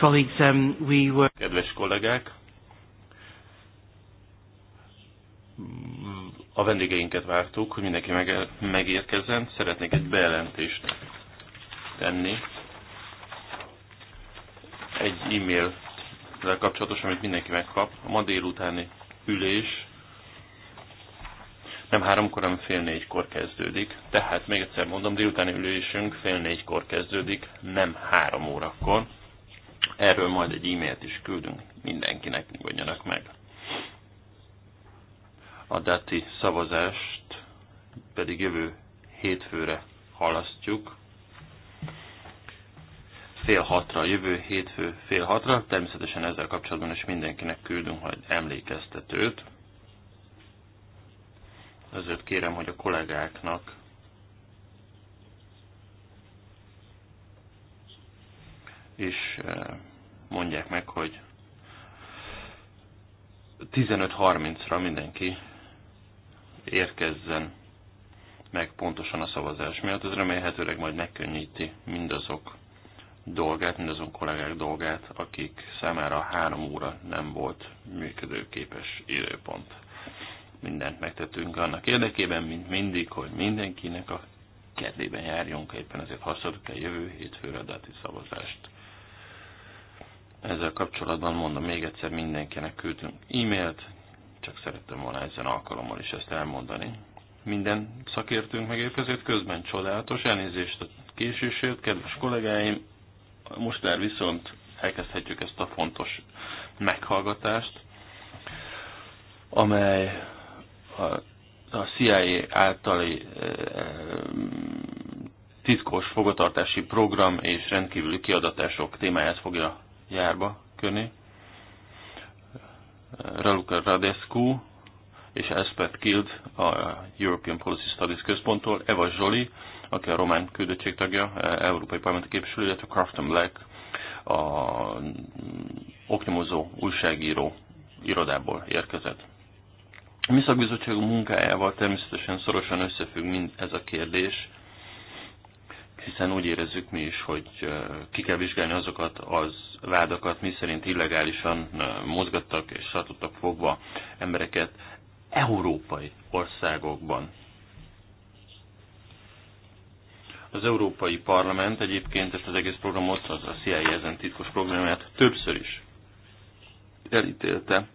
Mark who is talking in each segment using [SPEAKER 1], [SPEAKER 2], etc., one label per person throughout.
[SPEAKER 1] colleagues, um, we were... Kedves
[SPEAKER 2] kollégák, a vendégeinket vártuk, hogy mindenki megérkezzen. Szeretnék egy bejelentést tenni. Egy e-mail kapcsolatos, amit mindenki megkap. A ma délutáni ülés nem háromkor, hanem fél négykor kezdődik. Tehát még egyszer mondom, délutáni ülésünk fél négykor kezdődik, nem három órakor. Erről majd egy e-mailt is küldünk mindenkinek, nyugodjanak meg. A dati szavazást pedig jövő hétfőre halasztjuk. Fél hatra, jövő hétfő fél hatra. Természetesen ezzel kapcsolatban is mindenkinek küldünk majd emlékeztetőt. Ezért kérem, hogy a kollégáknak és eh, mondják meg, hogy 15.30-ra mindenki érkezzen meg pontosan a szavazás miatt. Ez remélhetőleg majd megkönnyíti mindazok dolgát, mindazon kollégák dolgát, akik számára három óra nem volt működőképes időpont. Mindent megtettünk annak érdekében, mint mindig, hogy mindenkinek a kedvében járjunk, éppen ezért használjuk a jövő hétfőre a szavazást. Ezzel kapcsolatban mondom még egyszer, mindenkinek küldtünk e-mailt, csak szerettem volna ezen alkalommal is ezt elmondani. Minden szakértőnk megérkezett közben, csodálatos elnézést a késésért, kedves kollégáim, most már viszont elkezdhetjük ezt a fontos meghallgatást, amely a, a CIA általi e, e, titkos fogatartási program és rendkívüli kiadatások témáját fogja járba köni, Raluca Radescu és Espet Kild a European Policy Studies központtól, Eva Zsoli, aki a román küldöttség tagja, európai parlamenti képviselő, illetve Crafton Black, a oknyomozó újságíró irodából érkezett. A Műszakbizottság munkájával természetesen szorosan összefügg mind ez a kérdés, hiszen úgy érezzük mi is, hogy ki kell vizsgálni azokat az vádakat, miszerint illegálisan mozgattak és tartottak fogva embereket európai országokban. Az Európai Parlament egyébként ezt az egész programot, az a CIA ezen titkos programját többször is elítélte.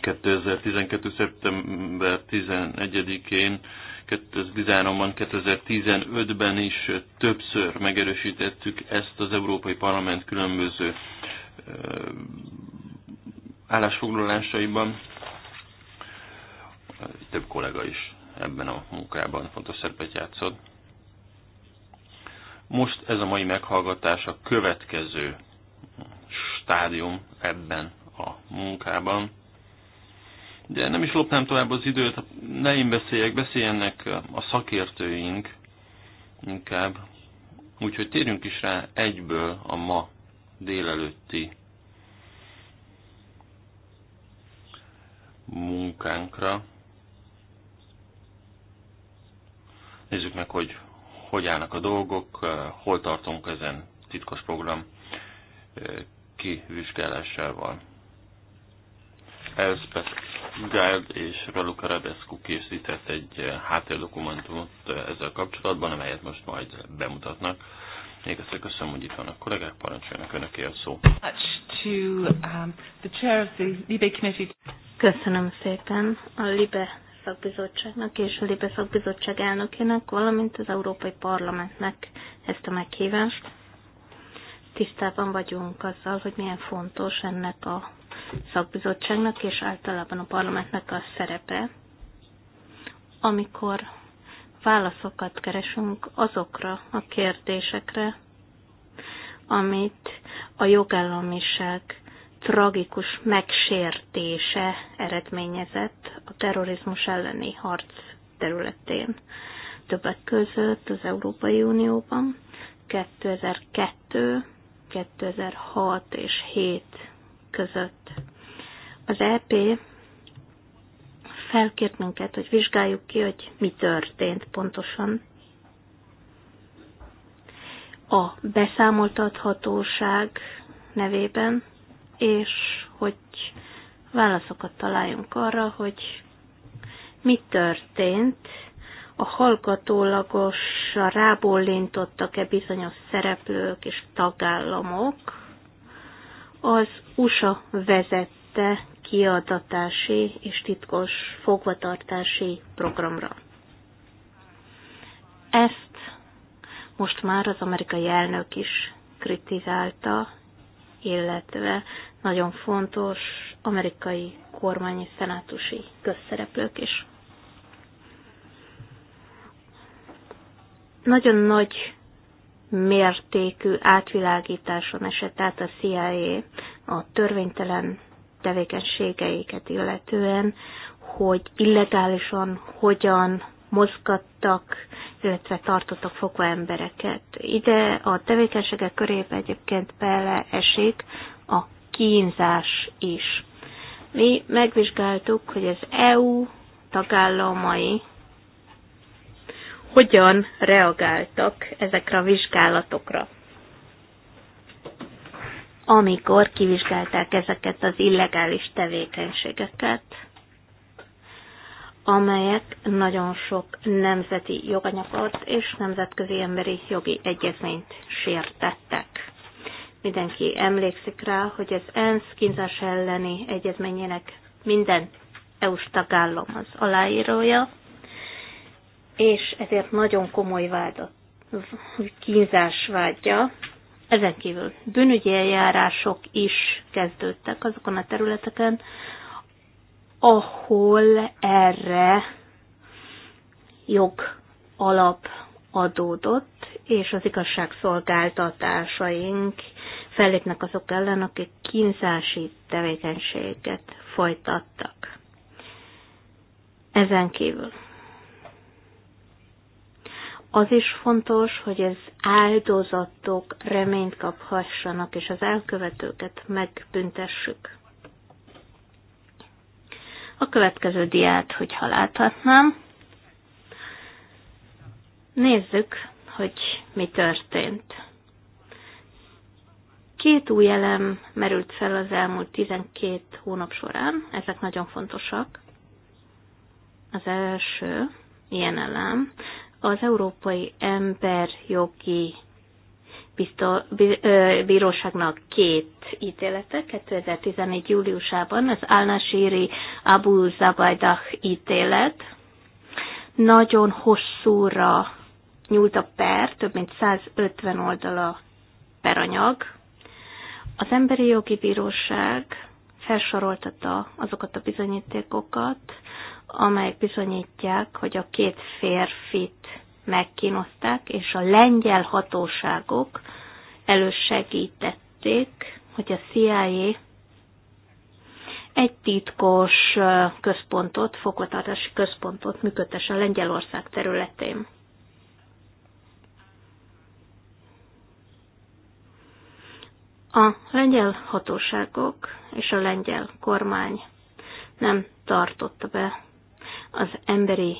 [SPEAKER 2] 2012. szeptember 11-én 2013-ban, 2015-ben is többször megerősítettük ezt az Európai Parlament különböző állásfoglalásaiban. Több kollega is ebben a munkában fontos szerepet játszott. Most ez a mai meghallgatás a következő stádium ebben a munkában. De nem is lopnám tovább az időt, ne én beszéljek, beszéljenek a szakértőink inkább. Úgyhogy térjünk is rá egyből a ma délelőtti munkánkra. Nézzük meg, hogy hogy állnak a dolgok, hol tartunk ezen titkos program kivizsgálásával. persze. Guild és Raluca Radescu készített egy eh, háttérdokumentumot eh, ezzel kapcsolatban, amelyet most majd bemutatnak. Még egyszer köszönöm, hogy itt vannak kollégák, parancsoljanak önöké a szó.
[SPEAKER 3] Um, köszönöm szépen a LIBE szakbizottságnak és a LIBE szakbizottság elnökének, valamint az Európai Parlamentnek ezt a meghívást. Tisztában vagyunk azzal, hogy milyen fontos ennek a szakbizottságnak és általában a parlamentnek a szerepe, amikor válaszokat keresünk azokra a kérdésekre, amit a jogállamiság tragikus megsértése eredményezett a terrorizmus elleni harc területén. Többek között az Európai Unióban 2002, 2006 és 7 között. Az EP felkért minket, hogy vizsgáljuk ki, hogy mi történt pontosan. A beszámoltathatóság nevében, és hogy válaszokat találjunk arra, hogy mi történt, a hallgatólagos, rábólintottak-e bizonyos szereplők és tagállamok, az USA vezette kiadatási és titkos fogvatartási programra. Ezt most már az amerikai elnök is kritizálta, illetve nagyon fontos amerikai kormány és szenátusi közszereplők is. Nagyon nagy mértékű átvilágításon esett át a CIA a törvénytelen tevékenységeiket illetően, hogy illegálisan hogyan mozgattak, illetve tartottak fogva embereket. Ide a tevékenységek körébe egyébként beleesik a kínzás is. Mi megvizsgáltuk, hogy az EU tagállamai hogyan reagáltak ezekre a vizsgálatokra. Amikor kivizsgálták ezeket az illegális tevékenységeket, amelyek nagyon sok nemzeti joganyagot és nemzetközi emberi jogi egyezményt sértettek. Mindenki emlékszik rá, hogy az ENSZ kínzás elleni egyezményének minden EU-s tagállam az aláírója, és ezért nagyon komoly vádat, kínzás vágya. Ezen kívül bűnügyi eljárások is kezdődtek azokon a területeken, ahol erre jog alap adódott, és az igazságszolgáltatásaink fellépnek azok ellen, akik kínzási tevékenységet folytattak. Ezen kívül az is fontos, hogy az áldozatok reményt kaphassanak, és az elkövetőket megbüntessük. A következő diát, hogyha láthatnám. Nézzük, hogy mi történt. Két új elem merült fel az elmúlt 12 hónap során, ezek nagyon fontosak. Az első ilyen elem az Európai Emberjogi Bíróságnak két ítélete, 2014. júliusában az al Abu Zabajdah ítélet, nagyon hosszúra nyúlt a per, több mint 150 oldala peranyag. Az Emberi Jogi Bíróság felsoroltatta azokat a bizonyítékokat, amelyek bizonyítják, hogy a két férfit megkínozták, és a lengyel hatóságok elősegítették, hogy a CIA egy titkos központot, fokotartási központot működtes a Lengyelország területén. A lengyel hatóságok és a lengyel kormány nem tartotta be az emberi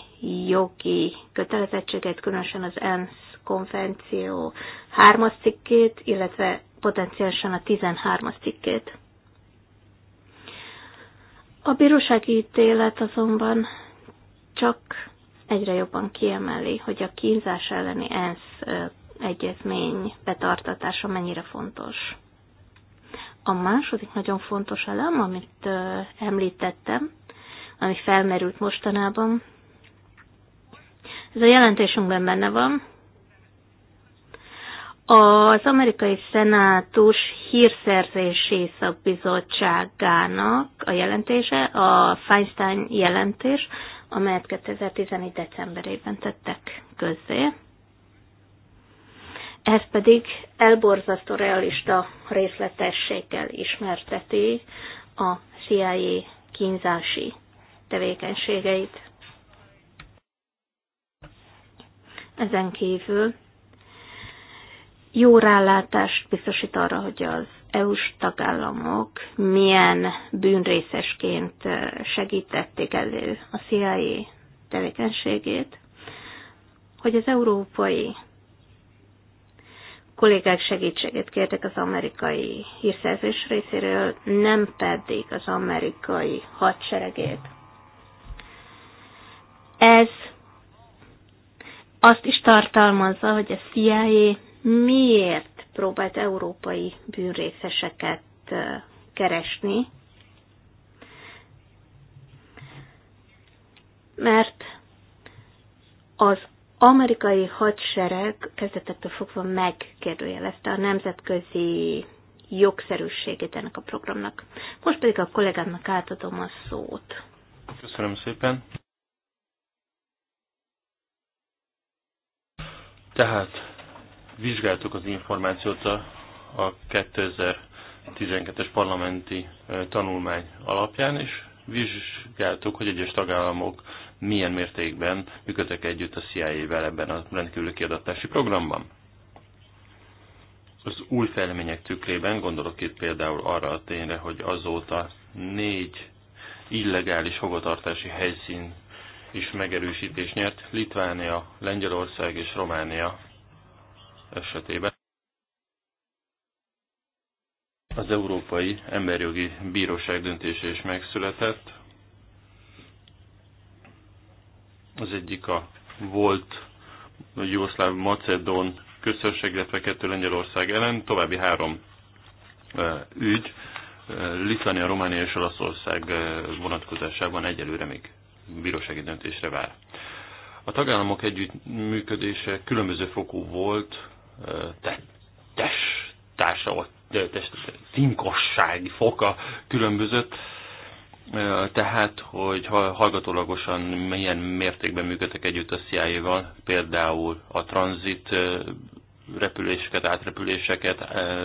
[SPEAKER 3] jogi kötelezettséget, különösen az ENSZ konvenció hármas cikkét, illetve potenciálisan a 13 cikkét. A bírósági ítélet azonban csak egyre jobban kiemeli, hogy a kínzás elleni ENSZ egyezmény betartatása mennyire fontos. A második nagyon fontos elem, amit említettem, ami felmerült mostanában. Ez a jelentésünkben benne van. Az amerikai szenátus hírszerzési szakbizottságának a jelentése, a Feinstein jelentés, amelyet 2011. decemberében tettek közzé. Ez pedig elborzasztó realista részletességgel ismerteti a CIA kínzási tevékenységeit. Ezen kívül jó rálátást biztosít arra, hogy az EU-s tagállamok milyen bűnrészesként eh, segítették elő a CIA tevékenységét, hogy az európai kollégák segítségét kértek az amerikai hírszerzés részéről, nem pedig az amerikai hadseregét. Ez azt is tartalmazza, hogy a CIA miért próbált európai bűnrészeseket keresni, mert az amerikai hadsereg kezdetektől fogva megkérdőjelezte a nemzetközi jogszerűségét ennek a programnak. Most pedig a kollégámnak átadom a szót.
[SPEAKER 2] Köszönöm szépen. Tehát vizsgáltuk az információt a, a 2012-es parlamenti tanulmány alapján, és vizsgáltuk, hogy egyes tagállamok milyen mértékben működtek együtt a CIA-vel ebben a rendkívüli kiadatási programban. Az új fejlemények tükrében gondolok itt például arra a tényre, hogy azóta négy illegális fogatartási helyszín is megerősítés nyert Litvánia, Lengyelország és Románia esetében. Az Európai Emberjogi Bíróság döntése is megszületett. Az egyik a volt Jugoszláv Macedón közösség, illetve kettő Lengyelország ellen, további három ügy, Litvánia, Románia és Olaszország vonatkozásában egyelőre még bírósági döntésre vár. A tagállamok együttműködése különböző fokú volt, tettes, társa, test, cinkossági foka különbözött, tehát, hogy hallgatólagosan milyen mértékben működtek együtt a CIA-val, például a tranzit repüléseket, átrepüléseket eh,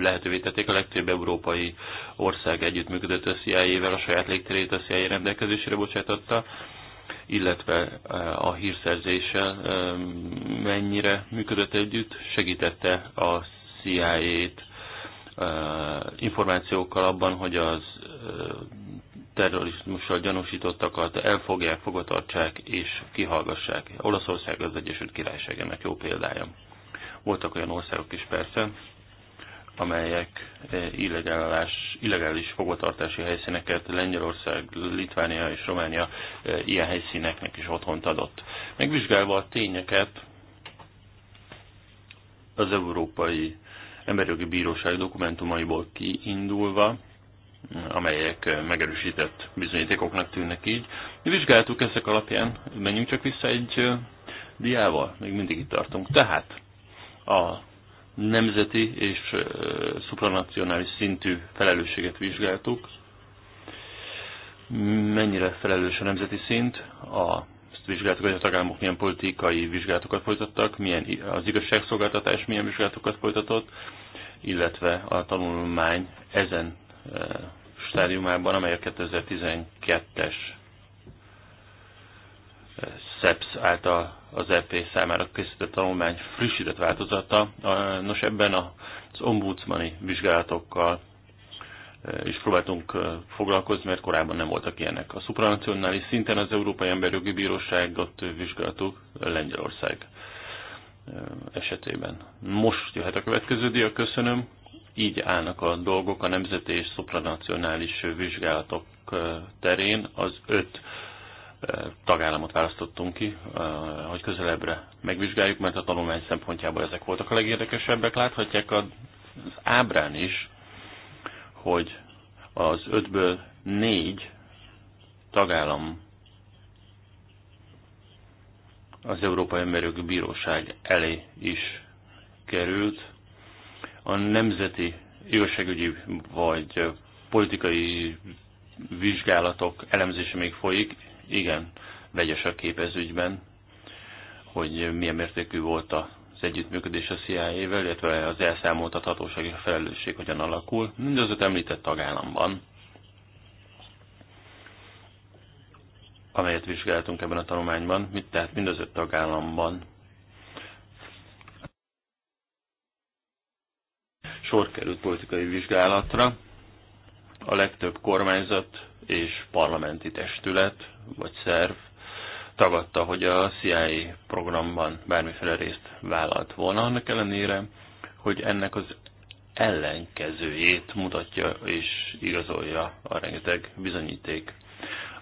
[SPEAKER 2] lehetővé tették. A legtöbb európai ország együttműködött a CIA-vel, a saját légterét a CIA rendelkezésére bocsátotta, illetve eh, a hírszerzéssel eh, mennyire működött együtt, segítette a CIA-t információkkal abban, hogy az terrorizmussal gyanúsítottakat elfogják, fogatartsák és kihallgassák. Olaszország az Egyesült Királyság ennek jó példája. Voltak olyan országok is persze, amelyek eh, illegális, illegális fogvatartási helyszíneket, Lengyelország, Litvánia és Románia eh, ilyen helyszíneknek is otthont adott. Megvizsgálva a tényeket, az Európai Emberjogi Bíróság dokumentumaiból kiindulva, amelyek eh, megerősített bizonyítékoknak tűnnek így. Mi vizsgáltuk ezek alapján, menjünk csak vissza egy diával, még mindig itt tartunk. Tehát a nemzeti és szupranacionális szintű felelősséget vizsgáltuk. Mennyire felelős a nemzeti szint, a vizsgáltuk, hogy a tagállamok milyen politikai vizsgálatokat folytattak, milyen az igazságszolgáltatás milyen vizsgálatokat folytatott, illetve a tanulmány ezen stádiumában, amely a 2012-es SEPS által az EP számára készített tanulmány frissített változata. Nos, ebben az ombudsmani vizsgálatokkal e, is próbáltunk e, foglalkozni, mert korábban nem voltak ilyenek. A szupranacionális szinten az Európai Emberjogi Bíróságot vizsgáltuk Lengyelország e, esetében. Most jöhet a következő díja, köszönöm. Így állnak a dolgok a nemzeti és szupranacionális vizsgálatok terén. Az öt tagállamot választottunk ki, hogy közelebbre megvizsgáljuk, mert a tanulmány szempontjából ezek voltak a legérdekesebbek. Láthatják az ábrán is, hogy az ötből négy tagállam az Európai Emberjogi Bíróság elé is került. A nemzeti igazságügyi vagy politikai vizsgálatok elemzése még folyik, igen vegyes a kép ez ügyben, hogy milyen mértékű volt az együttműködés a CIA-vel, illetve az elszámoltathatóság és a felelősség hogyan alakul. Mindaz öt említett tagállamban, amelyet vizsgáltunk ebben a tanulmányban, mit tehát mindaz öt tagállamban sor került politikai vizsgálatra. A legtöbb kormányzat és parlamenti testület vagy szerv tagadta, hogy a CIA programban bármiféle részt vállalt volna, annak ellenére, hogy ennek az ellenkezőjét mutatja és igazolja a rengeteg bizonyíték.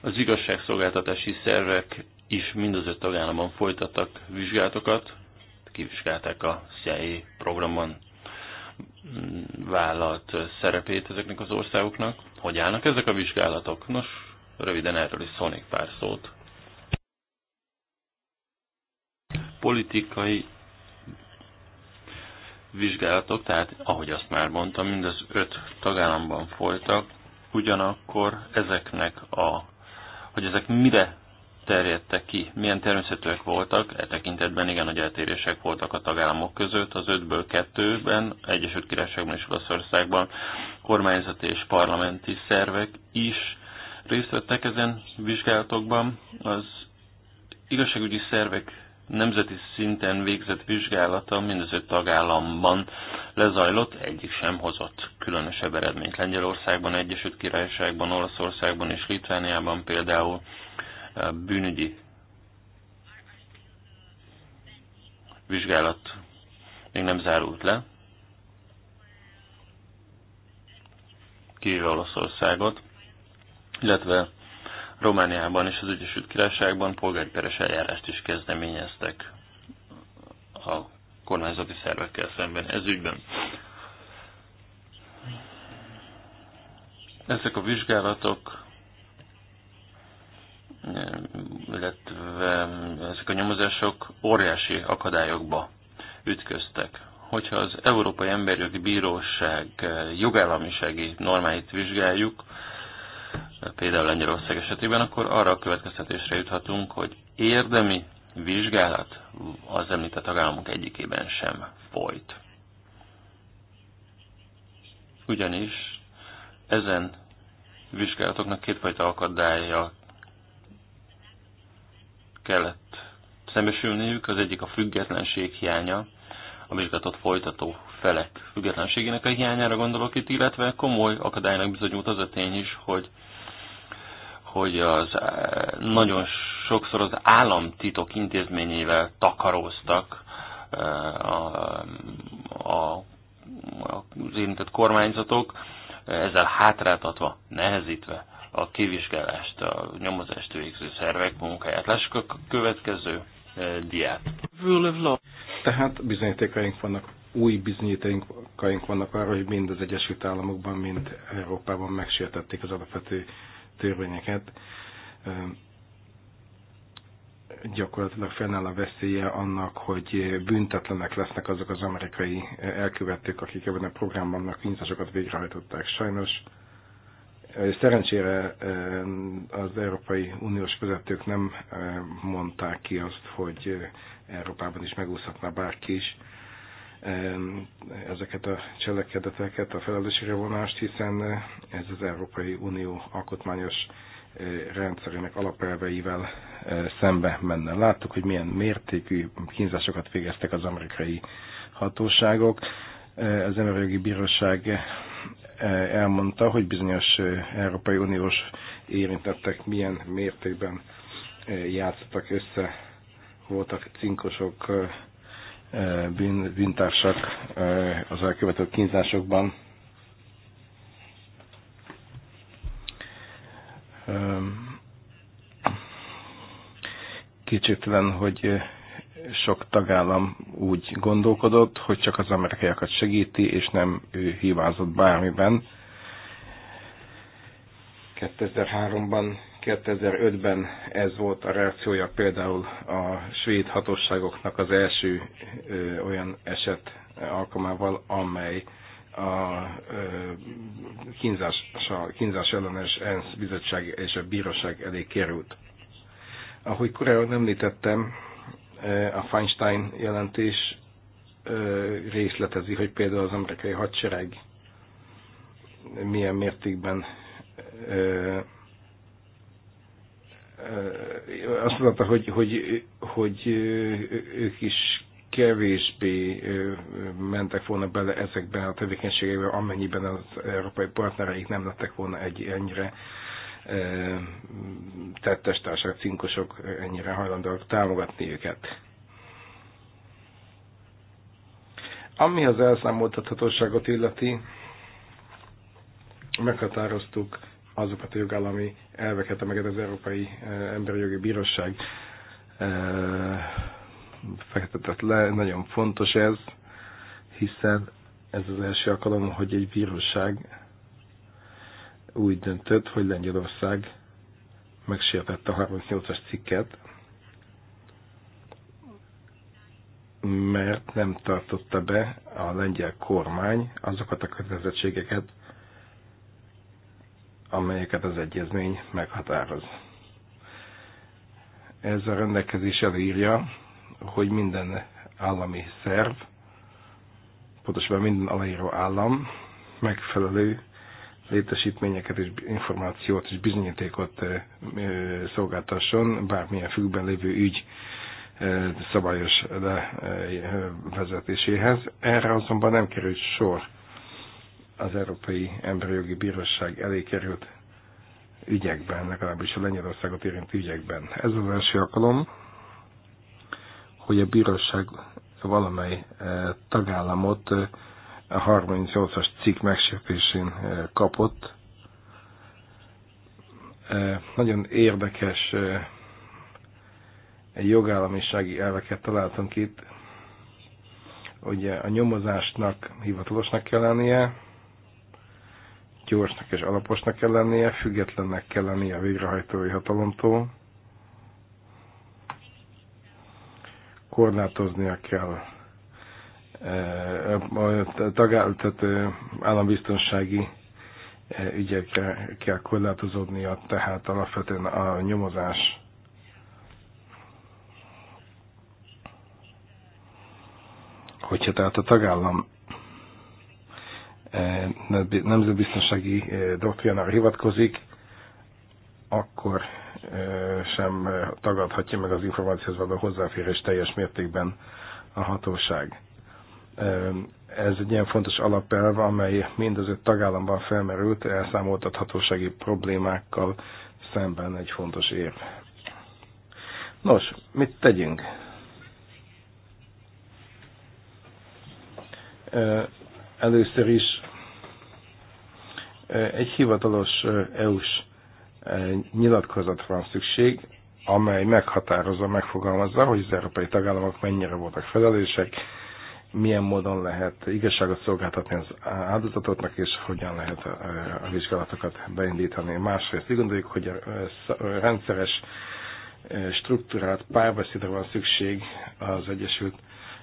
[SPEAKER 2] Az igazságszolgáltatási szervek is öt tagállamban folytattak vizsgálatokat, kivizsgálták a CIA programban vállalt szerepét ezeknek az országoknak. Hogy állnak ezek a vizsgálatok? Nos, röviden erről is szólnék pár szót. Politikai vizsgálatok, tehát ahogy azt már mondtam, mind az öt tagállamban folytak, ugyanakkor ezeknek a, hogy ezek mire terjedtek ki, milyen természetűek voltak, e tekintetben igen nagy eltérések voltak a tagállamok között, az ötből kettőben, Egyesült Királyságban és Olaszországban kormányzati és parlamenti szervek is részt vettek ezen vizsgálatokban. Az igazságügyi szervek nemzeti szinten végzett vizsgálata mindező tagállamban lezajlott, egyik sem hozott különösebb eredményt. Lengyelországban, Egyesült Királyságban, Olaszországban és Litvániában például bűnügyi vizsgálat még nem zárult le, kivéve Olaszországot, illetve Romániában és az Egyesült Királyságban peres eljárást is kezdeményeztek a kormányzati szervekkel szemben ez ügyben. Ezek a vizsgálatok illetve eh, ezek a nyomozások óriási akadályokba ütköztek. Hogyha az Európai Emberjogi Bíróság eh, jogállamisági normáit vizsgáljuk, eh, például Lengyelország esetében, akkor arra a következtetésre juthatunk, hogy érdemi vizsgálat az említett tagállamok egyikében sem folyt. Ugyanis ezen vizsgálatoknak kétfajta akadálya kellett szembesülniük, az egyik a függetlenség hiánya, a vizsgatott folytató felek függetlenségének a hiányára gondolok itt, illetve komoly akadálynak bizonyult az a tény is, hogy hogy az eh, nagyon sokszor az államtitok intézményével takaróztak eh, a, a, az érintett kormányzatok, eh, ezzel hátráltatva, nehezítve a kivizsgálást, a nyomozást végző szervek munkáját. Lássuk a következő eh, diát.
[SPEAKER 4] Rule of law. Tehát bizonyítékaink vannak, új bizonyítékaink vannak arra, hogy mind az Egyesült Államokban, mind Európában megsértették az alapvető törvényeket. Eh, gyakorlatilag fennáll a veszélye annak, hogy büntetlenek lesznek azok az amerikai eh, elkövetők, akik ebben a programban a kínzásokat végrehajtották. Sajnos Szerencsére az Európai Uniós vezetők nem mondták ki azt, hogy Európában is megúszhatná bárki is ezeket a cselekedeteket, a felelősségre vonást, hiszen ez az Európai Unió alkotmányos rendszerének alapelveivel szembe menne. Láttuk, hogy milyen mértékű kínzásokat végeztek az amerikai hatóságok. Az Emberi Bíróság elmondta, hogy bizonyos Európai Uniós érintettek milyen mértékben játszottak össze, voltak cinkosok, bűntársak az elkövetett kínzásokban. Kétségtelen, hogy sok tagállam úgy gondolkodott, hogy csak az amerikaiakat segíti, és nem ő hibázott bármiben. 2003-ban, 2005-ben ez volt a reakciója például a svéd hatóságoknak az első ö, olyan eset alkalmával, amely a ö, kínzás, a kínzás ellenes ENSZ bizottság és a bíróság elé került. Ahogy korábban említettem, a Feinstein jelentés részletezi, hogy például az amerikai hadsereg milyen mértékben azt mondta, hogy, hogy, hogy ők is kevésbé mentek volna bele ezekben a tevékenységekben, amennyiben az európai partnereik nem lettek volna egy ennyire tettestársak, cinkosok ennyire hajlandóak támogatni őket. Ami az elszámoltathatóságot illeti, meghatároztuk azokat a jogállami elveket, amelyeket az Európai Emberi Jogi Bíróság fektetett le. Nagyon fontos ez, hiszen ez az első alkalom, hogy egy bíróság úgy döntött, hogy Lengyelország megsértette a 38-as cikket, mert nem tartotta be a lengyel kormány azokat a kötelezettségeket, amelyeket az egyezmény meghatároz. Ez a rendelkezés elírja, hogy minden állami szerv, pontosabban minden aláíró állam megfelelő létesítményeket és információt és bizonyítékot szolgáltasson bármilyen függben lévő ügy szabályos vezetéséhez. Erre azonban nem került sor. Az Európai Emberi Jogi Bíróság elé került ügyekben, legalábbis a Lengyelországot érintő ügyekben. Ez az első alkalom, hogy a bíróság valamely tagállamot a 38-as cikk megsértésén eh, kapott. Eh, nagyon érdekes eh, jogállamisági elveket találtunk itt. Ugye a nyomozásnak hivatalosnak kell lennie, gyorsnak és alaposnak kell lennie, függetlennek kell lennie a végrehajtói hatalomtól, korlátoznia kell tagáll, tehát állambiztonsági ügyekre kell korlátozódnia, tehát alapvetően a nyomozás hogyha tehát a tagállam nemzetbiztonsági doktrinára hivatkozik, akkor sem tagadhatja meg az információhoz való hozzáférés teljes mértékben a hatóság. Ez egy ilyen fontos alapelv, amely mind az öt tagállamban felmerült elszámoltathatósági problémákkal szemben egy fontos érv. Nos, mit tegyünk? Először is egy hivatalos EU-s nyilatkozat van szükség, amely meghatározza, megfogalmazza, hogy az európai tagállamok mennyire voltak felelősek milyen módon lehet igazságot szolgáltatni az áldozatoknak, és hogyan lehet a vizsgálatokat beindítani. Másrészt úgy gondoljuk, hogy a rendszeres struktúrát párbeszédre van szükség az Egyesült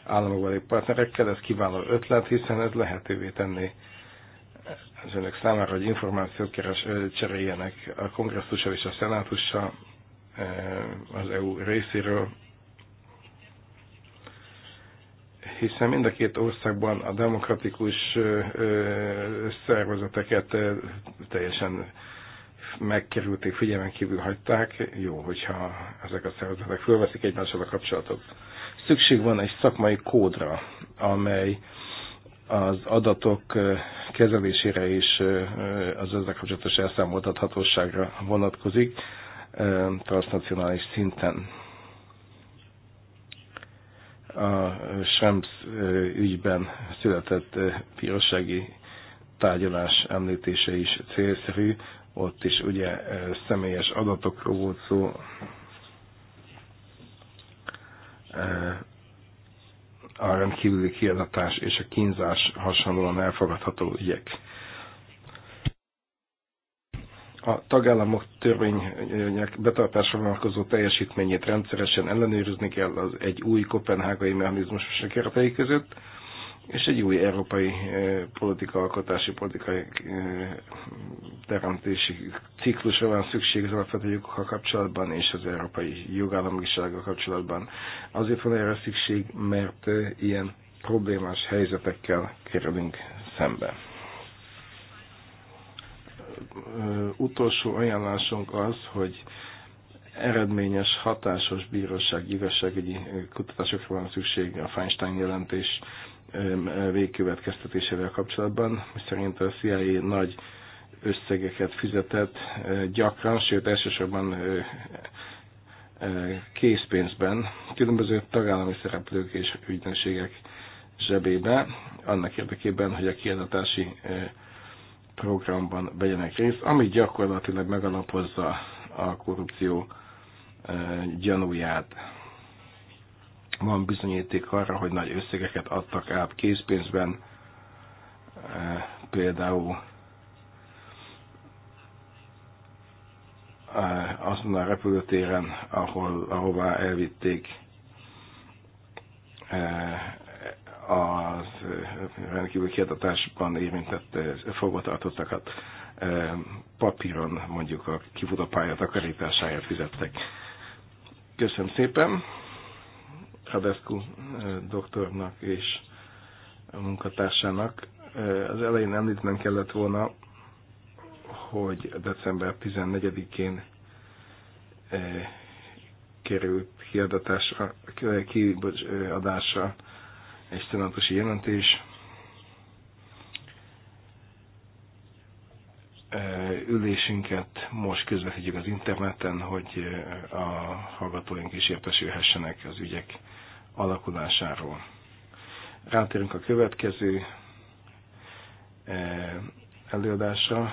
[SPEAKER 4] Államokbeli partnerekkel. Ez kiváló ötlet, hiszen ez lehetővé tenni az önök számára, hogy információt keres, cseréljenek a kongresszussal és a szenátussal az EU részéről hiszen mind a két országban a demokratikus szervezeteket teljesen megkerülték, figyelmen kívül hagyták. Jó, hogyha ezek a szervezetek fölveszik egymással a kapcsolatot. Szükség van egy szakmai kódra, amely az adatok kezelésére és az ezzel kapcsolatos elszámoltathatóságra vonatkozik transnacionális szinten a Schrems ügyben született bírósági tárgyalás említése is célszerű, ott is ugye személyes adatokról volt szó, a rendkívüli kiadatás és a kínzás hasonlóan elfogadható ügyek a tagállamok törvények betartásra vonatkozó teljesítményét rendszeresen ellenőrizni kell az egy új kopenhágai mechanizmus keretei között, és egy új európai eh, alkotási politikai eh, teremtési ciklusra van szükség az alapvető jogokkal kapcsolatban és az európai jogállamisággal kapcsolatban. Azért van erre szükség, mert eh, ilyen problémás helyzetekkel kerülünk szembe utolsó ajánlásunk az, hogy eredményes, hatásos bíróság, igazságügyi kutatásokra van szükség a Feinstein jelentés végkövetkeztetésével kapcsolatban. Szerint a CIA nagy összegeket fizetett gyakran, sőt elsősorban készpénzben különböző tagállami szereplők és ügynökségek zsebébe, annak érdekében, hogy a kiadatási programban vegyenek részt, ami gyakorlatilag megalapozza a korrupció eh, gyanúját. Van bizonyíték arra, hogy nagy összegeket adtak át készpénzben, eh, például eh, azon a repülőtéren, ahol, ahová elvitték az eh, rendkívül kiadatásban érintett eh, fogvatartottakat eh, papíron mondjuk a kifutó pálya takarításáért fizettek. Köszönöm szépen Hadescu doktornak és a munkatársának. Az elején említenem kellett volna, hogy december 14-én került kiadatásra, kiadásra egy tudatosi jelentés. Ülésünket most közvetítjük az interneten, hogy a hallgatóink is értesülhessenek az ügyek alakulásáról. Rátérünk a következő előadásra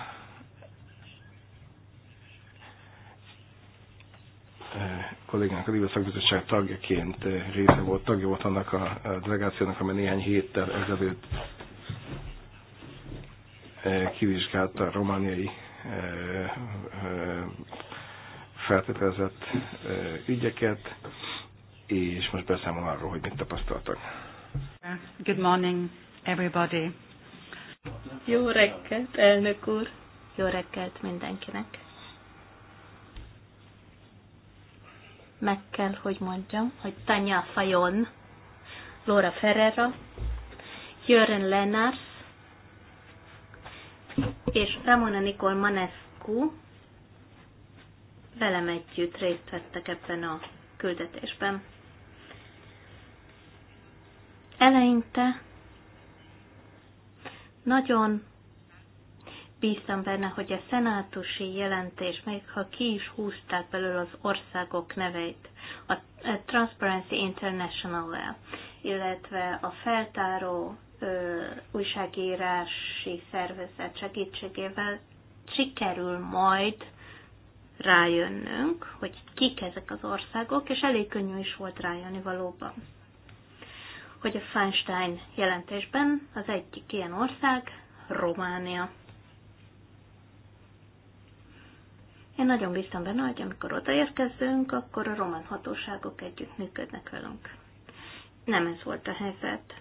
[SPEAKER 4] kollégánk a Libe Szakbizottság tagjaként eh, része volt, tagja volt annak a delegációnak, amely néhány héttel ezelőtt eh, kivizsgálta a romániai eh, feltételezett ügyeket, és most beszámol arról, hogy mit tapasztaltak.
[SPEAKER 3] Good morning, everybody. Jó reggelt, elnök úr! Jó reggelt mindenkinek! meg kell, hogy mondjam, hogy Tanya Fajon, Laura Ferrera, Jörn Lenars, és Ramona Nikol Manescu velem együtt részt vettek ebben a küldetésben. Eleinte nagyon bíztam benne, hogy a szenátusi jelentés, még ha ki is húzták belőle az országok neveit, a Transparency International-el, illetve a feltáró ö, újságírási szervezet segítségével sikerül majd rájönnünk, hogy kik ezek az országok, és elég könnyű is volt rájönni valóban. Hogy a Feinstein jelentésben az egyik ilyen ország Románia. Én nagyon bíztam benne, hogy amikor odaérkezzünk, akkor a román hatóságok együtt működnek velünk. Nem ez volt a helyzet.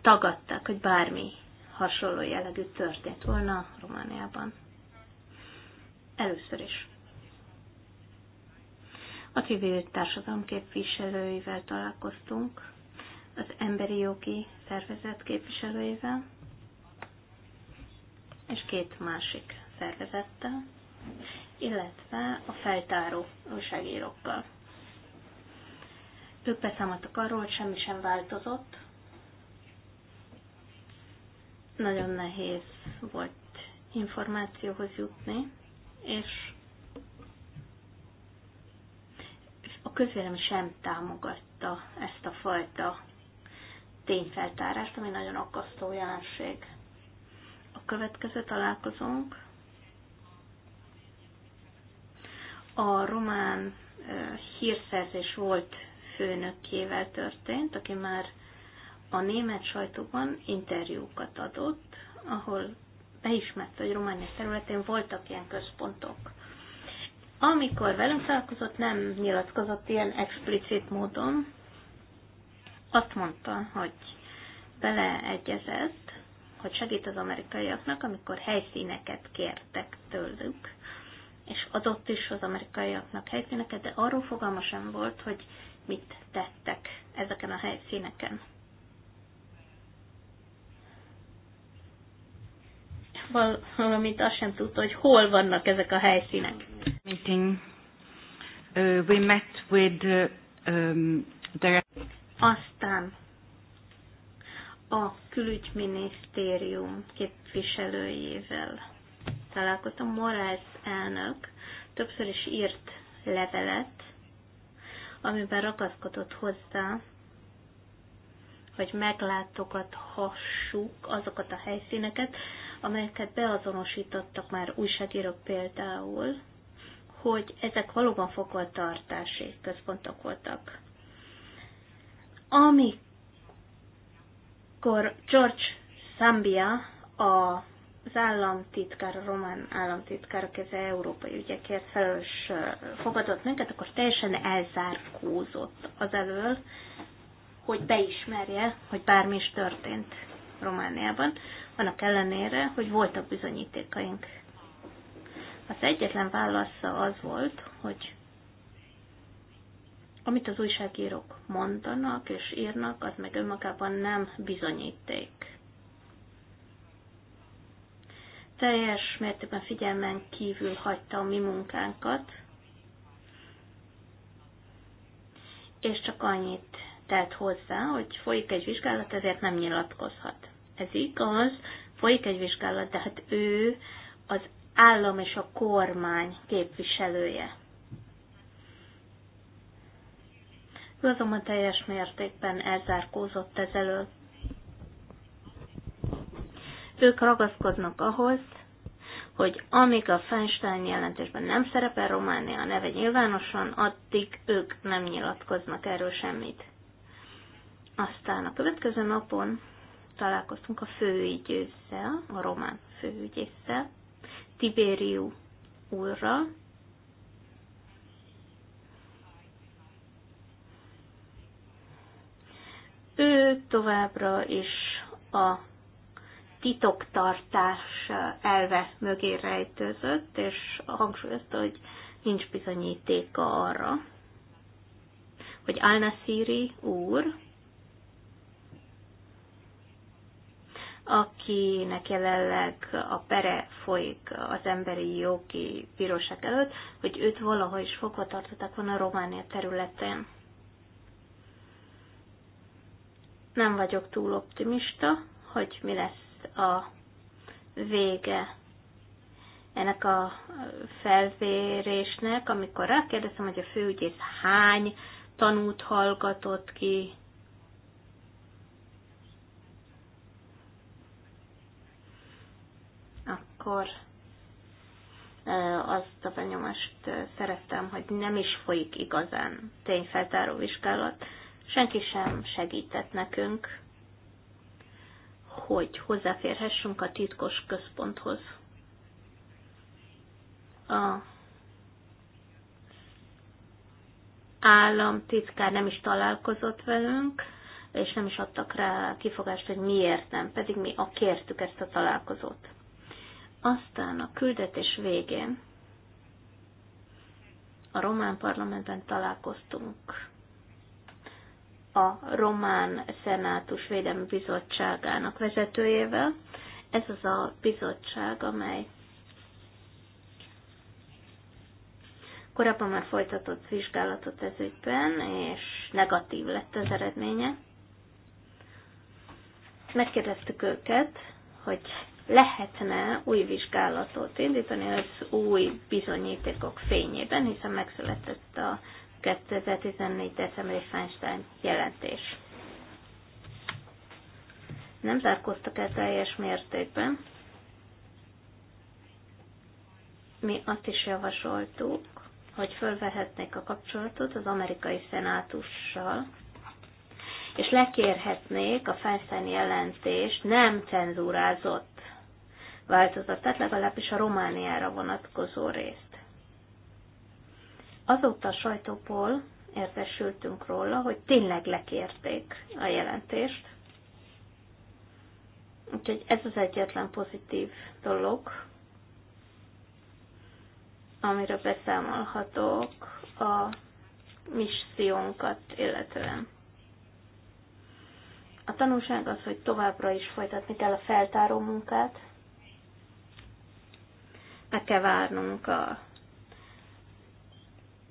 [SPEAKER 3] Tagadták, hogy bármi hasonló jellegű történt volna Romániában. Először is. A civil társadalom képviselőivel találkoztunk, az emberi jogi szervezet képviselőivel, és két másik szervezettel, illetve a feltáró újságírókkal. Ők beszámoltak arról, hogy semmi sem változott. Nagyon nehéz volt információhoz jutni, és a közvélem sem támogatta ezt a fajta tényfeltárást, ami nagyon akasztó jelenség. A következő találkozónk a román hírszerzés volt főnökével történt, aki már a német sajtóban interjúkat adott, ahol beismerte, hogy Románia területén voltak ilyen központok. Amikor velünk találkozott, nem nyilatkozott ilyen explicit módon. Azt mondta, hogy beleegyezett, hogy segít az amerikaiaknak, amikor helyszíneket kértek tőlük, és adott is az amerikaiaknak helyszíneket, de arról fogalma sem volt, hogy mit tettek ezeken a helyszíneken. Valamint azt sem tudta, hogy hol vannak ezek a helyszínek. Meeting. Uh, we met with uh, um, the... Aztán a külügyminisztérium képviselőjével találkoztam, Morales elnök többször is írt levelet, amiben ragaszkodott hozzá, hogy meglátogathassuk azokat a helyszíneket, amelyeket beazonosítottak már újságírók például, hogy ezek valóban fokoltartási központok voltak. Amikor George Zambia a az államtitkár, a román államtitkár, aki az európai ügyekért felelős fogadott minket, akkor teljesen elzárkózott az elől, hogy beismerje, hogy bármi is történt Romániában, annak ellenére, hogy voltak bizonyítékaink. Az egyetlen válasza az volt, hogy amit az újságírók mondanak és írnak, az meg önmagában nem bizonyíték teljes mértékben figyelmen kívül hagyta a mi munkánkat, és csak annyit tett hozzá, hogy folyik egy vizsgálat, ezért nem nyilatkozhat. Ez igaz, folyik egy vizsgálat, de hát ő az állam és a kormány képviselője. Ő azonban teljes mértékben elzárkózott ezelőtt ők ragaszkodnak ahhoz, hogy amíg a Feinstein jelentésben nem szerepel Románia a neve nyilvánosan, addig ők nem nyilatkoznak erről semmit. Aztán a következő napon találkoztunk a főügyőzzel, a román főügyészsel, Tiberiu úrral, ő továbbra is a titoktartás elve mögé rejtőzött, és hangsúlyozta, hogy nincs bizonyítéka arra, hogy Al-Nasiri úr, akinek jelenleg a pere folyik az emberi jogi bíróság előtt, hogy őt valaha is fogva tartották volna a Románia területén. Nem vagyok túl optimista, hogy mi lesz a vége ennek a felvérésnek, amikor rákérdeztem, hogy a főügyész hány tanút hallgatott ki, akkor azt a benyomást szerettem, hogy nem is folyik igazán tényfeltáró vizsgálat. Senki sem segített nekünk hogy hozzáférhessünk a titkos központhoz. A államtitkár nem is találkozott velünk, és nem is adtak rá kifogást, hogy miért nem, pedig mi a kértük ezt a találkozót. Aztán a küldetés végén a román parlamentben találkoztunk a Román Szenátus Védelmi Bizottságának vezetőjével. Ez az a bizottság, amely korábban már folytatott vizsgálatot ez ügyben, és negatív lett az eredménye. Megkérdeztük őket, hogy lehetne új vizsgálatot indítani az új bizonyítékok fényében, hiszen megszületett a 2014. decemberi Feinstein jelentés. Nem zárkoztak el teljes mértékben. Mi azt is javasoltuk, hogy fölvehetnék a kapcsolatot az amerikai szenátussal, és lekérhetnék a Feinstein jelentés nem cenzúrázott változatát, legalábbis a Romániára vonatkozó részt. Azóta a sajtóból értesültünk róla, hogy tényleg lekérték a jelentést. Úgyhogy ez az egyetlen pozitív dolog, amiről beszámolhatok a missziónkat illetően. A tanulság az, hogy továbbra is folytatni kell a feltáró munkát, meg kell várnunk a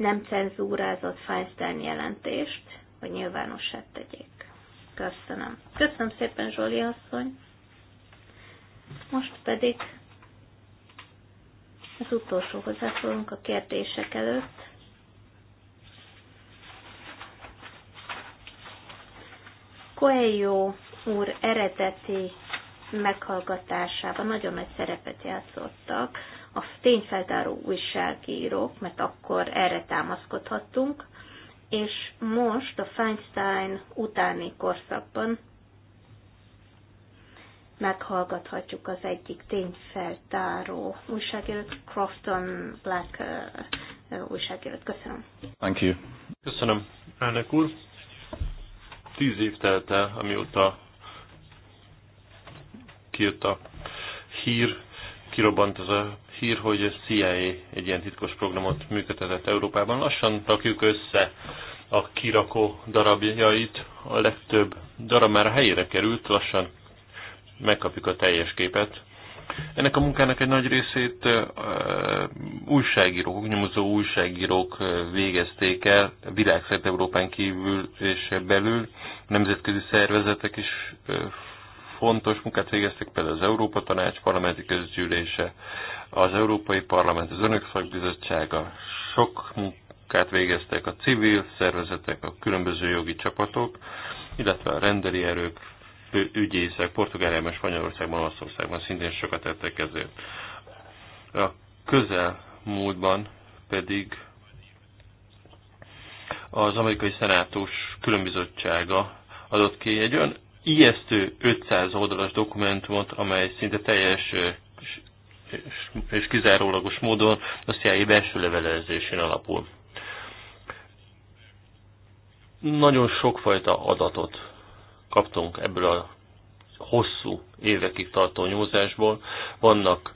[SPEAKER 3] nem cenzúrázott Feinstein jelentést, hogy nyilvánossá tegyék. Köszönöm. Köszönöm szépen, Zsoli asszony. Most pedig az utolsó hozzászólunk a kérdések előtt. Coelho úr eredeti meghallgatásában nagyon nagy szerepet játszottak a tényfeltáró újságírók, mert akkor erre támaszkodhattunk, és most a Feinstein utáni korszakban meghallgathatjuk az egyik tényfeltáró újságírót, Crofton Black újságírót. Köszönöm.
[SPEAKER 2] Thank you. Köszönöm, elnök úr. Tíz év telt el, amióta kijött a hír, kirobbant ez a hír, hogy a CIA egy ilyen titkos programot működtetett Európában. Lassan rakjuk össze a kirakó darabjait, a legtöbb darab már a helyére került, lassan megkapjuk a teljes képet. Ennek a munkának egy nagy részét újságírók, nyomozó újságírók végezték el, világszerte Európán kívül és belül, nemzetközi szervezetek is fontos munkát végeztek, például az Európa Tanács parlamenti közgyűlése, az Európai Parlament, az Önök Szakbizottsága, sok munkát végeztek a civil szervezetek, a különböző jogi csapatok, illetve a rendeli erők, ügyészek, Portugáliában, Spanyolországban, Olaszországban szintén sokat tettek ezért. A közelmúltban pedig az amerikai szenátus különbizottsága adott ki egy olyan ijesztő 500 oldalas dokumentumot, amely szinte teljes és kizárólagos módon a CIA belső levelezésén alapul. Nagyon sokfajta adatot kaptunk ebből a hosszú évekig tartó nyomozásból. Vannak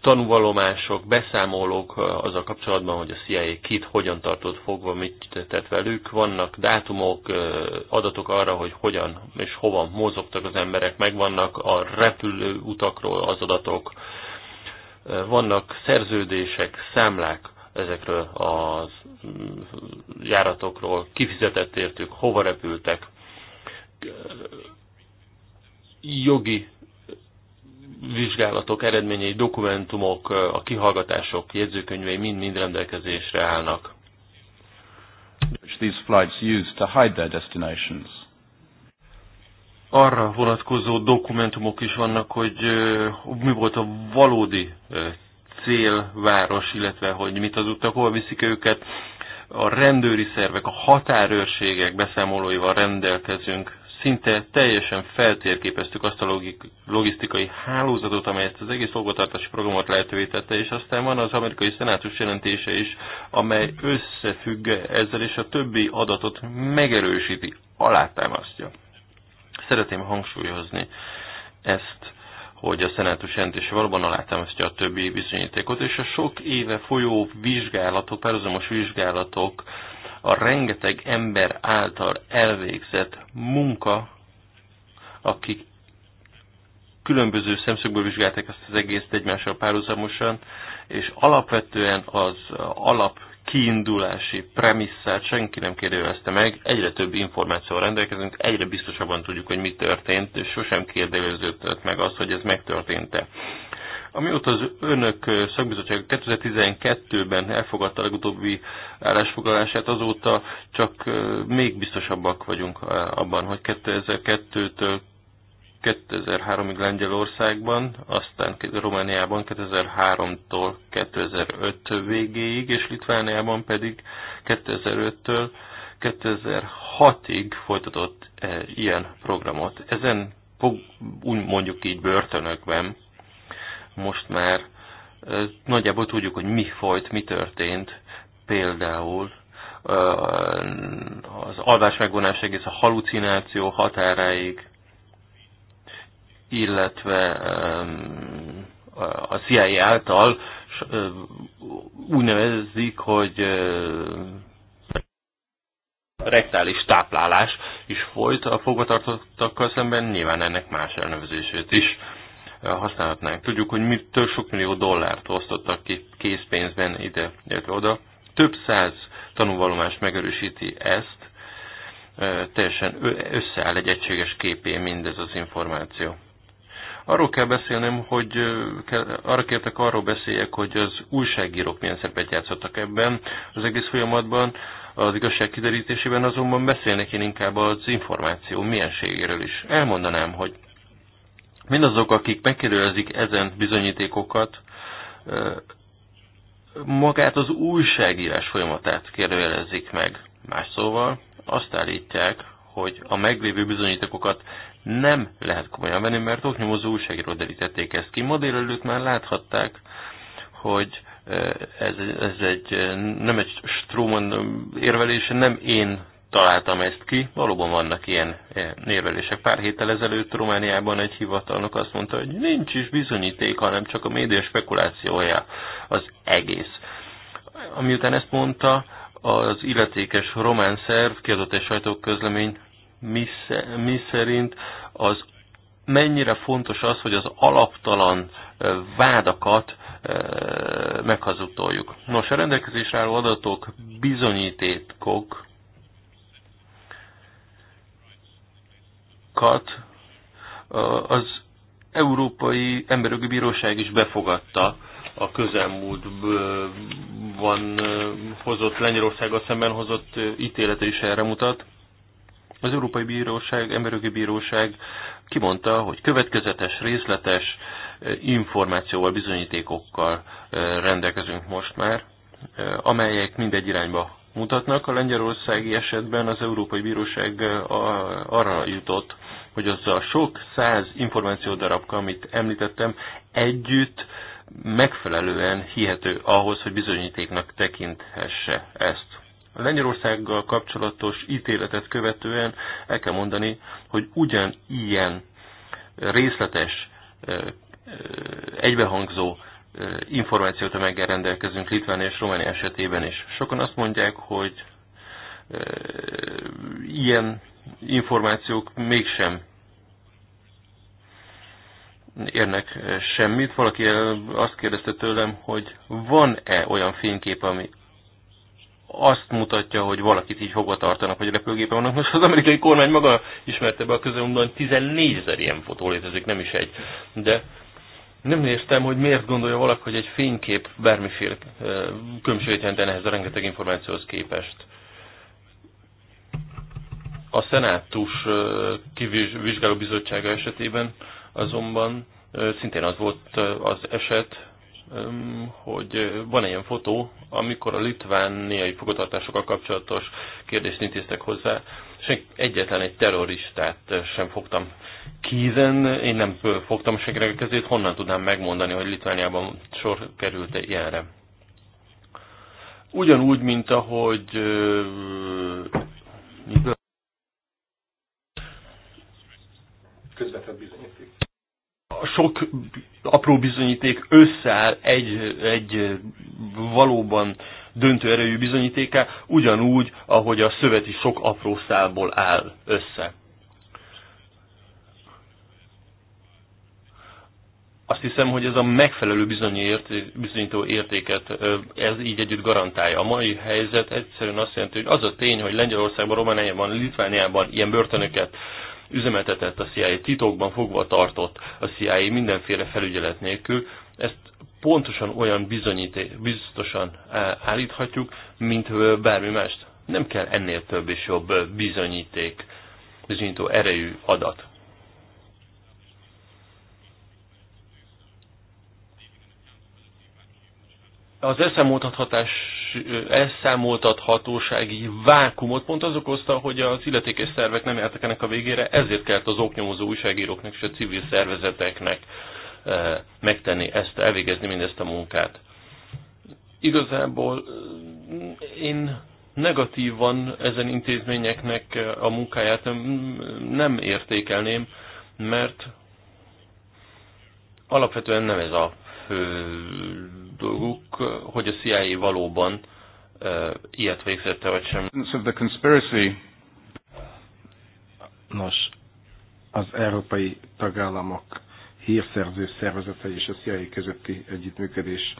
[SPEAKER 2] tanúvallomások, beszámolók azzal kapcsolatban, hogy a CIA kit hogyan tartott fogva, mit tett velük. Vannak dátumok, adatok arra, hogy hogyan és hova mozogtak az emberek, megvannak a repülő utakról az adatok, vannak szerződések, számlák ezekről a mm, járatokról, kifizetett értük, hova repültek, jogi vizsgálatok eredményei, dokumentumok, a kihallgatások, jegyzőkönyvei mind-mind rendelkezésre állnak.
[SPEAKER 5] These flights
[SPEAKER 4] use to hide their destinations.
[SPEAKER 2] Arra vonatkozó dokumentumok is vannak, hogy mi volt a valódi célváros, illetve hogy mit az utak, hol viszik őket. A rendőri szervek, a határőrségek beszámolóival rendelkezünk szinte teljesen feltérképeztük azt a logisztikai hálózatot, amelyet az egész logotartási programot lehetővé tette, és aztán van az amerikai szenátus jelentése is, amely összefügg ezzel, és a többi adatot megerősíti, alátámasztja. Szeretném hangsúlyozni ezt, hogy a szenátus jelentése valóban alátámasztja a többi bizonyítékot, és a sok éve folyó vizsgálatok, párhuzamos vizsgálatok, a rengeteg ember által elvégzett munka, akik különböző szemszögből vizsgálták ezt az egészet egymással párhuzamosan, és alapvetően az alap kiindulási premisszát senki nem kérdőjelezte meg, egyre több információval rendelkezünk, egyre biztosabban tudjuk, hogy mi történt, és sosem kérdőjelezőtött meg az, hogy ez megtörtént-e. Amióta az önök szakbizottság 2012-ben elfogadta a legutóbbi állásfoglalását, azóta csak még biztosabbak vagyunk abban, hogy 2002-től 2003-ig Lengyelországban, aztán Romániában 2003-tól 2005 végéig, és Litvániában pedig 2005-től 2006-ig folytatott ilyen programot. Ezen úgy mondjuk így börtönökben most már nagyjából tudjuk, hogy mi folyt, mi történt, például az alvás megvonás egész a halucináció határáig, illetve a CIA által úgy nevezik, hogy rektális táplálás is folyt a fogvatartottakkal szemben, nyilván ennek más elnevezését is használhatnánk. Tudjuk, hogy több sok millió dollárt osztottak ki készpénzben ide, illetve oda. Több száz tanúvallomás megerősíti ezt, teljesen összeáll egy egységes képé mindez az információ. Arról kell beszélnem, hogy arra kértek, arról beszéljek, hogy az újságírók milyen szerepet játszottak ebben az egész folyamatban, az igazság kiderítésében azonban beszélnek én inkább az információ mienségéről is. Elmondanám, hogy Mindazok, akik megkérdezik ezen bizonyítékokat, magát az újságírás folyamatát kérdőjelezik meg. Más szóval azt állítják, hogy a meglévő bizonyítékokat nem lehet komolyan venni, mert oknyomozó újságíró derítették ezt ki. Ma délelőtt már láthatták, hogy ez, ez egy, nem egy Stroman érvelése, nem én találtam ezt ki, valóban vannak ilyen eh, érvelések. Pár héttel ezelőtt Romániában egy hivatalnok azt mondta, hogy nincs is bizonyíték, hanem csak a média spekulációja az egész. Amiután ezt mondta, az illetékes román szerv kiadott egy sajtóközlemény, mi szerint az mennyire fontos az, hogy az alaptalan eh, vádakat eh, meghazudtoljuk. Nos, a rendelkezésre álló adatok, bizonyítékok javaslatokat az Európai Emberjogi Bíróság is befogadta a közelmúltban hozott Lengyelországgal szemben hozott ítélete is erre mutat. Az Európai Bíróság, Emberjogi Bíróság kimondta, hogy következetes, részletes információval, bizonyítékokkal rendelkezünk most már, amelyek mindegy irányba mutatnak. A lengyelországi esetben az Európai Bíróság arra jutott, hogy az a sok száz darabka, amit említettem, együtt megfelelően hihető ahhoz, hogy bizonyítéknak tekinthesse ezt. A Lengyelországgal kapcsolatos ítéletet követően el kell mondani, hogy ugyan ilyen részletes, egybehangzó információt amelyekkel rendelkezünk Litván és Románia esetében is. Sokan azt mondják, hogy ilyen információk mégsem érnek semmit. Valaki azt kérdezte tőlem, hogy van-e olyan fénykép, ami azt mutatja, hogy valakit így fogva tartanak, hogy repülgépe vannak. Most az amerikai kormány maga ismerte be a közelmúltban, 14 ezer ilyen fotó létezik, nem is egy. De nem néztem, hogy miért gondolja valaki, hogy egy fénykép bármiféle különbséget jelentene ehhez a rengeteg információhoz képest. A szenátus kivizsgáló bizottsága esetében azonban szintén az volt az eset, hogy van egy ilyen fotó, amikor a litvániai fogatartásokkal kapcsolatos kérdést intéztek hozzá, és egyetlen egy terroristát sem fogtam kézen, én nem fogtam senkinek a kezét, honnan tudnám megmondani, hogy Litvániában sor került-e ilyenre. Ugyanúgy, mint ahogy A sok apró bizonyíték összeáll egy, egy valóban döntő erejű bizonyítéka, ugyanúgy, ahogy a szöveti sok apró szálból áll össze. Azt hiszem, hogy ez a megfelelő bizonyító értéket ez így együtt garantálja. A mai helyzet egyszerűen azt jelenti, hogy az a tény, hogy Lengyelországban, Romániában, Litvániában ilyen börtönöket üzemeltetett a CIA, titokban fogva tartott a CIA mindenféle felügyelet nélkül, ezt pontosan olyan bizonyíté, biztosan állíthatjuk, mint bármi mást. Nem kell ennél több és jobb bizonyíték, bizonyító erejű adat. az elszámoltathatás, elszámoltathatósági vákumot pont az okozta, hogy az illetékes szervek nem jártak ennek a végére, ezért kellett az oknyomozó újságíróknak és a civil szervezeteknek megtenni ezt, elvégezni mindezt a munkát. Igazából én negatívan ezen intézményeknek a munkáját nem értékelném, mert alapvetően nem ez a fő dolguk, hogy a CIA valóban ilyet végzette, vagy sem.
[SPEAKER 4] Nos, az európai tagállamok hírszerző szervezetei és a CIA közötti együttműködés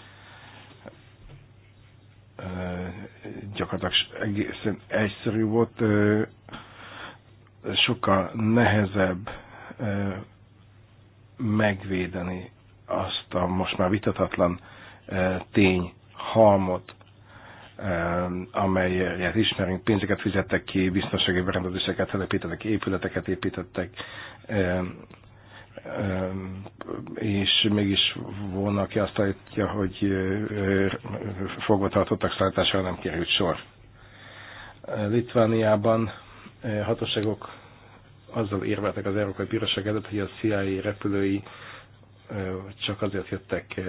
[SPEAKER 4] gyakorlatilag egészen egyszerű volt, sokkal nehezebb megvédeni azt a most már vitathatlan tény halmot, amelyet ismerünk, pénzeket fizettek ki, biztonsági berendezéseket telepítettek, épületeket építettek, és mégis volna ki azt állítja, hogy fogvatartottak szállításra nem került sor. Litvániában hatóságok azzal érveltek az Európai Bíróság előtt, hogy a CIA repülői csak azért jöttek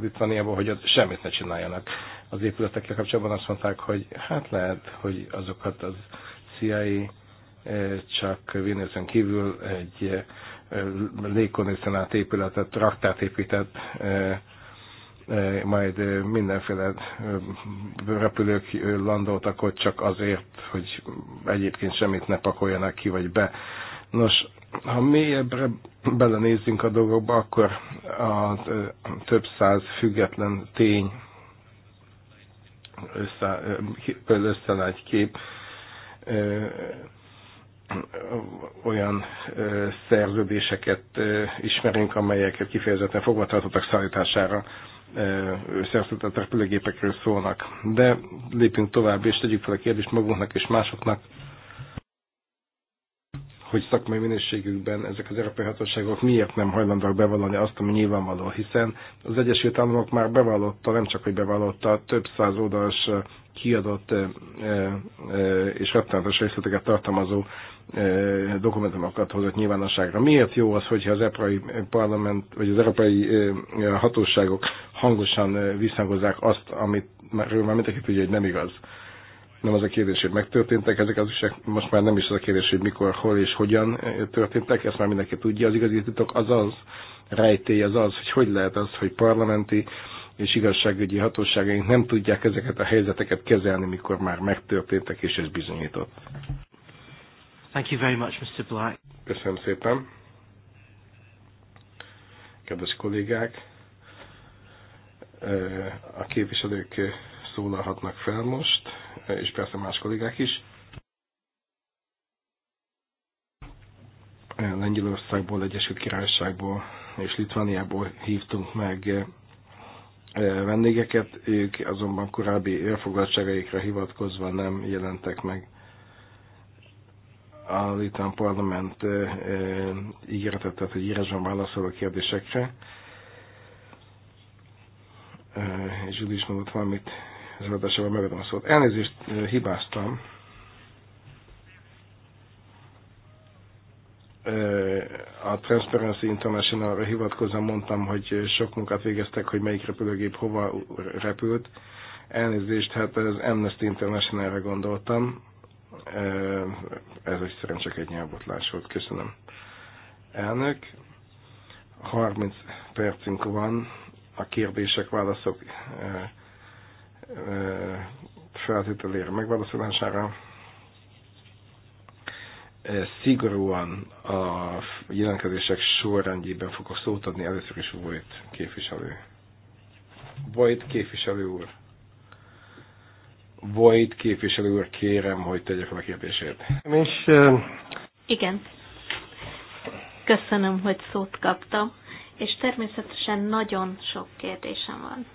[SPEAKER 4] Litvániába, hogy ott semmit ne csináljanak. Az épületekkel kapcsolatban azt mondták, hogy hát lehet, hogy azokat az CIA csak Vénuszon kívül egy légkondicionált épületet, raktát épített, majd mindenféle repülők landoltak ott csak azért, hogy egyébként semmit ne pakoljanak ki vagy be. Nos, ha mélyebbre belenézzünk a dolgokba, akkor a több száz független tény össze, összeáll egy kép olyan szerződéseket ismerünk, amelyeket kifejezetten fogvatartottak szállítására szerződött repülőgépekről szólnak. De lépjünk tovább, és tegyük fel a kérdést magunknak és másoknak, hogy szakmai minőségükben ezek az európai hatóságok miért nem hajlandóak bevallani azt, ami nyilvánvaló, hiszen az Egyesült Államok már bevallotta, nem csak hogy bevallotta, több száz oldalas kiadott és rettenetes részleteket tartalmazó dokumentumokat hozott nyilvánosságra. Miért jó az, hogyha az Európai Parlament, vagy az Európai Hatóságok hangosan visszhangozzák azt, amit már mindenki tudja, hogy nem igaz? nem az a kérdés, hogy megtörténtek ezek az ügyek, most már nem is az a kérdés, hogy mikor, hol és hogyan történtek, ezt már mindenki tudja. Az igazi titok az az, rejtély az az, hogy hogy lehet az, hogy parlamenti és igazságügyi hatóságaink nem tudják ezeket a helyzeteket kezelni, mikor már megtörténtek, és ez bizonyított. Thank you very much, Mr. Black. Köszönöm szépen. Kedves kollégák, a képviselők szólalhatnak fel most, és persze más kollégák is. Lengyelországból, Egyesült Királyságból és Litvániából hívtunk meg eh, vendégeket, ők azonban korábbi elfoglaltságaikra hivatkozva nem jelentek meg a litván parlament eh, eh, ígéretet tett, hogy írásban válaszol a kérdésekre. És úgy is mondott valamit ez megadom a szót. Elnézést hibáztam. A Transparency International-ra hivatkozva mondtam, hogy sok munkát végeztek, hogy melyik repülőgép hova repült. Elnézést, hát az Amnesty International-re gondoltam. Ez egyszerűen csak egy nyelvotlás volt. Köszönöm. Elnök, 30 percünk van a kérdések, válaszok feltételére megválaszolására. Szigorúan a jelentkezések sorrendjében fogok szót adni, először is volt képviselő. Vojt képviselő úr. Vojt képviselő úr, kérem, hogy tegye fel a kérdését. És, uh...
[SPEAKER 3] Igen. Köszönöm, hogy szót kaptam, és természetesen nagyon sok kérdésem van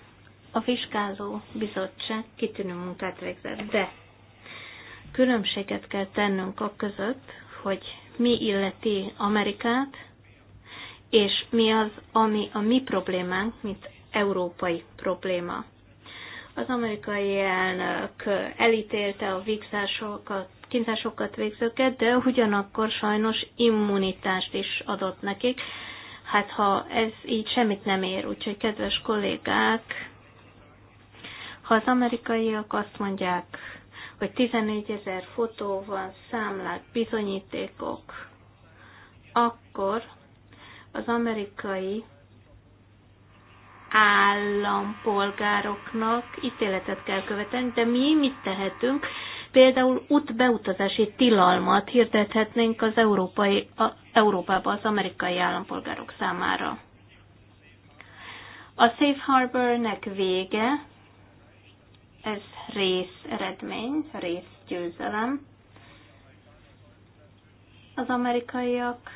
[SPEAKER 3] a Fiskáló Bizottság kitűnő munkát végzett, de különbséget kell tennünk a között, hogy mi illeti Amerikát, és mi az, ami a mi problémánk, mint európai probléma. Az amerikai elnök elítélte a végzásokat, kínzásokat végzőket, de ugyanakkor sajnos immunitást is adott nekik. Hát ha ez így semmit nem ér, úgyhogy kedves kollégák, ha az amerikaiak azt mondják, hogy 14 ezer fotó van, számlák, bizonyítékok, akkor az amerikai állampolgároknak ítéletet kell követeni, de mi mit tehetünk? Például útbeutazási tilalmat hirdethetnénk az európai, a, Európába az amerikai állampolgárok számára. A Safe Harbornek vége, ez rész eredmény, rész győzelem. Az amerikaiak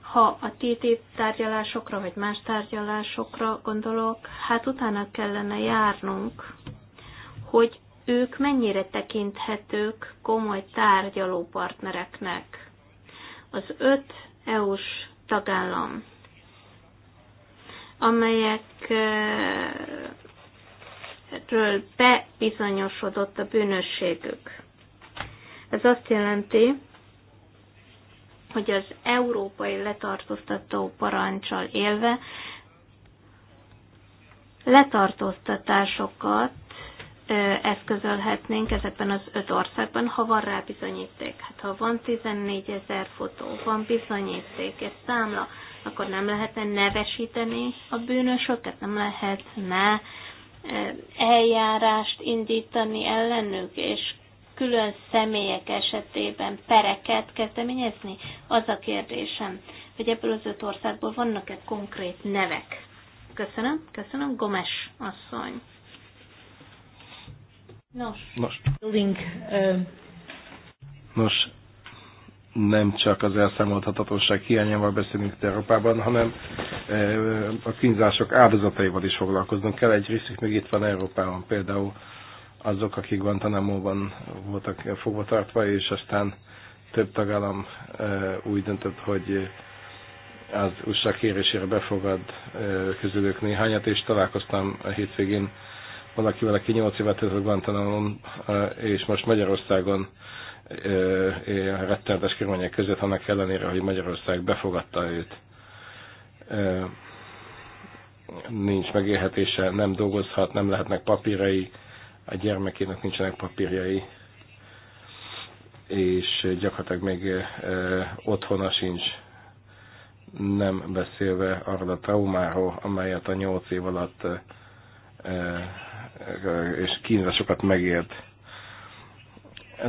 [SPEAKER 3] ha a TTIP tárgyalásokra, vagy más tárgyalásokra gondolok, hát utána kellene járnunk, hogy ők mennyire tekinthetők komoly tárgyaló partnereknek. Az öt EU-s tagállam amelyekről bebizonyosodott a bűnösségük. Ez azt jelenti, hogy az európai letartóztató parancsal élve letartóztatásokat eszközölhetnénk ezekben az öt országban, ha van rá bizonyíték. Hát ha van 14 ezer fotó, van bizonyíték és számla, akkor nem lehetne nevesíteni a bűnösöket, nem lehetne eljárást indítani ellenük, és külön személyek esetében pereket kezdeményezni? Az a kérdésem, hogy ebből az öt országból vannak-e konkrét nevek? Köszönöm, köszönöm, Gomes asszony.
[SPEAKER 4] Nos. Nos.
[SPEAKER 1] Link,
[SPEAKER 3] uh...
[SPEAKER 4] Nos, nem csak az elszámolthatatóság hiányával beszélünk Európában, hanem eh, a kínzások áldozataival is foglalkoznunk kell. Egy részük még itt van Európában, például azok, akik Guantanamo-ban voltak fogvatartva és aztán több tagállam eh, úgy döntött, hogy eh, az USA kérésére befogad közülük néhányat, és találkoztam a hétvégén valakivel, aki 8 évet töltött és most Magyarországon rettenetes körülmények között, annak ellenére, hogy Magyarország befogadta őt. Nincs megélhetése, nem dolgozhat, nem lehetnek papírai, a gyermekének nincsenek papírjai, és gyakorlatilag még otthona sincs, nem beszélve arra a traumáról, amelyet a nyolc év alatt és kínve sokat megélt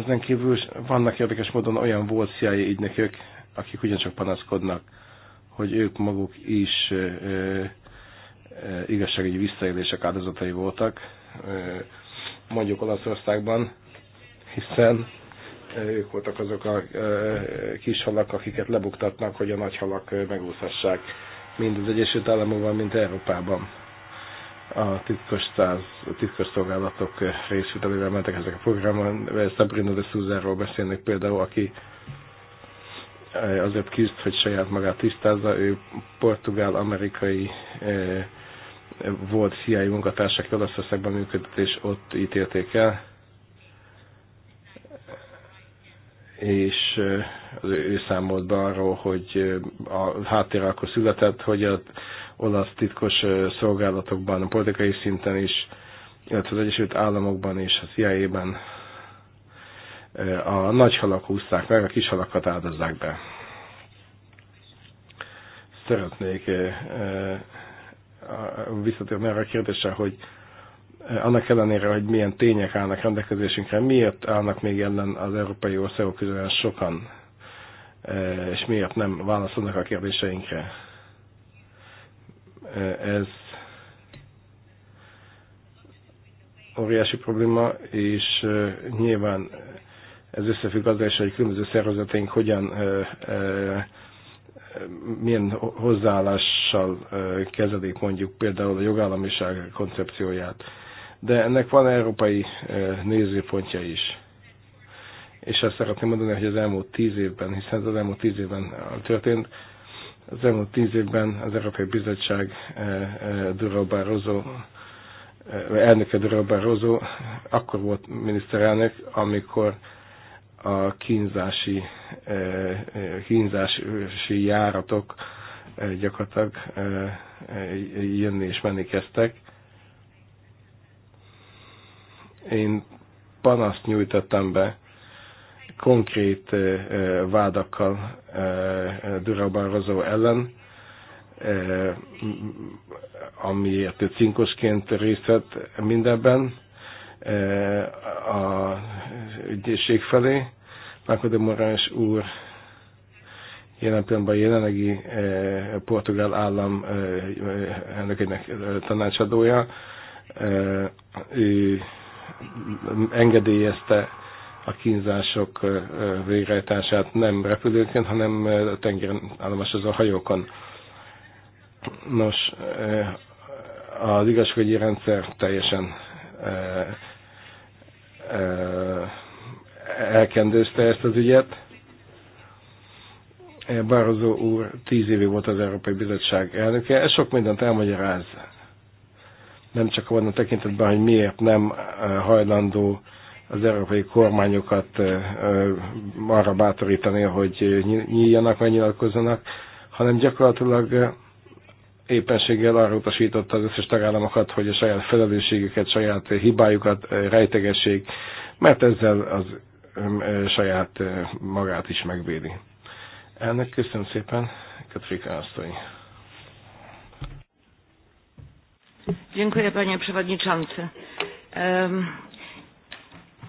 [SPEAKER 4] ezen kívül vannak érdekes módon olyan volt CIA ügynökök, akik ugyancsak panaszkodnak, hogy ők maguk is ö, ö, igazságügyi visszaélések áldozatai voltak, ö, mondjuk Olaszországban, hiszen ők voltak azok a kis halak, akiket lebuktatnak, hogy a nagy halak megúszhassák, mind az Egyesült Államokban, mind Európában a titkos, száz, a titkos szolgálatok részvételével mentek ezek a programon. Sabrina de Souzáról beszélnek például, aki eh, azért küzd, hogy saját magát tisztázza. Ő portugál-amerikai eh, volt CIA munkatárs, aki Olaszországban működött, és ott ítélték el. És eh, az ő, ő számolt be arról, hogy a háttér akkor született, hogy a olasz titkos szolgálatokban, a politikai szinten is, illetve az Egyesült Államokban és a CIA-ben a nagy halak húzták meg, a kis halakat áldozzák be. Szeretnék visszatérni arra a kérdésre, hogy annak ellenére, hogy milyen tények állnak rendelkezésünkre, miért állnak még ellen az európai országok közül sokan, és miért nem válaszolnak a kérdéseinkre? Ez óriási probléma, és nyilván ez összefügg azzal is, hogy különböző szervezeteink hogyan, milyen hozzáállással kezelik mondjuk például a jogállamiság koncepcióját. De ennek van európai nézőpontja is. És azt szeretném mondani, hogy az elmúlt tíz évben, hiszen az elmúlt tíz évben történt, az elmúlt tíz évben az Európai Bizottság eh, eh, Duró eh, elnöke Duró akkor volt miniszterelnök, amikor a kínzási, kínzási járatok gyakorlatilag jönni és menni kezdtek. Én panaszt nyújtottam be konkrét vádakkal Durában ellen, amiért ő cinkosként részt vett mindenben a ügyészség felé. Márko de Morás úr jelen pillanatban jelenlegi portugál állam elnökének tanácsadója. Ő engedélyezte a kínzások végrehajtását nem repülőként, hanem a tengeren a hajókon. Nos, az igazságügyi rendszer teljesen elkendőzte ezt az ügyet. Bározó úr tíz évig volt az Európai Bizottság elnöke. Ez sok mindent elmagyaráz. Nem csak abban a tekintetben, hogy miért nem hajlandó az európai kormányokat arra bátorítani, hogy nyíljanak, megnyilatkozzanak, hanem gyakorlatilag éppenséggel arra utasította az összes tagállamokat, hogy a saját felelősségüket, saját hibájukat rejtegessék, mert ezzel az saját magát is megvédi. Ennek köszönöm szépen, Katrika Asztony. Dziękuję panie przewodniczący. Um...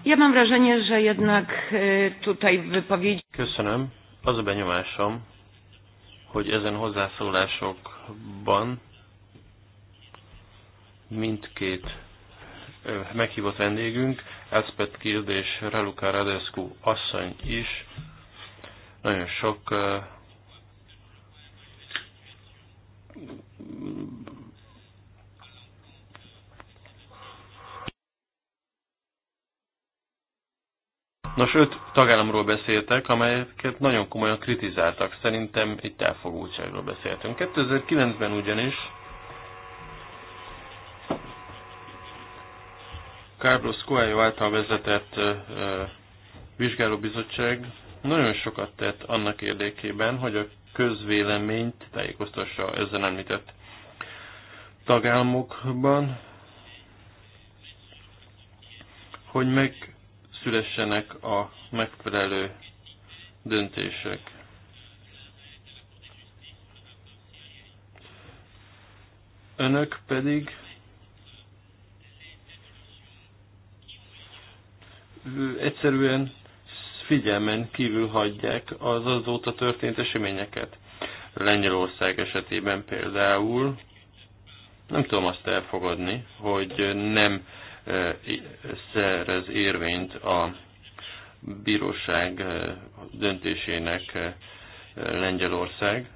[SPEAKER 4] Ja mam wrażenie, że jednak e, tutaj wypowiedzi...
[SPEAKER 2] Köszönöm. Az a benyomásom, hogy ezen hozzászólásokban mindkét meghívott vendégünk, Elspeth Kild és Raluca Radescu asszony is nagyon sok Nos, öt tagállamról beszéltek, amelyeket nagyon komolyan kritizáltak. Szerintem itt elfogultságról beszéltünk. 2009-ben ugyanis Carlos Coelho által vezetett vizsgálóbizottság nagyon sokat tett annak érdekében, hogy a közvéleményt tájékoztassa ezzel említett tagállamokban, hogy meg szülessenek a megfelelő döntések. Önök pedig egyszerűen figyelmen kívül hagyják az azóta történt eseményeket. Lengyelország esetében például nem tudom azt elfogadni, hogy nem szerez érvényt a bíróság döntésének Lengyelország,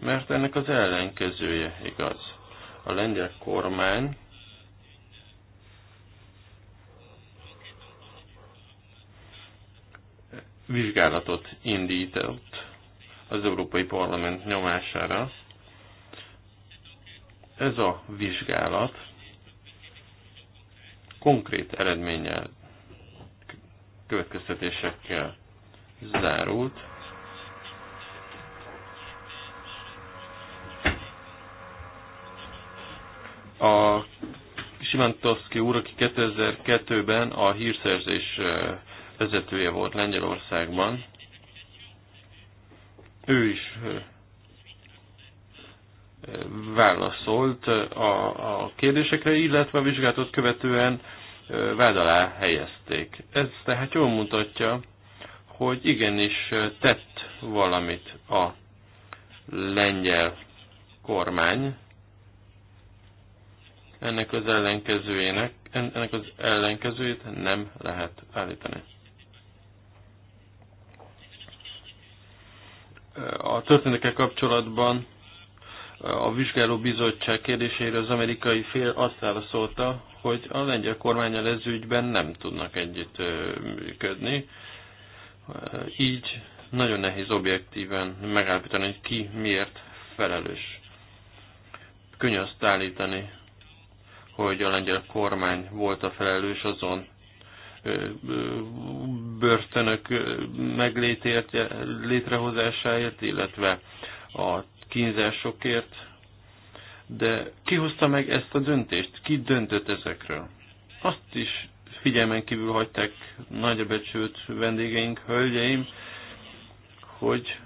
[SPEAKER 2] mert ennek az ellenkezője igaz. A lengyel kormány vizsgálatot indított az Európai Parlament nyomására. Ez a vizsgálat konkrét eredménnyel, következtetésekkel zárult. A Simantoszki úr, aki 2002-ben a hírszerzés vezetője volt Lengyelországban, ő is válaszolt a, a kérdésekre, illetve a vizsgálatot követően vád alá helyezték. Ez tehát jól mutatja, hogy igenis tett valamit a lengyel kormány ennek az ellenkezőjének, ennek az ellenkezőjét nem lehet állítani. A történetekkel kapcsolatban a vizsgáló bizottság kérdésére az amerikai fél azt válaszolta, hogy a lengyel kormány ez ügyben nem tudnak együtt működni. Így nagyon nehéz objektíven megállapítani, hogy ki miért felelős. Könnyű azt állítani, hogy a lengyel kormány volt a felelős azon börtönök meglétért, létrehozásáért, illetve a kínzásokért, de ki hozta meg ezt a döntést? Ki döntött ezekről? Azt is figyelmen kívül hagyták nagyra becsült vendégeink, hölgyeim, hogy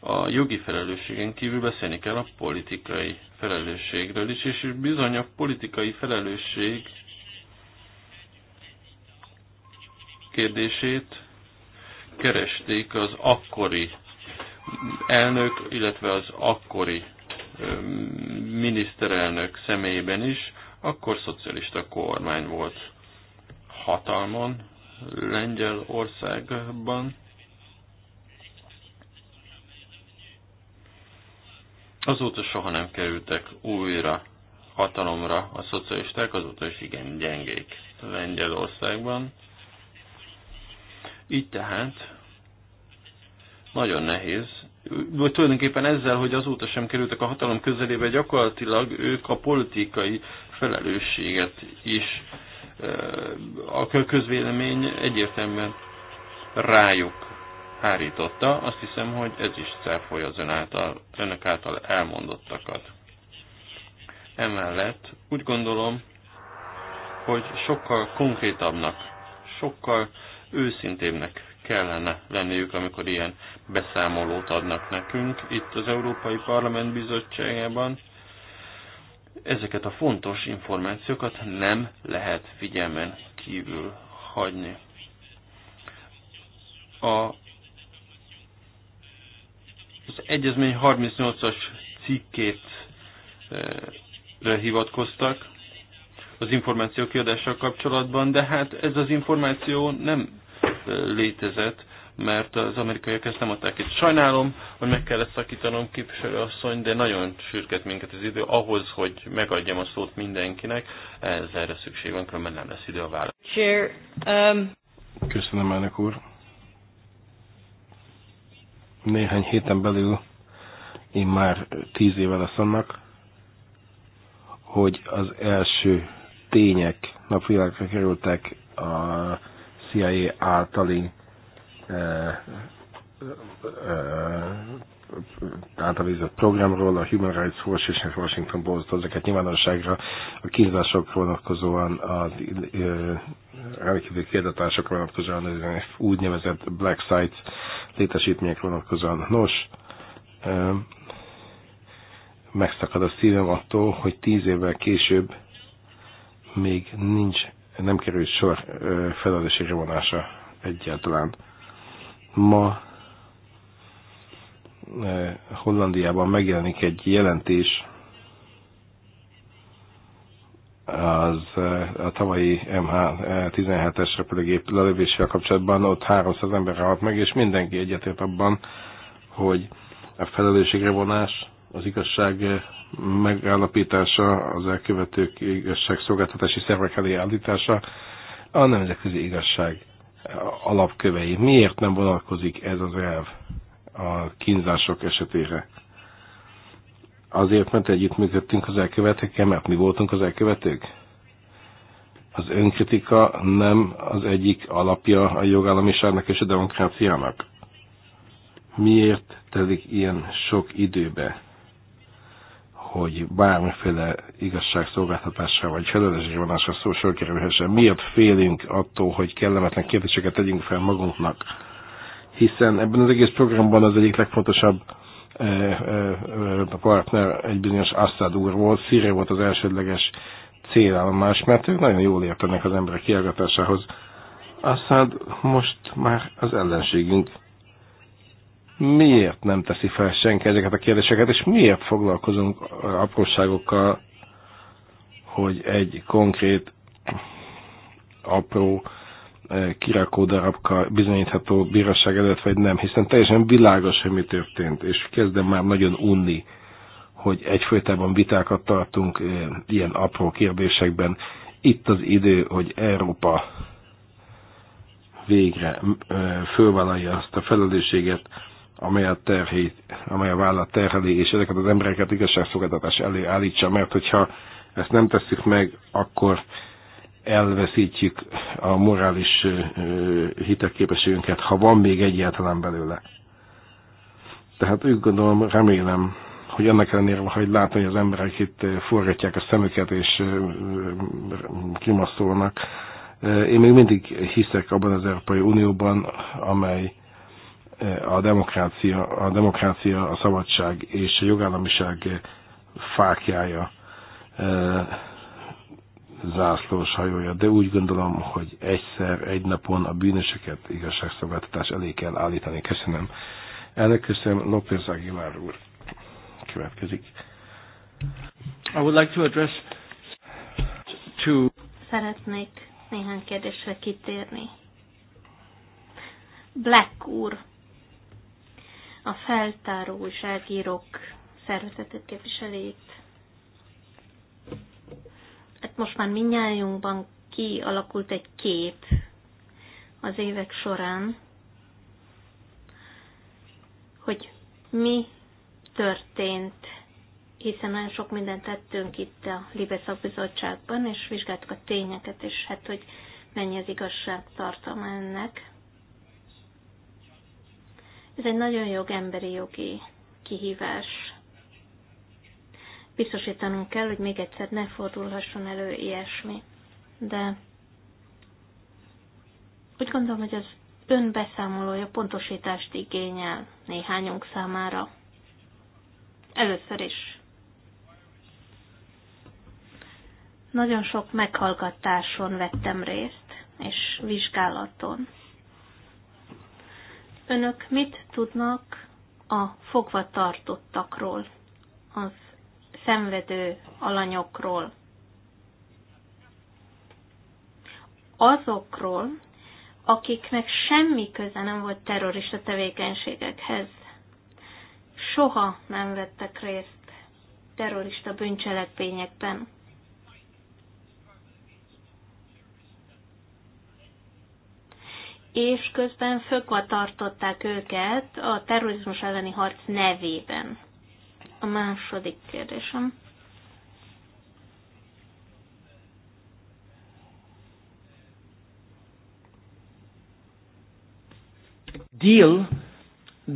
[SPEAKER 2] a jogi felelősségen kívül beszélni kell a politikai felelősségről is, és bizony a politikai felelősség kérdését keresték az akkori elnök, illetve az akkori miniszterelnök személyében is, akkor szocialista kormány volt hatalmon Lengyelországban. Azóta soha nem kerültek újra hatalomra a szocialisták, azóta is igen gyengék Lengyelországban. Így tehát nagyon nehéz. Vagy tulajdonképpen ezzel, hogy azóta sem kerültek a hatalom közelébe, gyakorlatilag ők a politikai felelősséget is a közvélemény egyértelműen rájuk hárította. Azt hiszem, hogy ez is cáfolja az ön által, önök által elmondottakat. Emellett úgy gondolom, hogy sokkal konkrétabbnak, sokkal őszintébbnek kellene lenniük, amikor ilyen beszámolót adnak nekünk itt az Európai Parlament Bizottságában. Ezeket a fontos információkat nem lehet figyelmen kívül hagyni. A, az egyezmény 38-as cikkét e, hivatkoztak az információ kiadással kapcsolatban, de hát ez az információ nem létezett, mert az amerikaiak ezt nem adták itt. Sajnálom, hogy meg kellett szakítanom képviselő asszony, de nagyon sürget minket az idő. Ahhoz, hogy megadjam a szót mindenkinek, ez erre szükség van, különben nem lesz idő a válasz.
[SPEAKER 1] Um,
[SPEAKER 4] Köszönöm, elnök úr. Néhány héten belül én már tíz éve lesz annak, hogy az első tények napvilágra kerültek a CIA általi végzett eh, eh, programról, a Human Rights Watch és a Washington Post ezeket nyilvánosságra a kínzások vonatkozóan, a rendkívül eh, kérdetások vonatkozóan, úgynevezett black sites létesítmények vonatkozóan. Nos, megszakad a szívem attól, hogy tíz évvel később még nincs nem került sor felelősségre vonása egyáltalán. Ma Hollandiában megjelenik egy jelentés az a tavalyi MH17-es repülőgép lelövésével kapcsolatban, ott 300 ember halt meg, és mindenki egyetért abban, hogy a felelősségre vonás, az igazság megállapítása, az elkövetők igazságszolgáltatási szervek elé állítása a nemzetközi igazság alapkövei. Miért nem vonatkozik ez az elv a kínzások esetére? Azért, mert együttműködtünk az elkövetőkkel, mert mi voltunk az elkövetők? Az önkritika nem az egyik alapja a jogállamiságnak és a demokráciának. Miért telik ilyen sok időbe? hogy bármiféle igazságszolgáltatással vagy felelősségvonásra szó sor kerülhessen. Miért félünk attól, hogy kellemetlen kérdéseket tegyünk fel magunknak? Hiszen ebben az egész programban az egyik legfontosabb eh, eh, eh, partner egy bizonyos Assad úr volt, Szíria volt az elsődleges célállomás, mert ők nagyon jól értenek az emberek kiállgatásához. Assad most már az ellenségünk miért nem teszi fel senki ezeket a kérdéseket, és miért foglalkozunk apróságokkal, hogy egy konkrét apró eh, kirakó darabka bizonyítható bíróság előtt, vagy nem, hiszen teljesen világos, hogy mi történt, és kezdem már nagyon unni, hogy egyfolytában vitákat tartunk eh, ilyen apró kérdésekben. Itt az idő, hogy Európa végre eh, fölvállalja azt a felelősséget, amely a, terhét, amely a vállat terheli, és ezeket az embereket igazságszolgáltatás elé állítsa, mert hogyha ezt nem tesszük meg, akkor elveszítjük a morális hiteképességünket, ha van még egyáltalán belőle. Tehát úgy gondolom, remélem, hogy annak ellenére, hogy látom, hogy az emberek itt forgatják a szemüket és kimaszolnak, én még mindig hiszek abban az Európai Unióban, amely a demokrácia, a demokrácia, a szabadság és a jogállamiság fákjája e, zászlós hajója, de úgy gondolom, hogy egyszer, egy napon a bűnöseket igazságszolgáltatás elé kell állítani. Köszönöm. köszönöm, López Aguilar úr. Következik.
[SPEAKER 2] I would like to address
[SPEAKER 4] to...
[SPEAKER 3] Szeretnék néhány kérdésre kitérni. Black úr a feltáró újságírók szervezetet képviselét. Hát most már minnyájunkban kialakult egy kép az évek során, hogy mi történt, hiszen nagyon sok mindent tettünk itt a Libe szakbizottságban, és vizsgáltuk a tényeket, és hát, hogy mennyi az igazság tartalma ennek. Ez egy nagyon jó emberi jogi kihívás. Biztosítanunk kell, hogy még egyszer ne fordulhasson elő ilyesmi. De úgy gondolom, hogy az önbeszámolója beszámolója pontosítást igényel néhányunk számára. Először is. Nagyon sok meghallgatáson vettem részt, és vizsgálaton. Önök mit tudnak a fogvatartottakról, az szenvedő alanyokról? Azokról, akiknek semmi köze nem volt terrorista tevékenységekhez. Soha nem vettek részt terrorista bűncselekményekben. és közben fökva tartották őket a terrorizmus elleni harc nevében. A második kérdésem.
[SPEAKER 2] Deal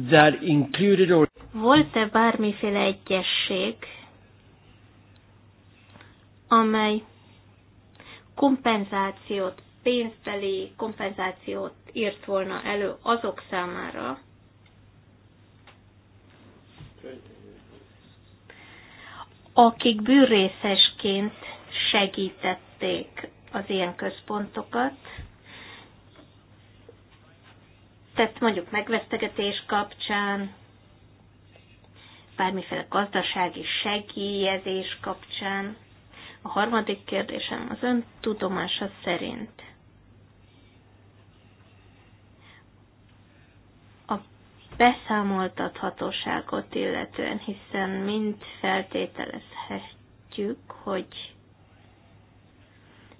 [SPEAKER 2] that included or...
[SPEAKER 3] Volt-e bármiféle egyesség, amely kompenzációt pénzbeli kompenzációt írt volna elő azok számára, akik bűrészesként segítették az ilyen központokat, tehát mondjuk megvesztegetés kapcsán, bármiféle gazdasági segélyezés kapcsán. A harmadik kérdésem az ön tudomása szerint beszámoltathatóságot illetően, hiszen mind feltételezhetjük, hogy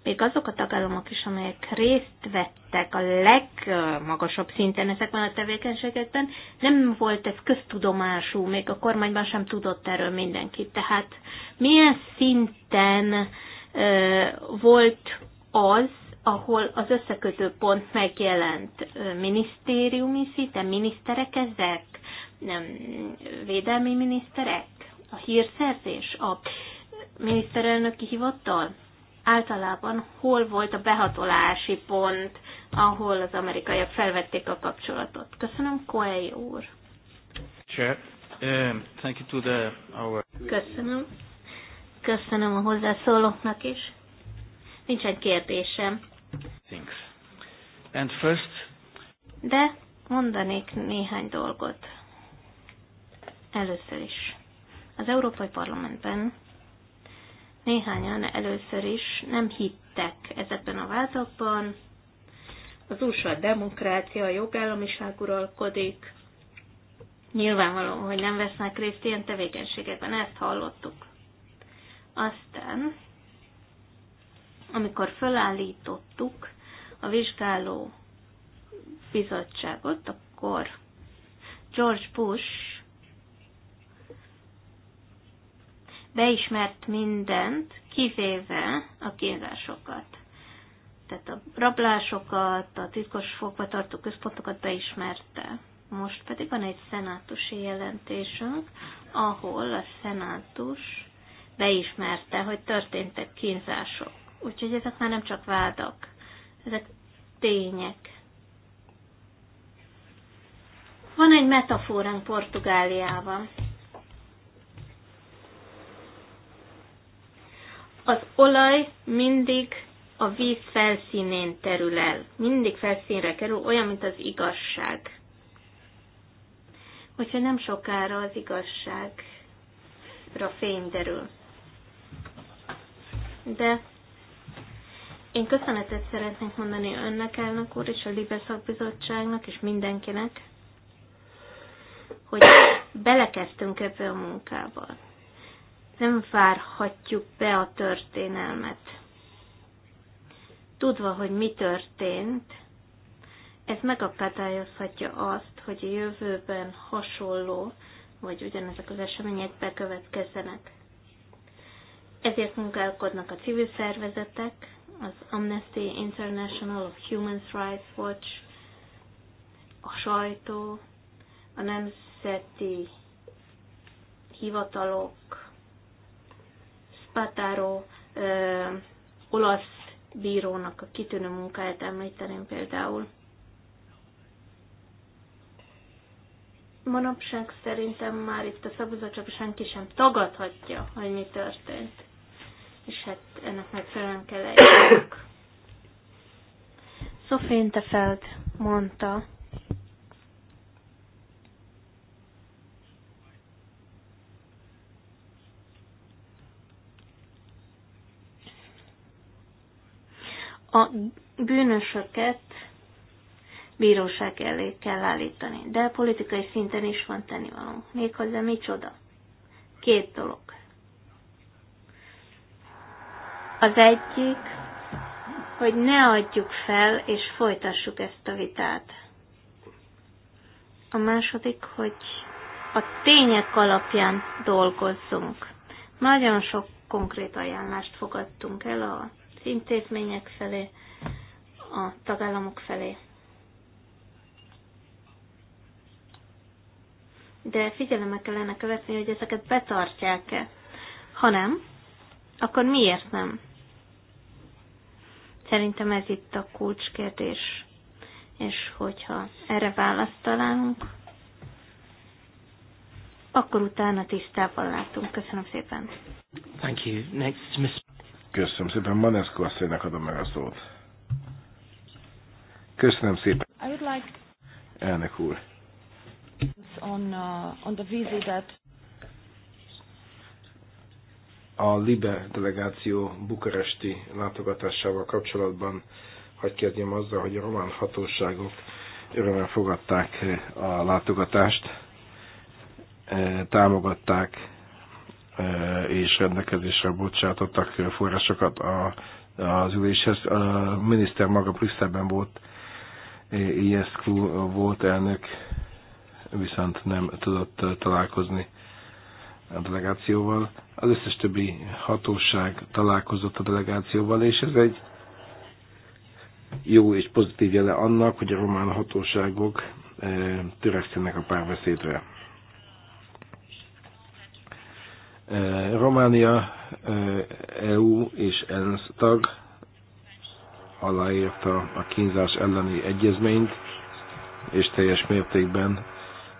[SPEAKER 3] még azok a tagállamok is, amelyek részt vettek a legmagasabb szinten ezekben a tevékenységekben, nem volt ez köztudomású, még a kormányban sem tudott erről mindenki. Tehát milyen szinten ö, volt az, ahol az összekötő pont megjelent minisztériumi szinte, miniszterek ezek, nem védelmi miniszterek, a hírszerzés, a miniszterelnöki hivatal, általában hol volt a behatolási pont, ahol az amerikaiak felvették a kapcsolatot. Köszönöm, Koei úr.
[SPEAKER 2] Um, thank you to our...
[SPEAKER 3] Köszönöm. Köszönöm a hozzászólóknak is. Nincs egy kérdésem.
[SPEAKER 2] Things. And first...
[SPEAKER 3] De mondanék néhány dolgot. Először is. Az Európai Parlamentben néhányan először is nem hittek ezekben a vázakban. Az USA demokrácia, a jogállamiság uralkodik. Nyilvánvaló, hogy nem vesznek részt ilyen tevékenységekben, ezt hallottuk. Aztán amikor fölállítottuk a vizsgáló bizottságot, akkor George Bush beismert mindent, kivéve a kínzásokat. Tehát a rablásokat, a titkos fogvatartó központokat beismerte. Most pedig van egy szenátusi jelentésünk, ahol a szenátus beismerte, hogy történtek kínzások. Úgyhogy ezek már nem csak vádak, ezek tények. Van egy metaforánk Portugáliában. Az olaj mindig a víz felszínén terül el. Mindig felszínre kerül, olyan, mint az igazság. Hogyha nem sokára az igazságra fény derül. De én köszönetet szeretnék mondani önnek, elnök úr, és a Libe szakbizottságnak, és mindenkinek, hogy belekezdtünk ebbe a munkába. Nem várhatjuk be a történelmet. Tudva, hogy mi történt, ez megakadályozhatja azt, hogy a jövőben hasonló, vagy ugyanezek az események bekövetkezzenek. Ezért munkálkodnak a civil szervezetek, az Amnesty International, a Human Rights Watch, a sajtó, a nemzeti hivatalok, Spataro ö, olasz bírónak a kitűnő munkáját említeném például. Manapság szerintem már itt a szabuzacsap senki sem tagadhatja, hogy mi történt és hát ennek megfelelően kell eljönnünk. Sophie mondta, a bűnösöket bíróság elé kell állítani. De politikai szinten is van tennivalónk. Méghozzá micsoda? Két dolog. Az egyik, hogy ne adjuk fel, és folytassuk ezt a vitát. A második, hogy a tények alapján dolgozzunk. Nagyon sok konkrét ajánlást fogadtunk el az intézmények felé, a tagállamok felé. De figyelemmel kellene követni, hogy ezeket betartják-e. Ha nem, akkor miért nem? Szerintem ez itt a kulcskérdés, és hogyha erre választ találunk, akkor utána tisztában látunk. Köszönöm szépen.
[SPEAKER 4] Thank you. Next, Miss... Köszönöm szépen. Manesko asszonynak adom meg a szót. Köszönöm szépen. I would like... Elnök úr. On, uh, on the visit that a LIBE delegáció bukaresti látogatásával kapcsolatban hagy kérdjem azzal, hogy a román hatóságok örömmel fogadták eh, a látogatást, eh, támogatták eh, és rendelkezésre bocsátottak forrásokat az üléshez. A miniszter maga Brüsszelben volt, Iescu volt elnök, viszont nem tudott találkozni a delegációval. Az összes többi hatóság találkozott a delegációval, és ez egy jó és pozitív jele annak, hogy a román hatóságok eh, törekszenek a párbeszédre. Eh, Románia EU eh, e és ENSZ tag aláírta a kínzás elleni egyezményt, és teljes mértékben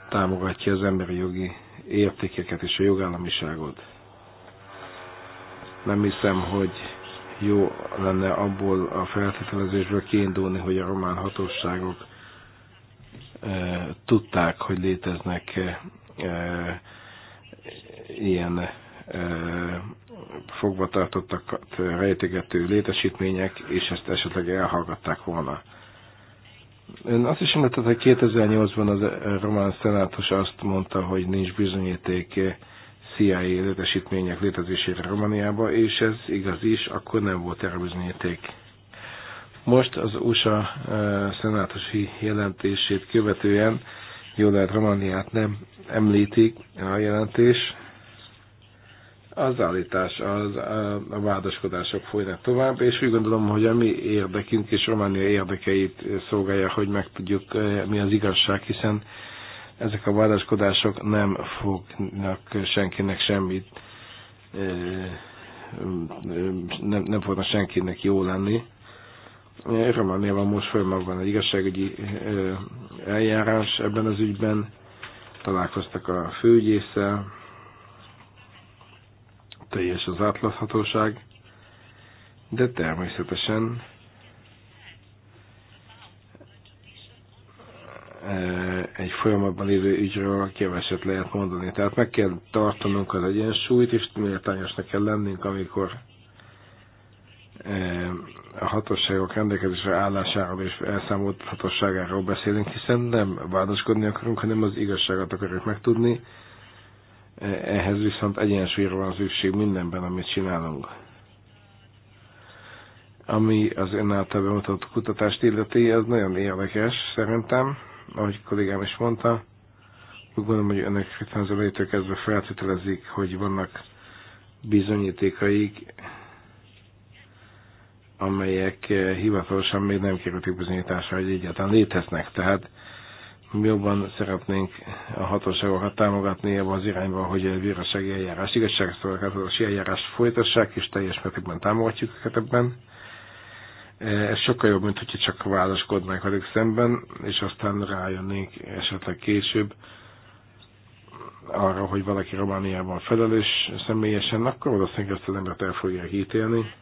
[SPEAKER 4] támogatja az emberi jogi értékeket és a jogállamiságot. Nem hiszem, hogy jó lenne abból a feltételezésből kiindulni, hogy a román hatóságok e, tudták, hogy léteznek e, e, ilyen e, fogvatartottakat rejtegető létesítmények, és ezt esetleg elhallgatták volna. Ön azt is említett, hogy 2008-ban a eh, román szenátus azt mondta, hogy nincs bizonyíték eh, CIA létesítmények létezésére Romániába, és ez igaz is, akkor nem volt erre bizonyíték. Most az USA eh, szenátusi jelentését követően, jól lehet Romániát nem említik a jelentés, az állítás, az, a vádaskodások folynak tovább, és úgy gondolom, hogy a mi érdekünk és Románia érdekeit szolgálja, hogy megtudjuk, eh, mi az igazság, hiszen ezek a vádaskodások nem fognak senkinek semmit, eh, nem, nem fognak senkinek jó lenni. Eh, Romániában most folyamatban egy igazságügyi eljárás ebben az ügyben, találkoztak a főügyészsel, teljes az átláthatóság, de természetesen e, egy folyamatban lévő ügyről keveset lehet mondani. Tehát meg kell tartanunk az egyensúlyt, és méltányosnak kell lennünk, amikor e, a hatóságok rendelkezésre állásáról és hatosságáról beszélünk, hiszen nem vádaskodni akarunk, hanem az igazságot akarjuk megtudni, ehhez viszont egyensúlyra van szükség mindenben, amit csinálunk. Ami az ön által bemutatott kutatást illeti, az nagyon érdekes szerintem, ahogy kollégám is mondta. Úgy gondolom, hogy önök elejétől kezdve feltételezik, hogy vannak bizonyítékaik, amelyek hivatalosan még nem kerültek bizonyításra, hogy egyáltalán léteznek. Tehát jobban szeretnénk a hatóságokat támogatni ebben az irányban, hogy a bírósági eljárás, igazságszolgáltatási eljárás folytassák, és teljes mértékben támogatjuk őket ebben. Ez sokkal jobb, mint hogyha csak válaszkodnánk velük szemben, és aztán rájönnénk esetleg később arra, hogy valaki Romániában felelős személyesen, akkor valószínűleg ezt az embert el fogják ítélni.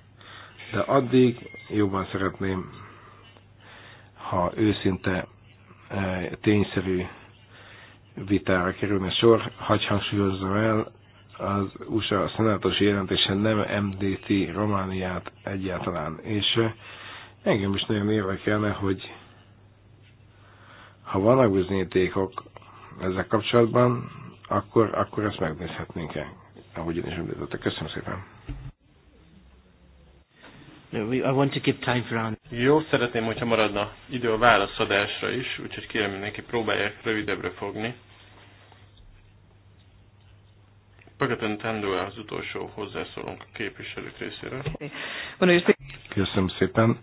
[SPEAKER 4] De addig jobban szeretném, ha őszinte tényszerű vitára kerülne sor. Hagy hangsúlyozzam el, az USA szenátusi jelentése nem MDT Romániát egyáltalán, és engem is nagyon érdekelne, hogy ha vannak bizonyítékok ezzel kapcsolatban, akkor, akkor ezt megnézhetnénk-e, ahogy én is említettem. Köszönöm szépen!
[SPEAKER 2] Jó, szeretném, hogyha maradna idő a válaszadásra is, úgyhogy kérem mindenki próbálják rövidebbre fogni. Pagatán Tendő az utolsó hozzászólunk a képviselők részéről.
[SPEAKER 4] Köszönöm szépen.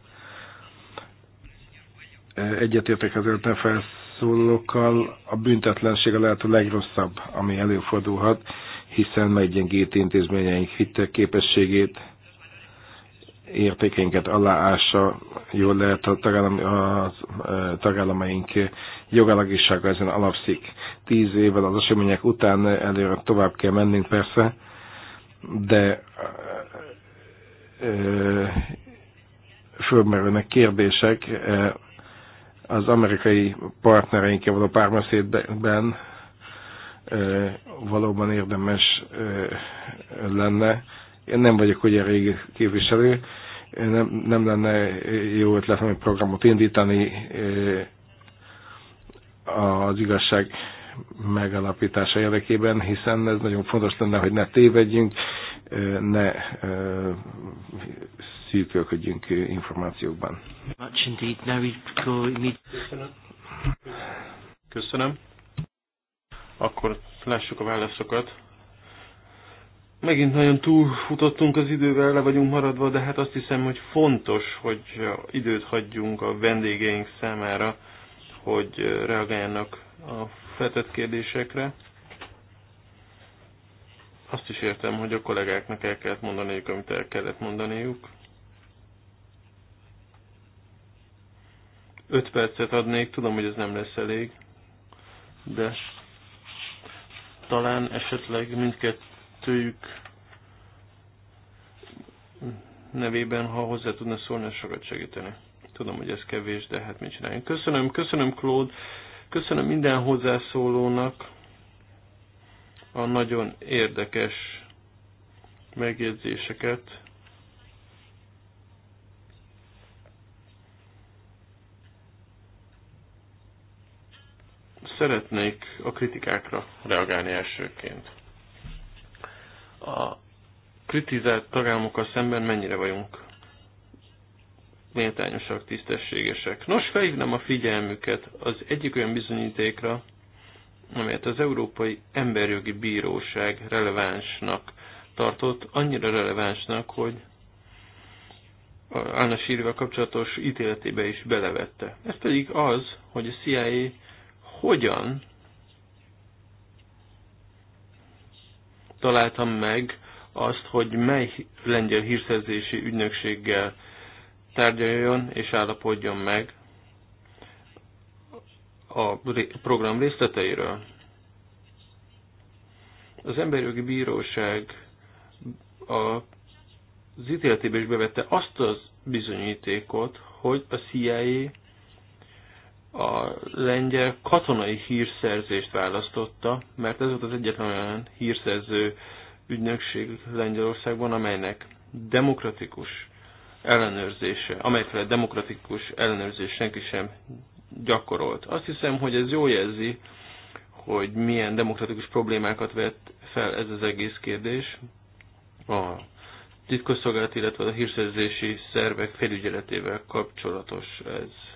[SPEAKER 4] Egyetértek az a felszólókkal. A büntetlenség a lehető legrosszabb, ami előfordulhat, hiszen meggyengíti intézményeink hitte képességét, értékeinket aláássa, jól lehet a, tagállami, a e, tagállamaink jogalagisága ezen alapszik. Tíz évvel az események után előre tovább kell mennünk persze, de e, e, fölmerülnek kérdések az amerikai partnereinkkel való párbeszédben valóban érdemes lenne. Én nem vagyok ugye régi képviselő, nem, nem lenne jó ötlet, hogy programot indítani az igazság megalapítása érdekében, hiszen ez nagyon fontos lenne, hogy ne tévedjünk, ne szűkölködjünk információkban.
[SPEAKER 2] Köszönöm. Akkor lássuk a válaszokat. Megint nagyon túlfutottunk az idővel, le vagyunk maradva, de hát azt hiszem, hogy fontos, hogy időt hagyjunk a vendégeink számára, hogy reagáljanak a feltett kérdésekre. Azt is értem, hogy a kollégáknak el kellett mondaniuk, amit el kellett mondaniuk. Öt percet adnék, tudom, hogy ez nem lesz elég, de talán esetleg mindkettő mindkettőjük nevében, ha hozzá tudna szólni, sokat segíteni. Tudom, hogy ez kevés, de hát mit csináljunk. Köszönöm, köszönöm Claude, köszönöm minden hozzászólónak a nagyon érdekes megjegyzéseket. Szeretnék a kritikákra reagálni elsőként a kritizált tagállamokkal szemben mennyire vagyunk méltányosak, tisztességesek. Nos, felhívnám a figyelmüket az egyik olyan bizonyítékra, amelyet az Európai Emberjogi Bíróság relevánsnak tartott, annyira relevánsnak, hogy Anna Sírvel kapcsolatos ítéletébe is belevette. Ez pedig az, hogy a CIA hogyan találtam meg azt, hogy mely lengyel hírszerzési ügynökséggel tárgyaljon és állapodjon meg a program részleteiről. Az Emberjogi Bíróság az ítéletében is bevette azt az bizonyítékot, hogy a CIA a lengyel katonai hírszerzést választotta, mert ez volt az egyetlen olyan hírszerző ügynökség Lengyelországban, amelynek demokratikus ellenőrzése, amelyekre demokratikus ellenőrzés senki sem gyakorolt. Azt hiszem, hogy ez jó jelzi, hogy milyen demokratikus problémákat vett fel ez az egész kérdés a titkosszolgálat, illetve a hírszerzési szervek felügyeletével kapcsolatos ez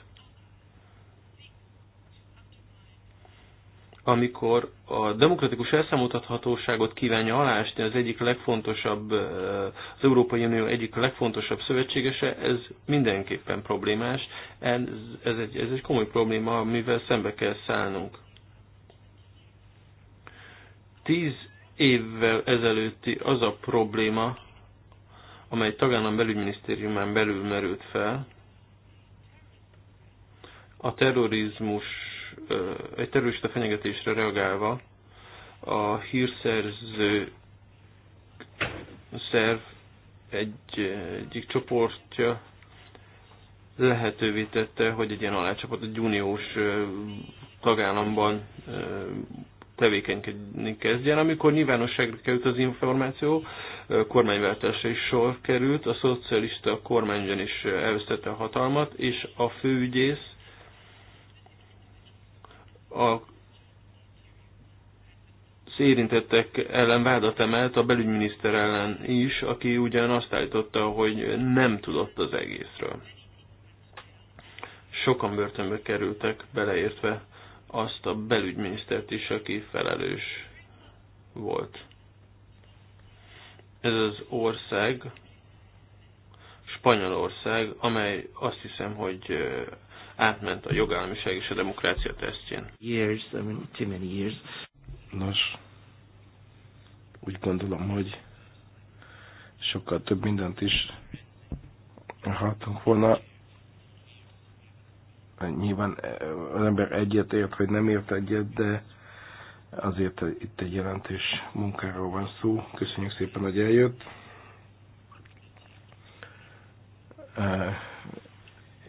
[SPEAKER 2] amikor a demokratikus elszámoltathatóságot kívánja alásni az egyik legfontosabb, az Európai Unió egyik legfontosabb szövetségese, ez mindenképpen problémás. Ez, ez, egy, ez egy komoly probléma, amivel szembe kell szállnunk. Tíz évvel ezelőtti az a probléma, amely tagállam belügyminisztériumán belül merült fel, a terrorizmus egy terrorista fenyegetésre reagálva a hírszerző szerv egy, egyik csoportja lehetővé tette, hogy egy ilyen alácsapat egy uniós tagállamban tevékenykedni kezdjen. Amikor nyilvánosságra került az információ, kormányváltásra is sor került, a szocialista kormány is elvesztette a hatalmat, és a főügyész a az érintettek ellen vádat emelt, a belügyminiszter ellen is, aki ugyan azt állította, hogy nem tudott az egészről. Sokan börtönbe kerültek, beleértve azt a belügyminisztert is, aki felelős volt. Ez az ország, Spanyolország, amely azt hiszem, hogy átment a jogállamiság és a demokrácia tesztjén.
[SPEAKER 4] Years, I mean, too many years. Nos, úgy gondolom, hogy sokkal több mindent is hallhatunk volna. Nyilván eh, az ember egyet ért, vagy nem ért egyet, de azért itt egy jelentős munkáról van szó. Köszönjük szépen, hogy eljött eh,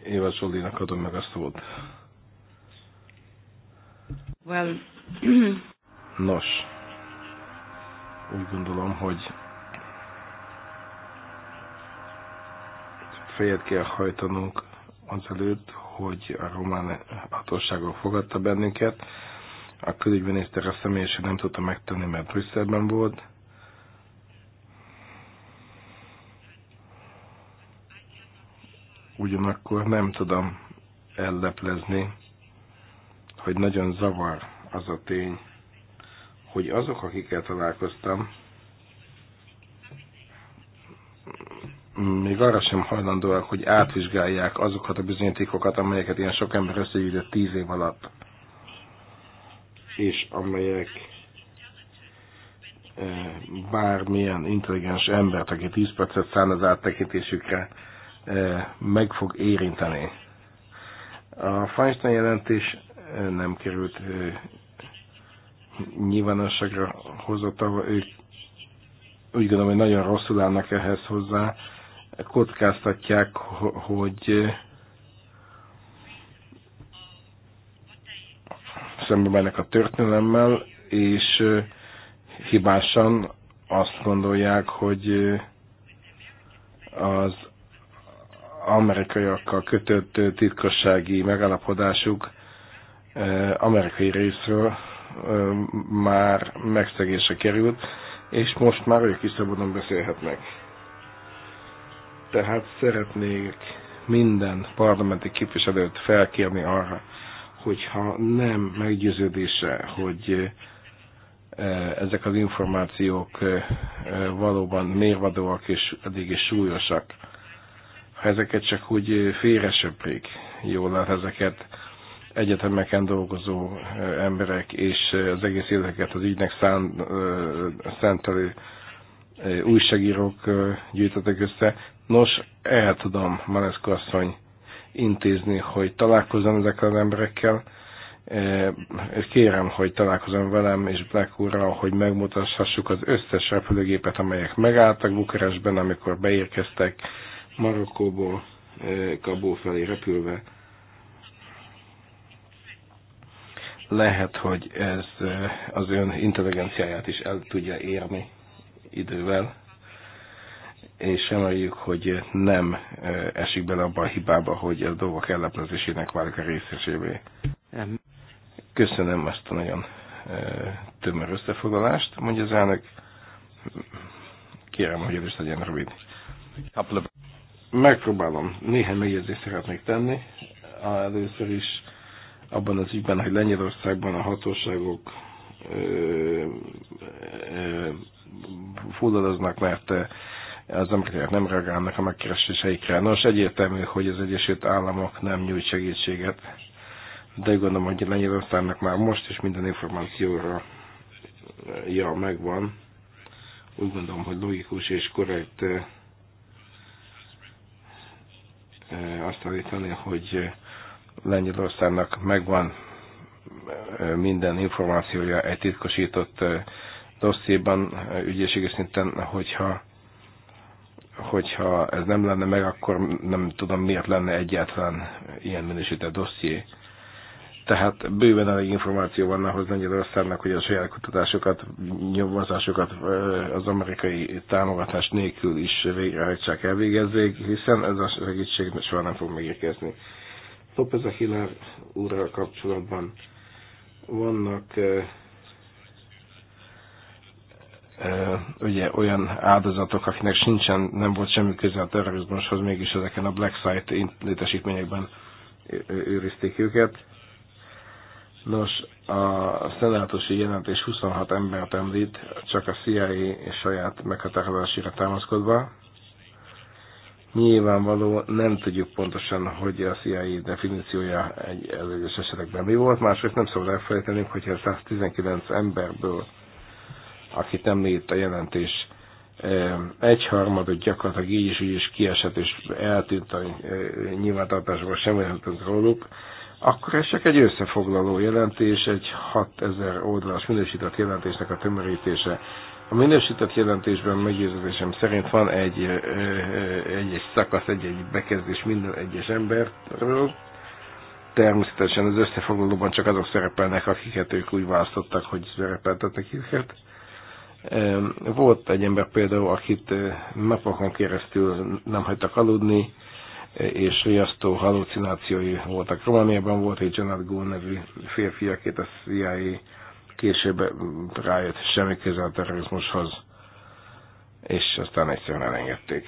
[SPEAKER 4] Éva Zsolinak adom meg a szót.
[SPEAKER 3] Well.
[SPEAKER 4] Nos, úgy gondolom, hogy fejet kell hajtanunk azelőtt, hogy a román hatóságok fogadta bennünket. A külügyminiszter a személyesen nem tudta megtenni, mert Brüsszelben volt ugyanakkor nem tudom elleplezni, hogy nagyon zavar az a tény, hogy azok, akikkel találkoztam, még arra sem hajlandóak, hogy átvizsgálják azokat a bizonyítékokat, amelyeket ilyen sok ember összegyűjtött tíz év alatt, és amelyek eh, bármilyen intelligens embert, aki 10 percet szán az áttekintésükre, E, meg fog érinteni. A Feinstein jelentés e, nem került e, nyilvánosságra hozata, ők úgy gondolom, hogy nagyon rosszul állnak ehhez hozzá, kockáztatják, hogy szembe mennek a történelemmel, és hibásan azt gondolják, hogy az amerikaiakkal kötött titkossági megállapodásuk amerikai részről már megszegése került, és most már ők is szabadon beszélhetnek. Tehát szeretnék minden parlamenti képviselőt felkérni arra, hogyha nem meggyőződése, hogy ezek az információk valóban mérvadóak és is súlyosak, ezeket csak úgy félre söprik. Jól lát ezeket egyetemeken dolgozó emberek, és az egész életeket az ügynek szánt, szentelő újságírók gyűjtöttek össze. Nos, el tudom, Maleszko asszony, intézni, hogy találkozom ezekkel az emberekkel. Kérem, hogy találkozom velem és Black úrra, hogy megmutathassuk az összes repülőgépet, amelyek megálltak Bukarestben, amikor beérkeztek, Marokkóból eh, Kabó felé repülve. Lehet, hogy ez eh, az ön intelligenciáját is el tudja érni idővel, és reméljük, hogy nem eh, esik bele abba a hibába, hogy a dolgok elleplezésének válik a részesévé. Köszönöm ezt a nagyon tömör összefoglalást, mondja az elnök. Kérem, hogy ez is legyen rövid. Megpróbálom, néhány megjegyzést szeretnék tenni. Először is abban az ügyben, hogy Lengyelországban a hatóságok fulladoznak, mert az emberek nem reagálnak a megkereséseikre. Nos, egyértelmű, hogy az Egyesült Államok nem nyújt segítséget, de gondolom, hogy Lengyelországnak már most is minden információra ja, megvan. Úgy gondolom, hogy logikus és korrekt Eh, azt állítani, hogy eh, Lengyelországnak megvan eh, minden információja egy titkosított dossziéban ügyészségi szinten, hogyha, hogyha ez nem lenne meg, akkor nem tudom miért lenne egyáltalán ilyen minősített dosszié. Tehát bőven elég információ van ahhoz Lengyelországnak, hogy a saját kutatásokat, nyomozásokat az amerikai támogatás nélkül is végrehajtsák, elvégezzék, hiszen ez a segítség soha nem fog megérkezni. López a Hiller úrral kapcsolatban vannak ugye olyan áldozatok, akinek sincsen, nem volt semmi köze a terrorizmushoz, mégis ezeken a Black Site létesítményekben őrizték őket. Nos, a szenátusi jelentés 26 embert említ, csak a CIA és saját meghatározásira támaszkodva. Nyilvánvaló, nem tudjuk pontosan, hogy a CIA definíciója egy előzős esetekben mi volt, másrészt nem szabad elfelejtenünk, hogyha 119 emberből, akit említ a jelentés, harmadot gyakorlatilag így is, így is kiesett és eltűnt a nyilvántartásból, sem tudunk róluk, akkor ez csak egy összefoglaló jelentés, egy 6000 oldalas minősített jelentésnek a tömörítése. A minősített jelentésben meggyőződésem szerint van egy, egy, egy szakasz, egy, egy bekezdés minden egyes emberről. Természetesen az összefoglalóban csak azok szerepelnek, akiket ők úgy választottak, hogy szerepeltetnek őket. Volt egy ember például, akit napokon keresztül nem hagytak aludni, és riasztó halucinációi voltak. Romániában volt egy Janet Gould nevű férfi, akit a CIA később rájött semmi köze a terrorizmushoz, és aztán egyszerűen elengedték.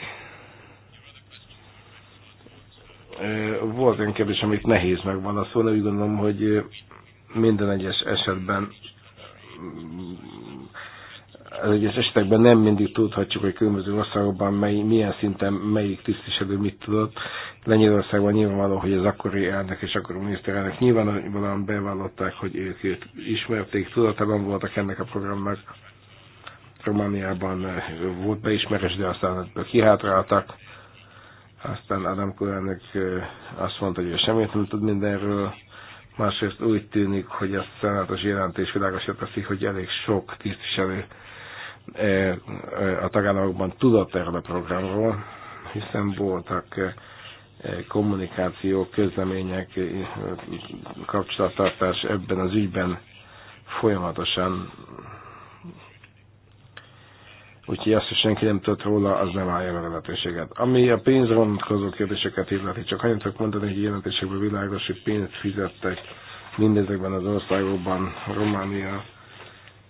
[SPEAKER 4] Volt olyan kérdés, amit nehéz megválaszolni, úgy gondolom, hogy minden egyes esetben az egyes esetekben nem mindig tudhatjuk, hogy különböző országokban mely, milyen szinten melyik tisztviselő mit tudott. Lengyelországban nyilvánvaló, hogy az akkori elnök és akkori miniszterelnök nyilvánvalóan bevallották, hogy ők, ők ismerték, tudatában voltak ennek a programnak. Romániában volt beismerés, de aztán kihátráltak. Aztán Adam Kulának azt mondta, hogy ő semmit nem tud mindenről. Másrészt úgy tűnik, hogy a szenátus jelentés világosat teszi, hogy elég sok tisztviselő E, e, a tagállamokban tudott erről a programról, hiszen voltak e, kommunikáció, közlemények, kapcsolattartás ebben az ügyben folyamatosan. Úgyhogy azt, hogy senki nem tudott róla, az nem állja meg a lehetőséget. Ami a pénzre vonatkozó kérdéseket illeti, csak annyit tudok mondani, hogy jelentésekből világos, hogy pénzt fizettek mindezekben az országokban, Románia,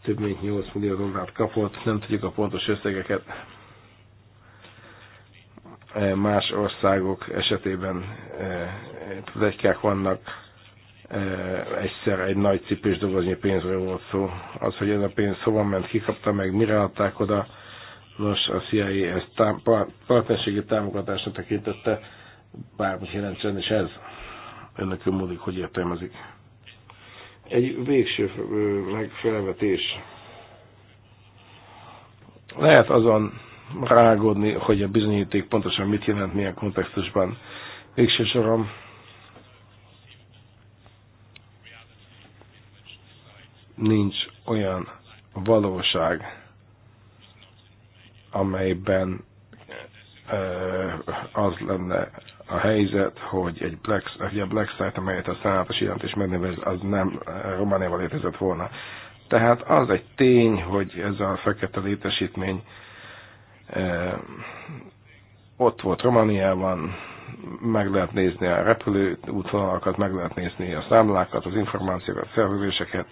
[SPEAKER 4] több mint 8 millió dollárt kapott, nem tudjuk a pontos összegeket. E, más országok esetében plegykák e, vannak, e, egyszer egy nagy cipős doboznyi pénzről volt szó. Az, hogy ez a pénz hova ment, kikapta meg, mire adták oda, nos, a CIA ezt tám- partnerségi támogatásra tekintette, bármit jelentsen, és ez önökön múlik, hogy értelmezik egy végső megfelvetés. Lehet azon rágódni, hogy a bizonyíték pontosan mit jelent, milyen kontextusban. Végső soron nincs olyan valóság, amelyben Eh, az lenne a helyzet, hogy egy black, egy a black site, amelyet a szállatos jelentés megnevez, az nem eh, Romániával létezett volna. Tehát az egy tény, hogy ez a fekete létesítmény eh, ott volt Romániában, meg lehet nézni a repülőútvonalakat, meg lehet nézni a számlákat, az információkat, felhőzéseket,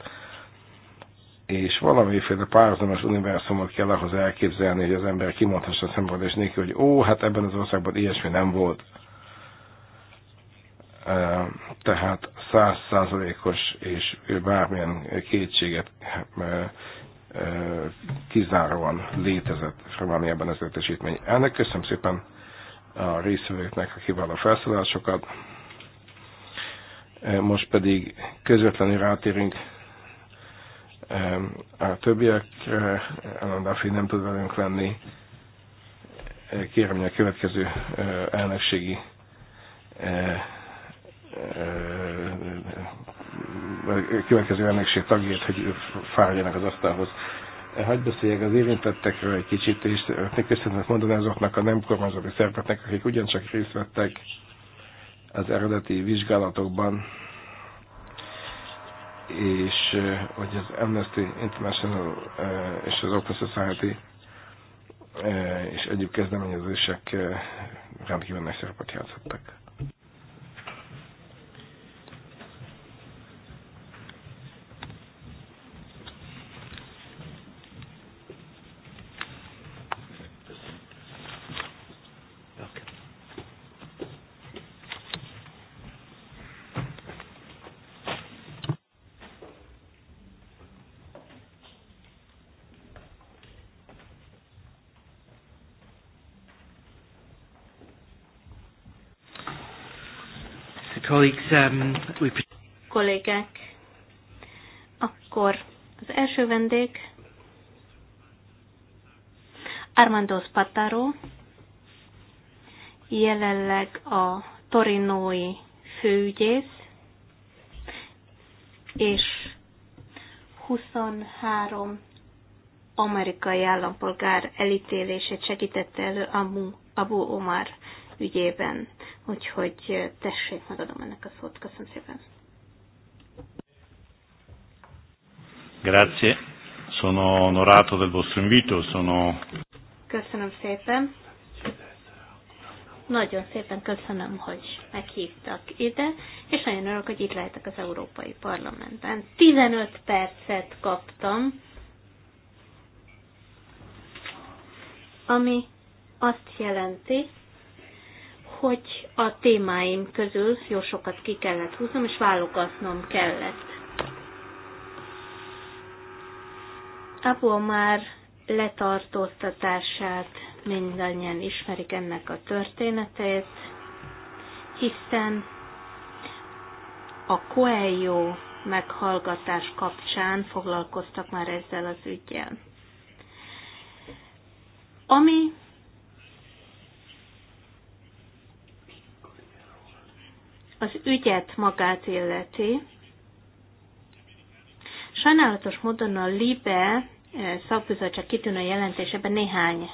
[SPEAKER 4] és valamiféle párhuzamos univerzumot kell ahhoz elképzelni, hogy az ember kimondhassa szenvedés nélkül, hogy ó, hát ebben az országban ilyesmi nem volt. Tehát százszázalékos és bármilyen kétséget kizáróan létezett Romániában ez a teljesítmény. Ennek köszönöm szépen a részvevőknek a kiváló felszólásokat. Most pedig közvetlenül rátérünk a többiek, eh, a Duffy nem tud velünk lenni. Eh, kérem, hogy a következő eh, elnökségi következő elnökség tagjét, hogy fáradjanak az asztalhoz. Hagyj beszéljek az érintettekről egy kicsit, és köszönöm köszönetet mondani azoknak a nem kormányzati szerveknek, akik ugyancsak részt vettek az eredeti vizsgálatokban, és hogy az Amnesty International és az Open Society és egyéb kezdeményezések rendkívül nagy szerepet játszottak.
[SPEAKER 1] um, we...
[SPEAKER 3] Kollégák, akkor az első vendég Armando Spataro, jelenleg a torinói főügyész, és 23 amerikai állampolgár elítélését segítette elő Abu, Abu Omar ügyében. Úgyhogy tessék, megadom ennek a szót. Köszönöm szépen.
[SPEAKER 5] Grazie. Sono onorato del vostro invito, sono...
[SPEAKER 3] Köszönöm szépen. Nagyon szépen köszönöm, hogy meghívtak ide, és nagyon örülök, hogy itt lehetek az Európai Parlamentben. 15 percet kaptam, ami azt jelenti, hogy a témáim közül jó sokat ki kellett húznom, és válogatnom kellett. Abból már letartóztatását mindannyian ismerik ennek a történetét, hiszen a Coelho meghallgatás kapcsán foglalkoztak már ezzel az ügyjel. Ami az ügyet magát illeti, sajnálatos módon a LIBE eh, szakbizottság kitűnő jelentésében néhány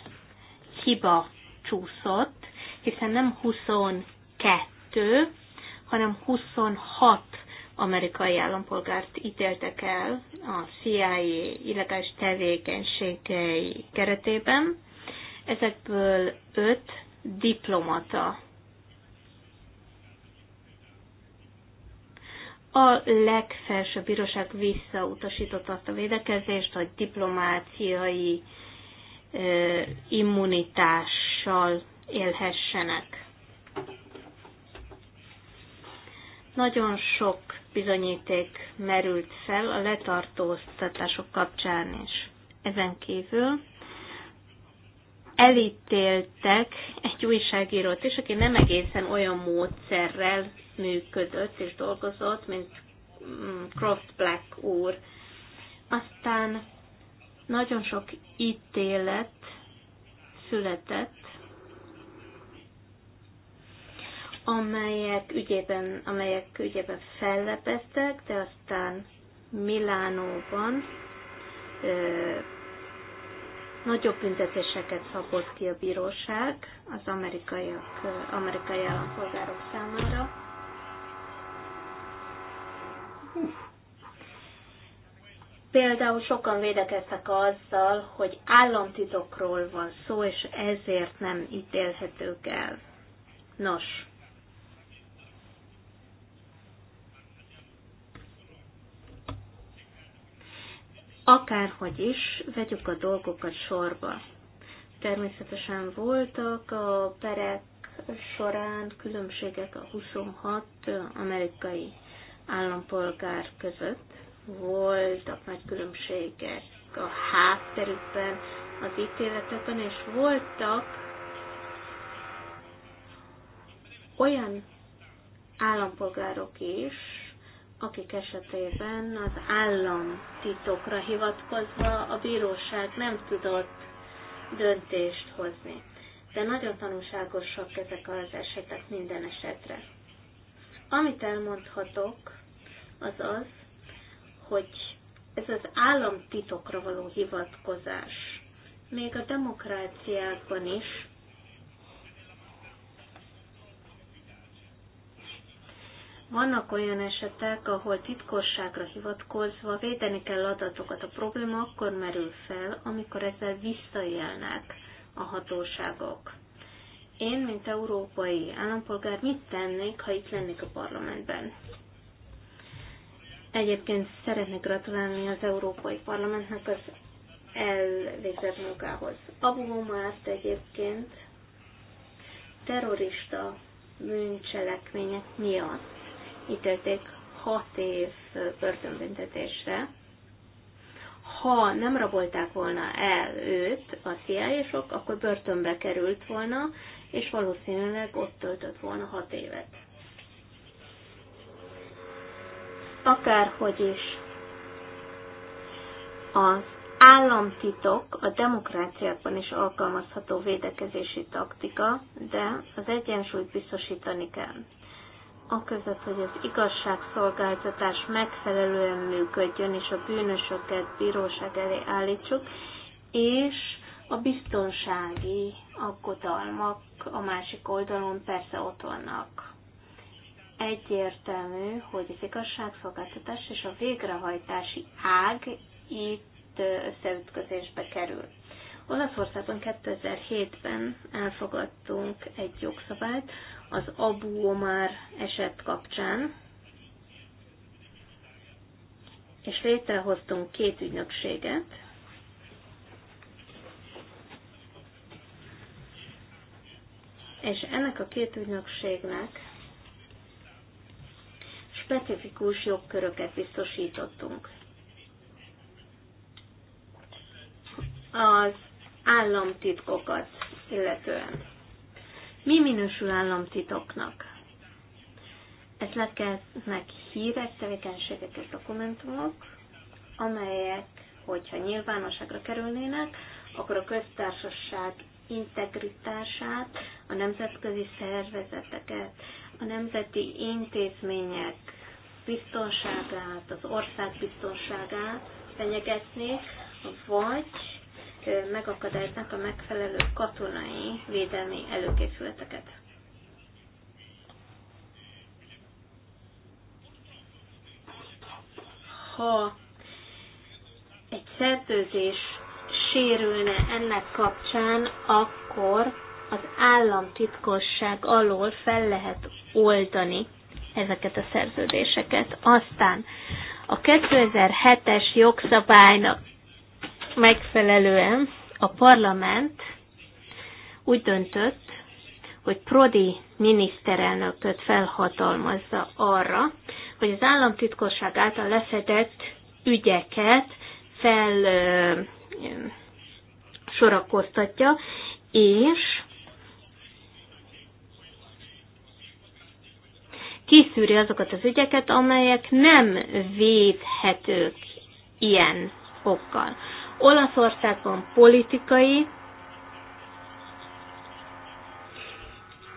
[SPEAKER 3] hiba csúszott, hiszen nem 22, hanem 26 amerikai állampolgárt ítéltek el a CIA illegális tevékenységei keretében. Ezekből 5 diplomata a legfelsőbb bíróság visszautasította azt a védekezést, hogy diplomáciai ö, immunitással élhessenek. Nagyon sok bizonyíték merült fel a letartóztatások kapcsán is. Ezen kívül elítéltek egy újságírót is, aki nem egészen olyan módszerrel működött és dolgozott, mint mm, Croft Black úr. Aztán nagyon sok ítélet született, amelyek ügyében, amelyek ügyében fellepeztek, de aztán Milánóban ö, nagyobb büntetéseket szabott ki a bíróság az amerikaiak, amerikai állampolgárok számára. Például sokan védekeztek azzal, hogy államtitokról van szó, és ezért nem ítélhetők el. Nos, akárhogy is, vegyük a dolgokat sorba. Természetesen voltak a perek során különbségek a 26 amerikai állampolgár között voltak nagy különbségek a hátterükben, az ítéletekben, és voltak olyan állampolgárok is, akik esetében az állam titokra hivatkozva a bíróság nem tudott döntést hozni. De nagyon tanulságosak ezek az esetek minden esetre. Amit elmondhatok, az az, hogy ez az államtitokra való hivatkozás, még a demokráciákban is, Vannak olyan esetek, ahol titkosságra hivatkozva védeni kell adatokat. A probléma akkor merül fel, amikor ezzel visszajelnek a hatóságok én, mint európai állampolgár, mit tennék, ha itt lennék a parlamentben? Egyébként szeretnék gratulálni az Európai Parlamentnek az elvégzett munkához. Abu Omárt egyébként terrorista bűncselekmények miatt ítélték 6 év börtönbüntetésre. Ha nem rabolták volna el őt a cia akkor börtönbe került volna, és valószínűleg ott töltött volna hat évet. Akárhogy is az államtitok a demokráciákban is alkalmazható védekezési taktika, de az egyensúlyt biztosítani kell. között, hogy az igazságszolgáltatás megfelelően működjön, és a bűnösöket bíróság elé állítsuk, és a biztonsági aggodalmak a másik oldalon persze ott vannak. Egyértelmű, hogy az igazságszolgáltatás és a végrehajtási ág itt összeütközésbe kerül. Olaszországban 2007-ben elfogadtunk egy jogszabályt az Abu Omar eset kapcsán, és létrehoztunk két ügynökséget, és ennek a két ügynökségnek specifikus jogköröket biztosítottunk. Az államtitkokat illetően. Mi minősül államtitoknak? Ez letkeznek hírek, tevékenységek és dokumentumok, amelyek, hogyha nyilvánosságra kerülnének, akkor a köztársaság integritását, a nemzetközi szervezeteket, a nemzeti intézmények biztonságát, az ország biztonságát fenyegetni, vagy megakadályoznak a megfelelő katonai védelmi előkészületeket. Ha egy szerződés sérülne ennek kapcsán, akkor az államtitkosság alól fel lehet oldani ezeket a szerződéseket. Aztán a 2007-es jogszabálynak megfelelően a parlament úgy döntött, hogy Prodi miniszterelnököt felhatalmazza arra, hogy az államtitkosság által leszedett ügyeket fel sorakoztatja, és kiszűri azokat az ügyeket, amelyek nem védhetők ilyen okkal. Olaszországban politikai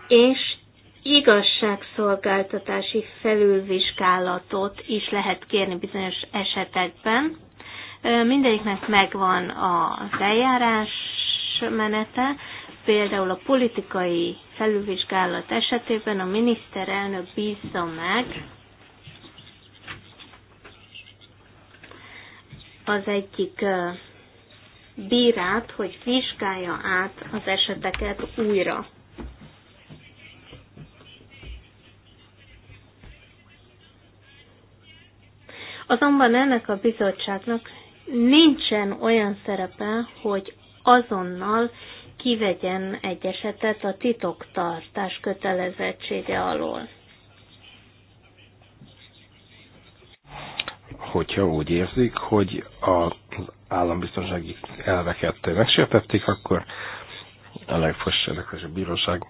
[SPEAKER 3] és igazságszolgáltatási felülvizsgálatot is lehet kérni bizonyos esetekben, Mindegyiknek megvan az eljárás menete, például a politikai felülvizsgálat esetében a miniszterelnök bízza meg az egyik bírát, hogy vizsgálja át az eseteket újra. Azonban ennek a bizottságnak nincsen olyan szerepe, hogy azonnal kivegyen egy esetet a titoktartás kötelezettsége alól.
[SPEAKER 4] Hogyha úgy érzik, hogy az állambiztonsági elveket megsértették, akkor a a bíróság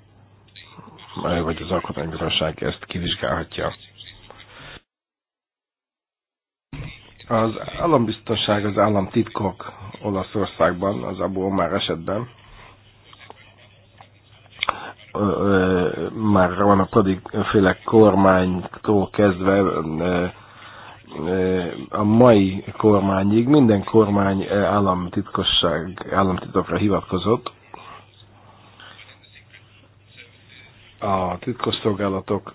[SPEAKER 4] vagy az alkotmánybíróság ezt kivizsgálhatja. Az állambiztonság, az államtitkok Olaszországban, az Abu Omar esetben, már van a pedig féle kormánytól kezdve a mai kormányig minden kormány államtitkosság, államtitokra hivatkozott. A titkosszolgálatok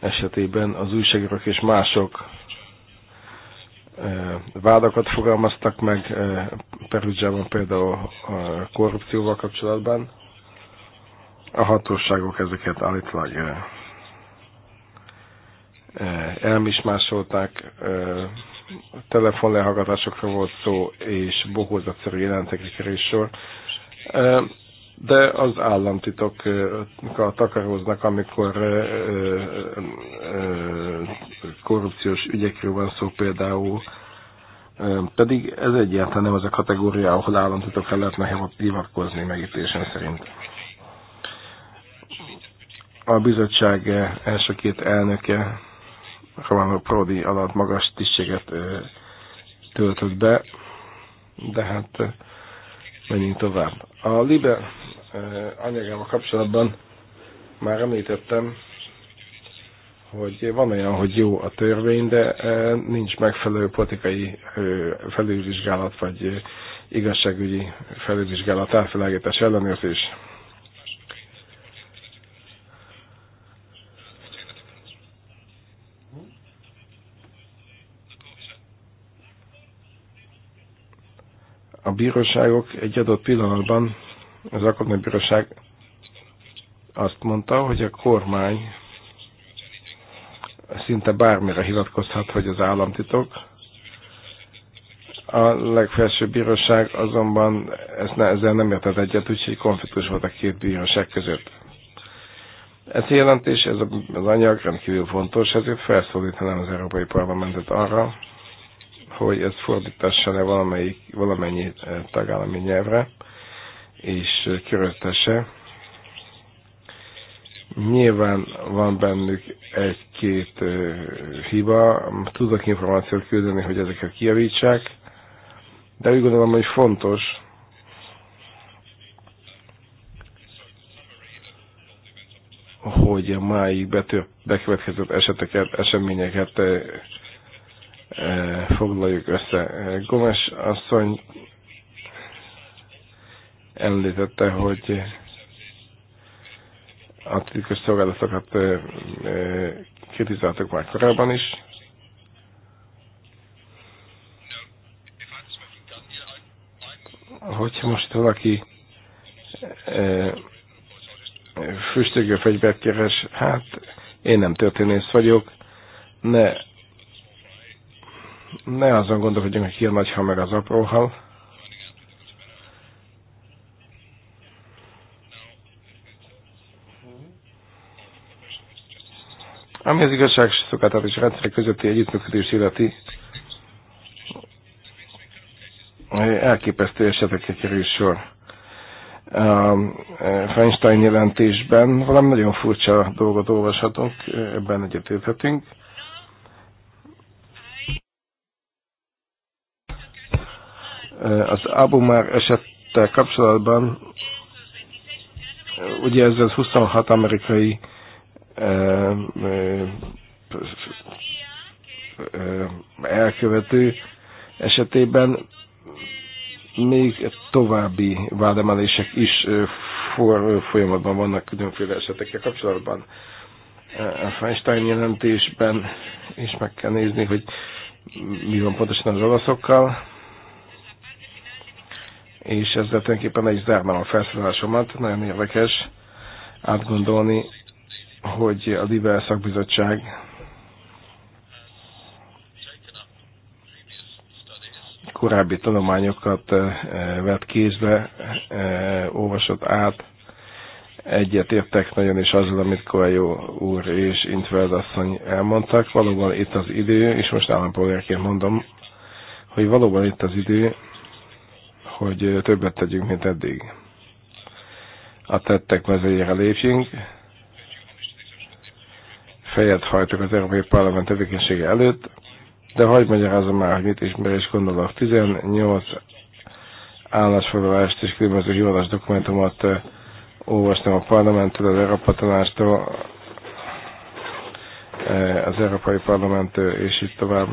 [SPEAKER 4] esetében az újságírók és mások eh, vádakat fogalmaztak meg eh, Perugiában például a eh, korrupcióval kapcsolatban. A hatóságok ezeket állítólag elmismásolták, telefonlehallgatásokra volt szó, és bohózatszerű jelentekre kerül sor de az államtitok takaróznak, amikor korrupciós ügyekről van szó például, pedig ez egyáltalán nem az a kategória, ahol el lehetne hivatkozni megítésen szerint. A bizottság első két elnöke, Romano Prodi alatt magas tisztséget töltött be, de hát Menjünk tovább. A Libe eh, anyagával kapcsolatban már említettem, hogy van olyan, hogy jó a törvény, de eh, nincs megfelelő politikai eh, felülvizsgálat, vagy igazságügyi felülvizsgálat, átvilágítás, ellenőrzés. a bíróságok egy adott pillanatban, az bíróság azt mondta, hogy a kormány szinte bármire hivatkozhat, hogy az államtitok. A legfelsőbb bíróság azonban ezt ne, ezzel nem értett egyet, úgyhogy konfliktus volt a két bíróság között. Ez a jelentés, ez az anyag rendkívül fontos, ezért felszólítanám az Európai Parlamentet arra, hogy ez fordítása le valamelyik, valamennyi eh, tagállami nyelvre, és eh, körültese. Nyilván van bennük egy-két eh, hiba, tudok információt küldeni, hogy ezeket kijavítsák, de úgy gondolom, hogy fontos, hogy a máig betör, bekövetkezett eseteket, eseményeket Eh, foglaljuk össze. Eh, Gomes asszony említette, hogy a titkos szolgálatokat eh, kritizáltak már korábban is. Hogyha most valaki füstögő fegyvert keres, hát én nem történész vagyok, ne ne azon gondolkodjunk, hogy ki a nagyhal meg az apróhal. Ami az igazság szolgáltatás rendszerek közötti együttműködés illeti, elképesztő esetekre kerül sor. A e, Feinstein jelentésben valami nagyon furcsa dolgot olvashatunk, e, ebben egyetérthetünk Eh, az Abu Már esettel kapcsolatban eh, ugye az 26 amerikai eh, elkövető esetében még további vádemelések is folyamatban vannak különféle esetekkel kapcsolatban. A Feinstein jelentésben is meg kell nézni, hogy mi van pontosan az olaszokkal és ezzel tulajdonképpen egy zárnám a felszólalásomat. Nagyon érdekes átgondolni, hogy a Liber szakbizottság korábbi tanulmányokat eh, eh, vett kézbe, eh, olvasott át, egyetértek nagyon is azzal, amit Koelyó úr és Intveld asszony elmondtak. Valóban itt az idő, és most állampolgárként mondom, hogy valóban itt az idő, hogy többet tegyünk, mint eddig. A tettek mezőjére lépjünk, fejet hajtok az Európai Parlament tevékenysége előtt, de hagyd magyarázom már, hogy mit ismer és gondolok. 18 állásfoglalást és különböző hivatalos dokumentumot olvastam a parlamenttől, az Európa Tanástól, az Európai Parlament és itt tovább.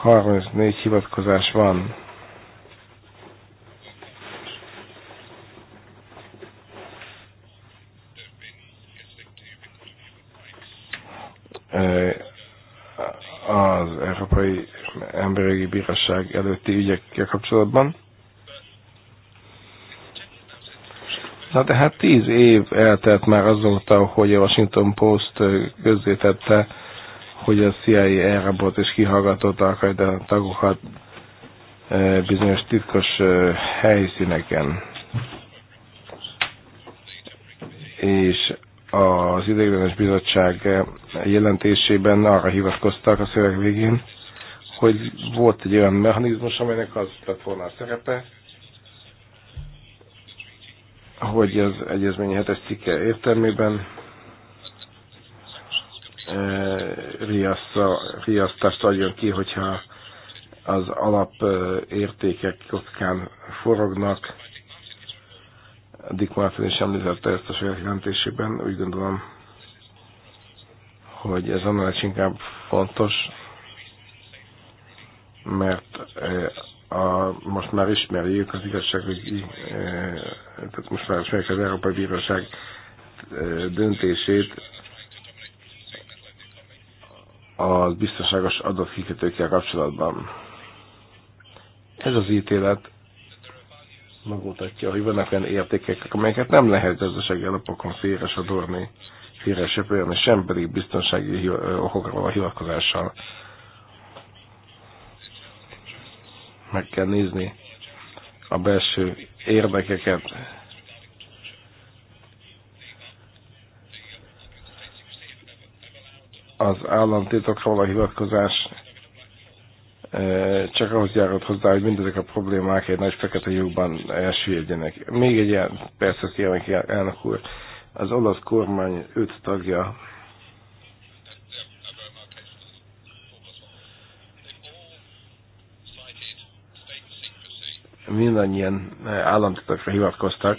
[SPEAKER 4] 34 hivatkozás van bíróság előtti ügyekkel kapcsolatban. Na tehát tíz év eltelt már azóta, hogy a Washington Post közzétette, hogy a CIA elrabolt és kihallgatott a tagokat eh, bizonyos titkos eh, helyszíneken. És az ideiglenes bizottság eh, jelentésében arra hivatkoztak a szöveg végén, hogy volt egy olyan mechanizmus, amelynek az lett volna a szerepe, hogy az egyezmény hetes cikke értelmében e, riasztást adjon ki, hogyha az alapértékek e, kockán forognak. Dick Martin is említette ezt a saját jelentésében. Úgy gondolom, hogy ez annál is inkább fontos, mert eh, a, most már ismerjük az igazságügyi, eh, tehát most már ismerjük az Európai Bíróság eh, döntését a biztonságos adatkikötőkkel kapcsolatban. Ez az ítélet megmutatja, hogy vannak olyan értékek, amelyeket nem lehet gazdasági alapokon félre sodorni, félre sem pedig biztonsági okokra hivatkozással. meg kell nézni a belső érdekeket. Az államtitokról a hivatkozás e, csak ahhoz járult hozzá, hogy mindezek a problémák egy nagy fekete lyukban elsüllyedjenek. Még egy ilyen, persze, hogy elnök úr, az olasz kormány öt tagja mindannyian eh, államtitokra hivatkoztak,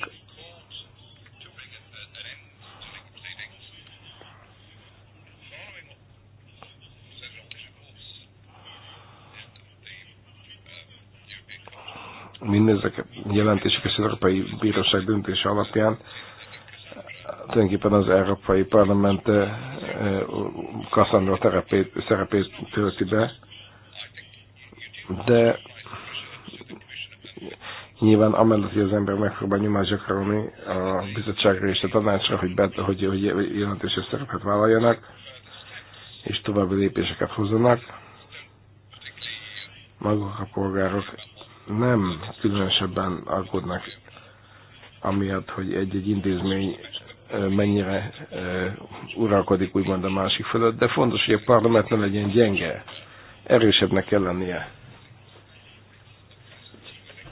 [SPEAKER 4] mindezek jelentések az Európai Bíróság döntése alapján tulajdonképpen az Európai Parlament Kassandra eh, eh, szerepét, szerepét tölti be, de Nyilván amellett, hogy az ember megpróbál nyomást gyakorolni a bizottságra és a tanácsra, hogy, bet, hogy, hogy jelentős szerepet vállaljanak, és további lépéseket hozzanak, maguk a polgárok nem különösebben aggódnak amiatt, hogy egy-egy intézmény mennyire uralkodik úgymond a másik fölött, de fontos, hogy a parlament ne legyen gyenge, erősebbnek kell lennie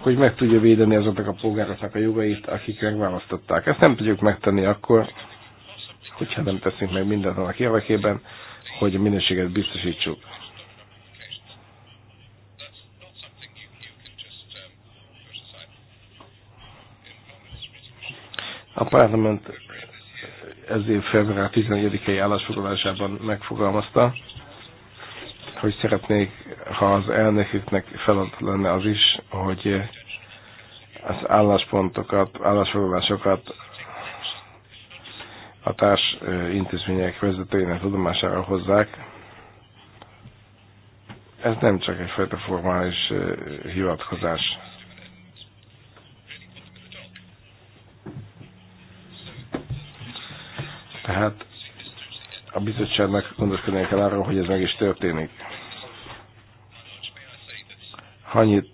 [SPEAKER 4] hogy meg tudja védeni azoknak a polgároknak a jogait, akik megválasztották. Ezt nem tudjuk megtenni akkor, hogyha nem teszünk meg mindent annak érdekében, hogy a minőséget biztosítsuk. A parlament ezért február 11-i állásfoglalásában megfogalmazta, hogy szeretnék, ha az elnöküknek feladat lenne az is, hogy az álláspontokat, állásfoglalásokat a társ intézmények vezetőinek tudomására hozzák. Ez nem csak egyfajta formális hivatkozás. Tehát a bizottságnak gondoskodni kell arról, hogy ez meg is történik. Annyit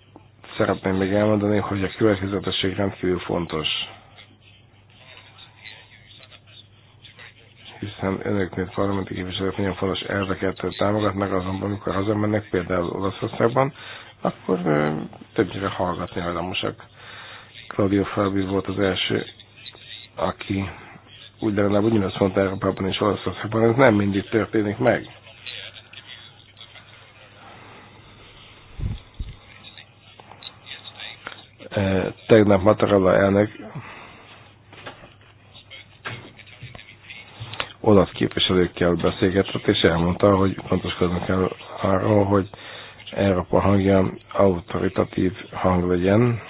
[SPEAKER 4] szeretném még elmondani, hogy a következetesség rendkívül fontos. hiszen önök, mint parlamenti képviselők nagyon fontos elveket támogatnak, azonban amikor hazamennek, például Olaszországban, akkor többnyire hallgatni hajlamosak. Claudio Fabi volt az első, aki úgy legalább ugyanazt mondta Európában és Olaszországban, ez nem mindig történik meg. Eh, tegnap Matarala elnök olasz képviselőkkel beszélgetett, és elmondta, hogy pontoskodni kell arról, hogy Európa hangja autoritatív hang legyen,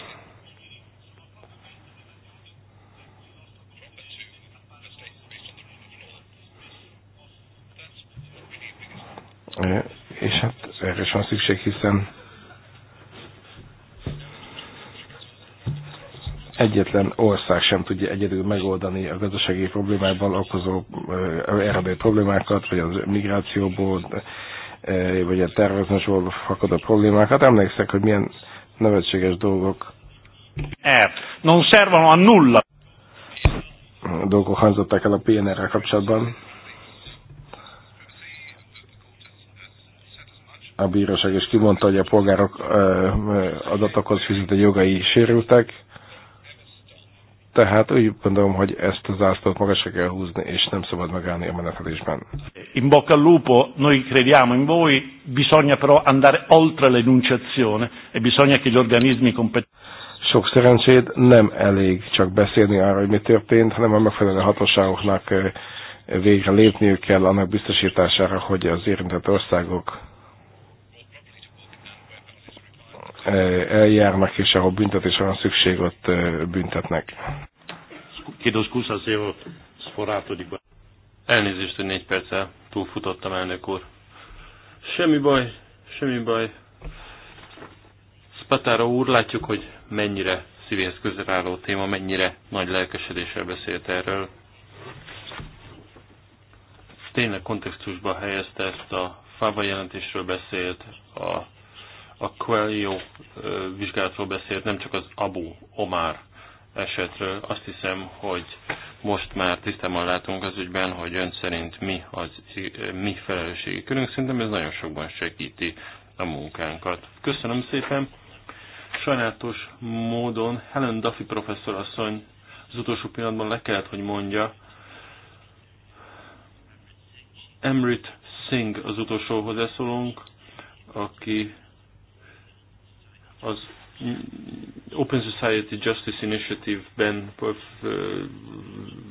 [SPEAKER 4] eh, és hát erre is van szükség, hiszen egyetlen ország sem tudja egyedül megoldani a gazdasági problémákban okozó eredő problémákat, vagy az migrációból, vagy a terrorizmusból fakadó problémákat. Emlékszek, hogy milyen nevetséges dolgok.
[SPEAKER 5] E, non servono a nulla.
[SPEAKER 4] Dolgok hangzottak el a pnr re kapcsolatban. A bíróság is kimondta, hogy a polgárok adatokhoz fizető jogai sérültek tehát úgy gondolom, hogy ezt az maga magasra kell húzni, és nem szabad megállni a menetelésben. In bocca al
[SPEAKER 5] lupo, noi crediamo in voi, bisogna però andare oltre l'enunciazione, e bisogna che gli organismi
[SPEAKER 4] competenti... Sok szerencséd nem elég csak beszélni arra, hogy mi történt, hanem a megfelelő hatóságoknak eh, végre lépniük kell annak biztosítására, hogy az érintett országok Eh, eljárnak, és ahol büntetésre van szükség, ott eh, büntetnek.
[SPEAKER 2] Elnézést, hogy négy perccel túlfutottam, elnök úr. Semmi baj, semmi baj. Spatára úr, látjuk, hogy mennyire szívéhez közel álló téma, mennyire nagy lelkesedéssel beszélt erről. Tényleg kontextusba helyezte ezt a fába jelentésről beszélt, a a Coelho vizsgálatról beszélt, nem csak az Abu Omar esetről. Azt hiszem, hogy most már tisztában látunk az ügyben, hogy ön szerint mi az mi felelősségi körünk. Szerintem ez nagyon sokban segíti a munkánkat. Köszönöm szépen! Sajnálatos módon Helen Duffy professzor asszony az utolsó pillanatban le kellett, hogy mondja, Emrit Singh az utolsó hozzászólónk, aki az Open Society Justice Initiative-ben eh,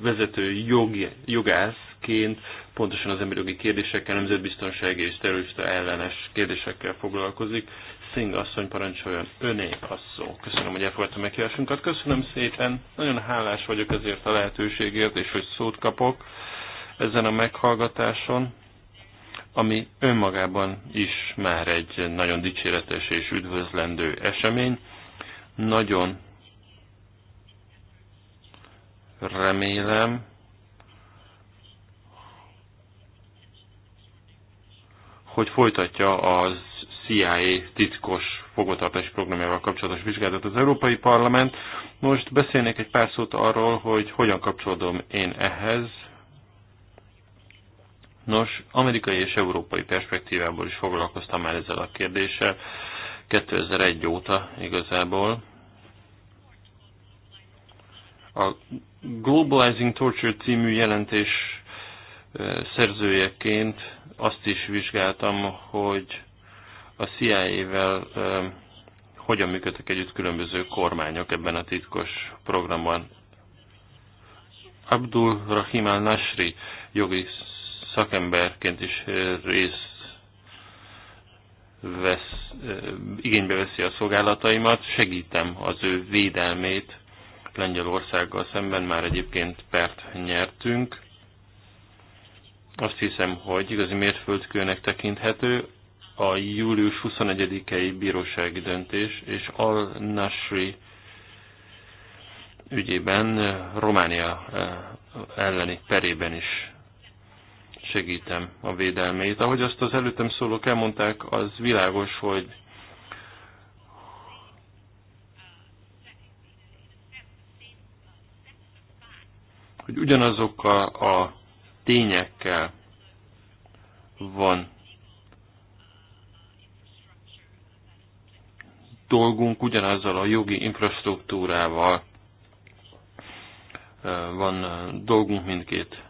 [SPEAKER 2] vezető jog, jogászként pontosan az emberjogi kérdésekkel, nemzetbiztonsági és terrorista ellenes kérdésekkel foglalkozik. Szing asszony parancsoljon, öné a szó. Köszönöm, hogy elfogadta meghívásunkat. Köszönöm szépen, nagyon hálás vagyok ezért a lehetőségért, és hogy szót kapok ezen a meghallgatáson ami önmagában is már egy nagyon dicséretes és üdvözlendő esemény. Nagyon remélem, hogy folytatja az CIA titkos fogotartási programjával kapcsolatos vizsgálatot az Európai Parlament. Most beszélnék egy pár szót arról, hogy hogyan kapcsolódom én ehhez, Nos, amerikai és európai perspektívából is foglalkoztam már ezzel a kérdéssel 2001 óta igazából. A Globalizing Torture című jelentés szerzőjeként azt is vizsgáltam, hogy a CIA-vel hogyan működtek együtt különböző kormányok ebben a titkos programban. Abdul Rahim al-Nasri jogi szakemberként is eh, részt vesz, eh, igénybe veszi a szolgálataimat, segítem az ő védelmét Lengyelországgal szemben, már egyébként pert nyertünk. Azt hiszem, hogy igazi mérföldkőnek tekinthető a július 21-i bírósági döntés, és al nashri ügyében eh, Románia elleni perében is segítem a védelmét. Ahogy azt az előttem szólók elmondták, az világos, hogy hogy ugyanazokkal a tényekkel van dolgunk, ugyanazzal a jogi infrastruktúrával eh, van eh, dolgunk mindkét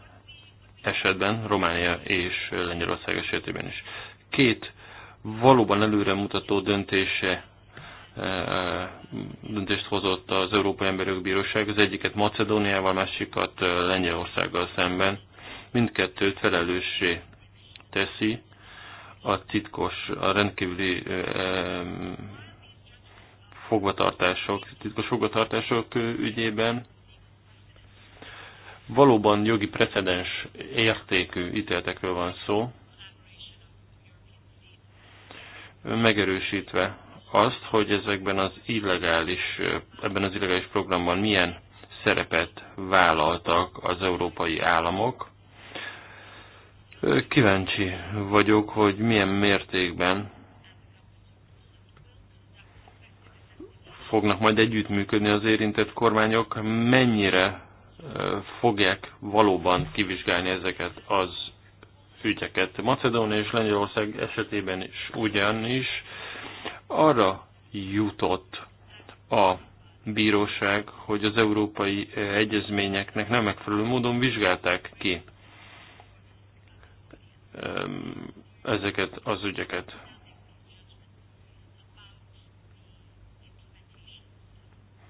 [SPEAKER 2] esetben, Románia és Lengyelország esetében is. Két valóban előremutató döntése eh, döntést hozott az Európai Emberi Bíróság, az egyiket Macedóniával, másikat eh, Lengyelországgal szemben. Mindkettőt felelőssé teszi a titkos, a rendkívüli eh, fogvatartások, titkos fogvatartások ügyében, Valóban jogi precedens értékű ítéletekről van szó, megerősítve azt, hogy ezekben az illegális, ebben az illegális programban milyen szerepet vállaltak az európai államok. Kíváncsi vagyok, hogy milyen mértékben fognak majd együttműködni az érintett kormányok, mennyire fogják valóban kivizsgálni ezeket az ügyeket. Macedónia és Lengyelország esetében is ugyanis arra jutott a bíróság, hogy az európai egyezményeknek nem megfelelő módon vizsgálták ki ezeket az ügyeket.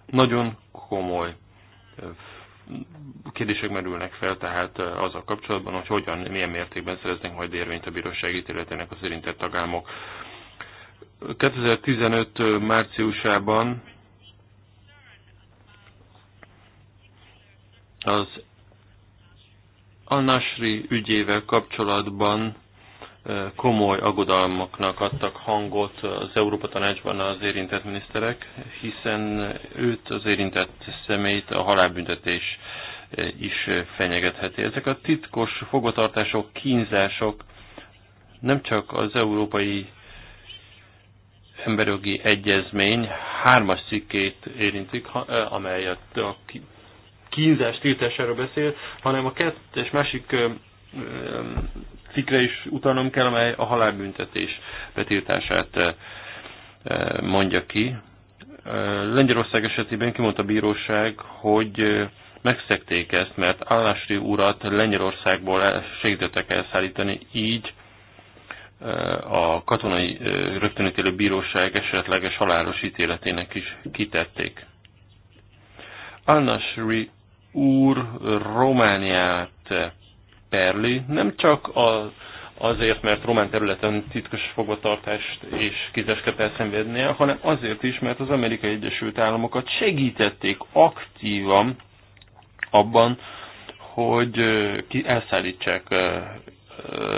[SPEAKER 2] Nagyon komoly kérdések merülnek fel, tehát az a kapcsolatban, hogy hogyan, milyen mértékben szereznek majd érvényt a bíróság ítéletének az érintett tagállamok. 2015 márciusában az Al-Nasri ügyével kapcsolatban komoly aggodalmaknak adtak hangot az Európa Tanácsban az érintett miniszterek, hiszen őt, az érintett személyt a halálbüntetés is fenyegetheti. Ezek a titkos fogatartások, kínzások nem csak az Európai Emberjogi Egyezmény hármas cikkét érintik, amely a kínzás tiltásáról beszél, hanem a kettes másik cikkre is utalnom kell, amely a halálbüntetés betiltását eh, eh, mondja ki. Eh, Lengyelország esetében kimondta a bíróság, hogy megszekték ezt, mert Állásri urat Lengyelországból segítettek elszállítani, így a katonai rögtönítélő bíróság esetleges halálos ítéletének is kitették. Alnasri úr Romániát perli, nem csak a, azért, mert román területen titkos fogvatartást és kézesket elszenvednie, hanem azért is, mert az Amerikai Egyesült Államokat segítették aktívan abban, hogy ki elszállítsák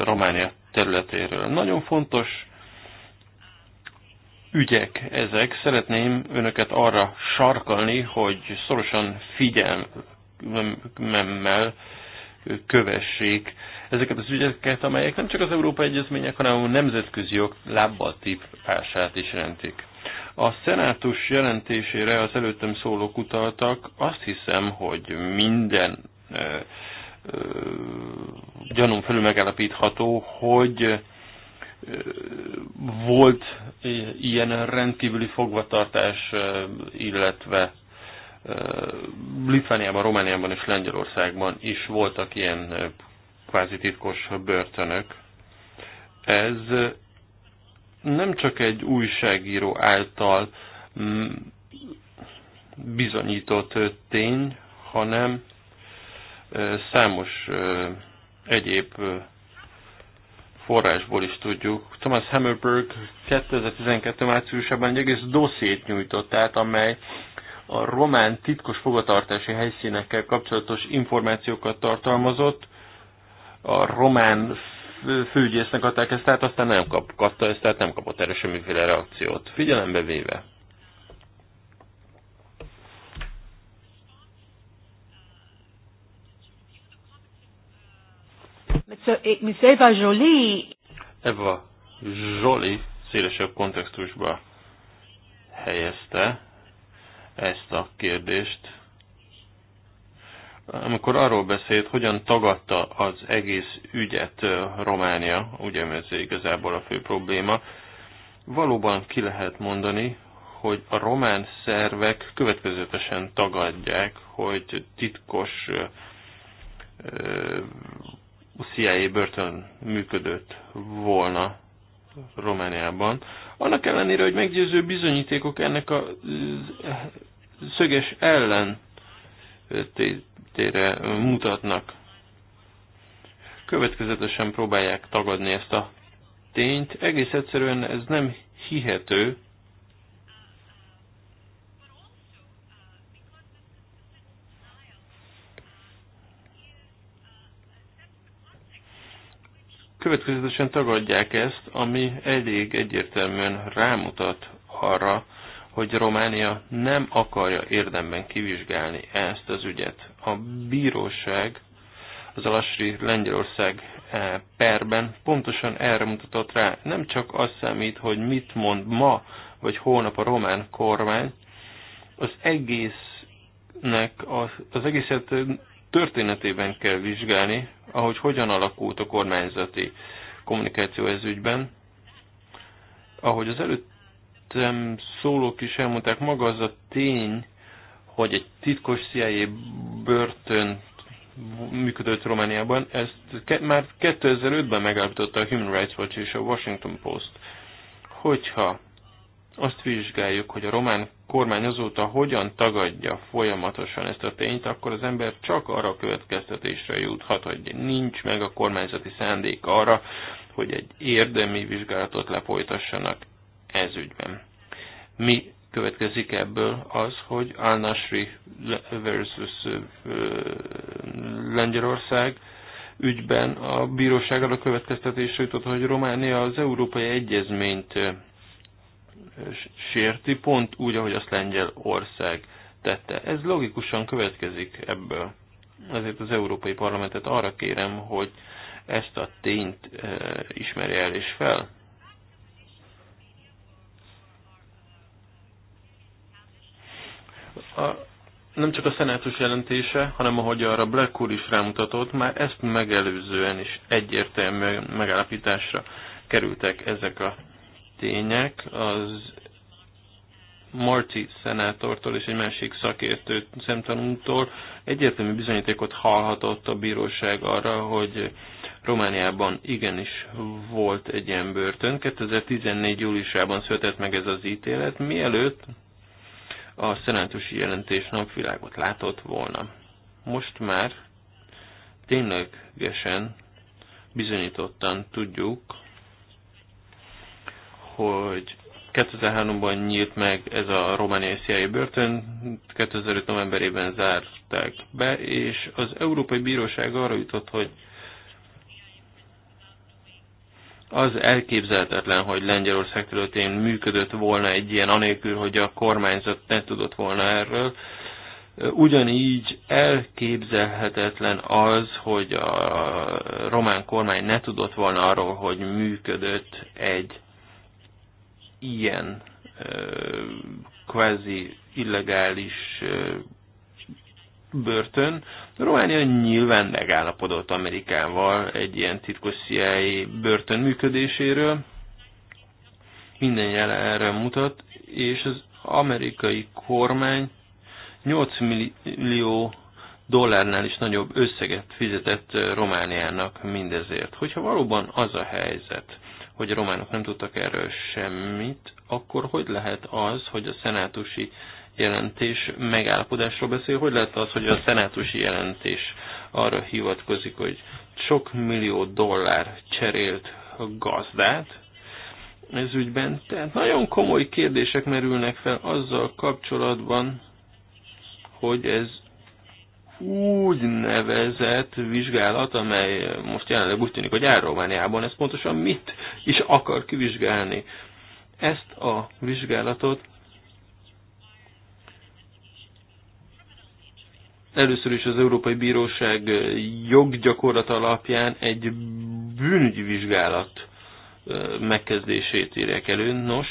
[SPEAKER 2] Románia területéről. Nagyon fontos ügyek ezek. Szeretném önöket arra sarkalni, hogy szorosan figyelmemmel kövessék ezeket az ügyeket, amelyek nem csak az Európa Egyezmények, hanem a nemzetközi jog lábbal típását is jelentik. A szenátus jelentésére az előttem szólók utaltak, azt hiszem, hogy minden ö, ö, gyanúm felül megállapítható, hogy ö, volt ilyen rendkívüli fogvatartás, illetve Litvániában, Romániában és Lengyelországban is voltak ilyen kvázi titkos börtönök. Ez nem csak egy újságíró által mm, bizonyított tény, hanem számos egyéb forrásból is tudjuk. Thomas Hammerberg 2012. márciusában egy egész dossziét nyújtott át, amely a román titkos fogatartási helyszínekkel kapcsolatos információkat tartalmazott. A román főügyésznek adták ezt, tehát aztán nem kap, kapta ezt, tehát nem kapott erre semmiféle reakciót. Figyelembe véve.
[SPEAKER 1] Eh, Eva Jolie.
[SPEAKER 2] Eva Jolie szélesebb kontextusba helyezte ezt a kérdést. Amikor arról beszélt, hogyan tagadta az egész ügyet Románia, ugye ez igazából a fő probléma, valóban ki lehet mondani, hogy a román szervek következetesen tagadják, hogy titkos CIA börtön működött volna Romániában. Annak ellenére, hogy meggyőző bizonyítékok ennek a szöges ellen tére mutatnak. Következetesen próbálják tagadni ezt a tényt. Egész egyszerűen ez nem hihető, következetesen tagadják ezt, ami elég egyértelműen rámutat arra, hogy Románia nem akarja érdemben kivizsgálni ezt az ügyet. A bíróság az Alasri Lengyelország eh, perben pontosan erre mutatott rá. Nem csak az számít, hogy mit mond ma vagy holnap a román kormány, az egésznek, az, az egészet történetében kell vizsgálni, ahogy hogyan alakult a kormányzati kommunikáció ez ügyben, ahogy az előtt előttem szólók is elmondták, maga az a tény, hogy egy titkos CIA börtön működött Romániában, ezt ke már 2005-ben megállapította a Human Rights Watch és a Washington Post, hogyha azt vizsgáljuk, hogy a román kormány azóta hogyan tagadja folyamatosan ezt a tényt, akkor az ember csak arra a következtetésre juthat, hogy nincs meg a kormányzati szándék arra, hogy egy érdemi vizsgálatot lefolytassanak ez ügyben. Mi következik ebből az, hogy Al-Nasri versus Lengyelország ügyben a bíróság a következtetésre jutott, hogy Románia az európai egyezményt sérti, pont úgy, ahogy azt Lengyelország tette. Ez logikusan következik ebből. Ezért az Európai Parlamentet arra kérem, hogy ezt a tényt ismerje el és fel. A, nem csak a szenátus jelentése, hanem ahogy arra Black úr is rámutatott, már ezt megelőzően is egyértelmű megállapításra kerültek ezek a tények. Az Marty szenátortól és egy másik szakértő szemtanútól egyértelmű bizonyítékot hallhatott a bíróság arra, hogy Romániában igenis volt egy ilyen börtön. 2014. júliusában született meg ez az ítélet, mielőtt a szenátusi jelentés napvilágot látott volna. Most már ténylegesen bizonyítottan tudjuk, hogy 2003-ban nyílt meg ez a romániai CIA börtön, 2005. novemberében zárták be, és az Európai Bíróság arra jutott, hogy az elképzelhetetlen, hogy Lengyelország területén működött volna egy ilyen, anélkül, hogy a kormányzat ne tudott volna erről. Ugyanígy elképzelhetetlen az, hogy a román kormány ne tudott volna arról, hogy működött egy ilyen kvázi illegális börtön. Románia nyilván megállapodott Amerikával egy ilyen titkos CIA börtön működéséről. Minden jel erre mutat, és az amerikai kormány 8 millió dollárnál is nagyobb összeget fizetett Romániának mindezért. Hogyha valóban az a helyzet, hogy a románok nem tudtak erről semmit, akkor hogy lehet az, hogy a szenátusi jelentés megállapodásról beszél. Hogy lehet az, hogy a szenátusi jelentés arra hivatkozik, hogy sok millió dollár cserélt a gazdát ez ügyben? Tehát nagyon komoly kérdések merülnek fel azzal kapcsolatban, hogy ez úgy nevezett vizsgálat, amely most jelenleg úgy tűnik, hogy áll ez pontosan mit is akar kivizsgálni. Ezt a vizsgálatot Először is az Európai Bíróság joggyakorlat alapján egy bűnügyi vizsgálat megkezdését írják elő. Nos,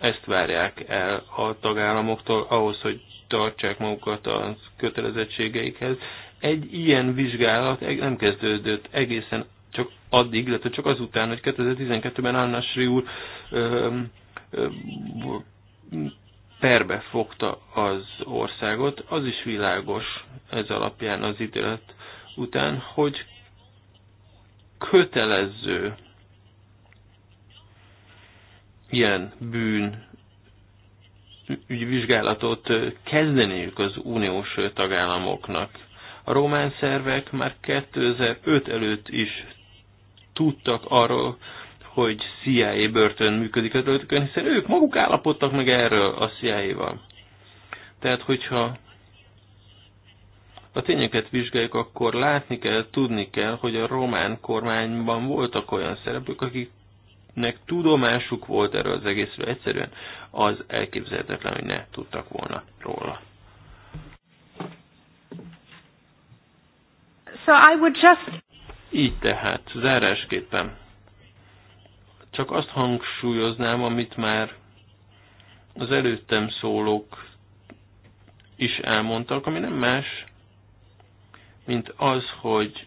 [SPEAKER 2] ezt várják el a tagállamoktól ahhoz, hogy tartsák magukat a kötelezettségeikhez. Egy ilyen vizsgálat e- nem kezdődött egészen csak addig, illetve csak azután, hogy 2012-ben Anna Sri úr ö, ö, perbe fogta az országot, az is világos ez alapján az ítélet után, hogy kötelező ilyen bűn vizsgálatot kezdeniük az uniós tagállamoknak. A román szervek már 2005 előtt is tudtak arról, hogy CIA börtön működik a területükön, hiszen ők maguk állapodtak meg erről a CIA-val. Tehát, hogyha a tényeket vizsgáljuk, akkor látni kell, tudni kell, hogy a román kormányban voltak olyan szereplők, akiknek tudomásuk volt erről az egészről egyszerűen, az elképzelhetetlen, hogy ne tudtak volna róla.
[SPEAKER 3] So I would just...
[SPEAKER 2] Így tehát, zárásképpen csak azt hangsúlyoznám, amit már az előttem szólók is elmondtak, ami nem más, mint az, hogy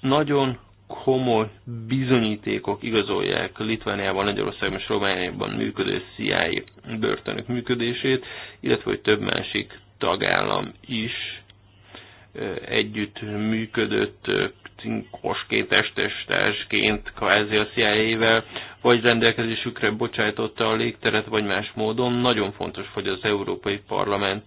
[SPEAKER 2] nagyon komoly bizonyítékok igazolják Litvániában, Magyarországban és Romániában működő CIA börtönök működését, illetve hogy több másik tagállam is együtt működött cinkosként, testestesként, kvázi a CIA-vel, vagy rendelkezésükre bocsájtotta a légteret, vagy más módon. Nagyon fontos, hogy az Európai Parlament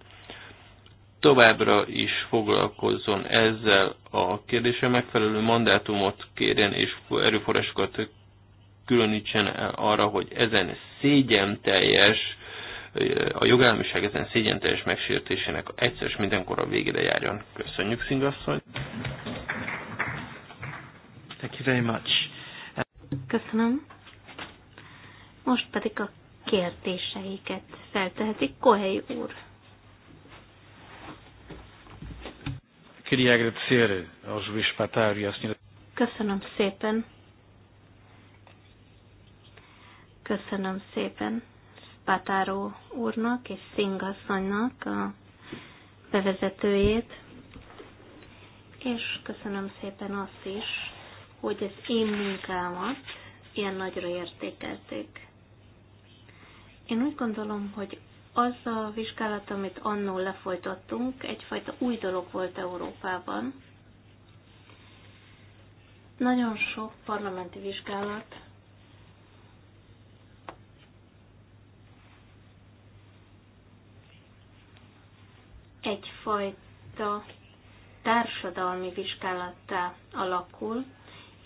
[SPEAKER 2] továbbra is foglalkozzon ezzel a kérdése, megfelelő mandátumot kérjen és erőforrásokat különítsen el arra, hogy ezen szégyen teljes, a jogállamiság ezen szégyen teljes megsértésének egyszer mindenkor a végére járjon. Köszönjük, Szingasszony! Thank you very much.
[SPEAKER 3] Köszönöm. Most pedig a kérdéseiket feltehetik Kohely úr.
[SPEAKER 4] Queria agradecer ao juiz Patário e à senhora.
[SPEAKER 3] Köszönöm szépen. Köszönöm szépen Patáró úrnak és Szingasszonynak a bevezetőjét, és köszönöm szépen azt is, hogy az én munkámat ilyen nagyra értékelték. Én úgy gondolom, hogy az a vizsgálat, amit annó lefolytattunk, egyfajta új dolog volt Európában. Nagyon sok parlamenti vizsgálat egyfajta társadalmi vizsgálattá alakul,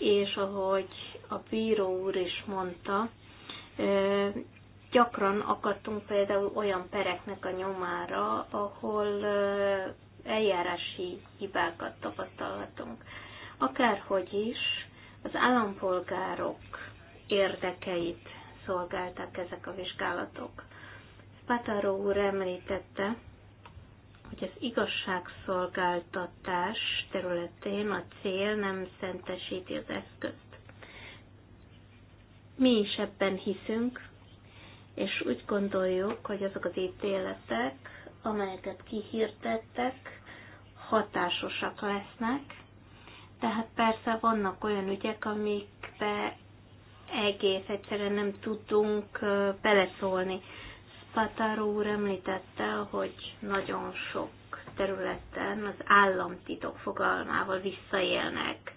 [SPEAKER 3] és ahogy a bíró úr is mondta, gyakran akadtunk például olyan pereknek a nyomára, ahol eljárási hibákat tapasztalhatunk. Akárhogy is, az állampolgárok érdekeit szolgálták ezek a vizsgálatok. Pataró úr említette, hogy az igazságszolgáltatás területén a cél nem szentesíti az eszközt. Mi is ebben hiszünk, és úgy gondoljuk, hogy azok az ítéletek, amelyeket kihirdettek, hatásosak lesznek. Tehát persze vannak olyan ügyek, amikbe egész egyszerűen nem tudunk beleszólni. Pátáró úr említette, hogy nagyon sok területen az államtitok fogalmával visszaélnek.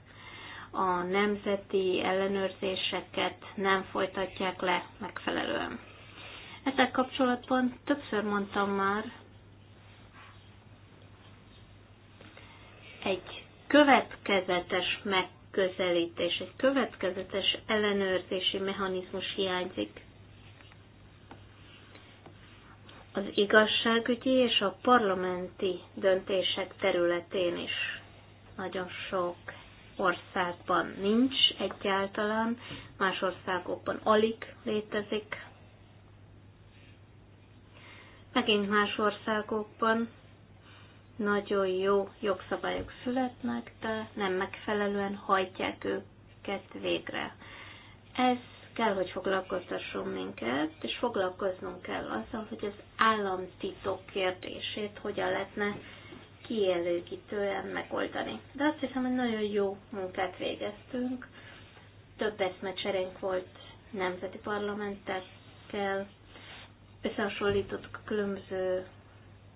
[SPEAKER 3] A nemzeti ellenőrzéseket nem folytatják le megfelelően. Ezzel kapcsolatban többször mondtam már, egy következetes megközelítés, egy következetes ellenőrzési mechanizmus hiányzik az igazságügyi és a parlamenti döntések területén is nagyon sok országban nincs egyáltalán, más országokban alig létezik. Megint más országokban nagyon jó jogszabályok születnek, de nem megfelelően hajtják őket végre. Ez kell, hogy foglalkoztasson minket, és foglalkoznunk kell azzal, hogy az államtitok kérdését hogyan lehetne kielőgítően megoldani. De azt hiszem, hogy nagyon jó munkát végeztünk, több eszmecserénk volt nemzeti parlamentekkel, összehasonlítottuk a különböző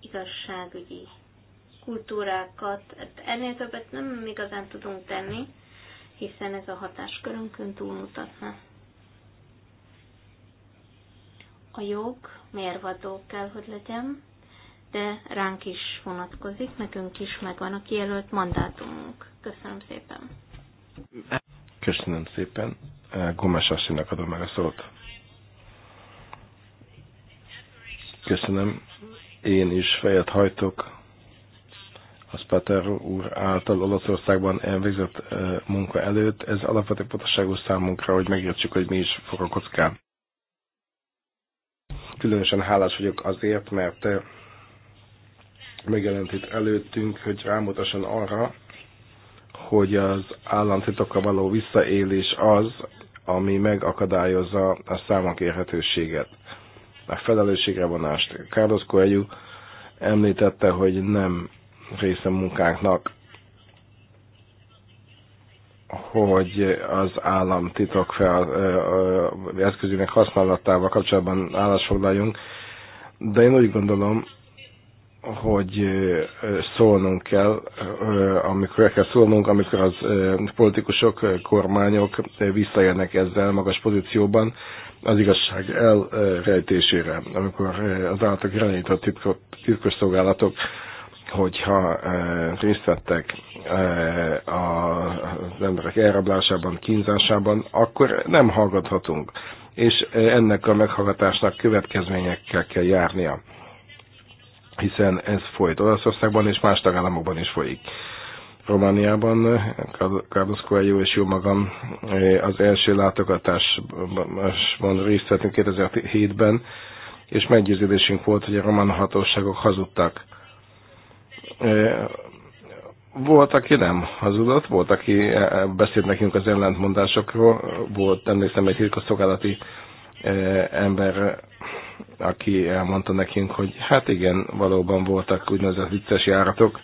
[SPEAKER 3] igazságügyi kultúrákat. Hát ennél többet nem igazán tudunk tenni, hiszen ez a hatáskörünkön túlmutatna a jog mérvadó kell, hogy legyen, de ránk is vonatkozik, nekünk is megvan a kijelölt mandátumunk. Köszönöm szépen.
[SPEAKER 4] Köszönöm szépen. Gomes asszonynak adom meg a szót. Köszönöm. Én is fejet hajtok Az Spater úr által Olaszországban elvégzett eh, munka előtt. Ez alapvető fontosságú számunkra, hogy megértsük, hogy mi is forog kockán. Különösen hálás vagyok azért, mert eh, megjelent itt előttünk, hogy rámutasson arra, hogy az államtitokkal való visszaélés az, ami megakadályozza a számok érhetőséget, a felelősségre vonást. Carlos Coelho említette, hogy nem része munkánknak hogy az állam titok fel eszközének használatával kapcsolatban állásfoglaljunk, de én úgy gondolom, hogy szólnunk kell, amikor kell szólnunk, amikor az politikusok, kormányok visszajönnek ezzel magas pozícióban az igazság elrejtésére, amikor az által irányított titkos szolgálatok hogyha részt vettek az emberek elrablásában, kínzásában, akkor nem hallgathatunk, és ennek a meghallgatásnak következményekkel kell járnia, hiszen ez folyt Olaszországban és más tagállamokban is folyik. Romániában, Carlos Coelho és jó magam az első látogatásban részt vettünk 2007-ben, és meggyőződésünk volt, hogy a román hatóságok hazudtak volt, aki nem hazudott, volt, aki beszélt nekünk az ellentmondásokról, volt, emlékszem, egy hírkosszolgálati ember, aki elmondta nekünk, hogy hát igen, valóban voltak úgynevezett vicces járatok.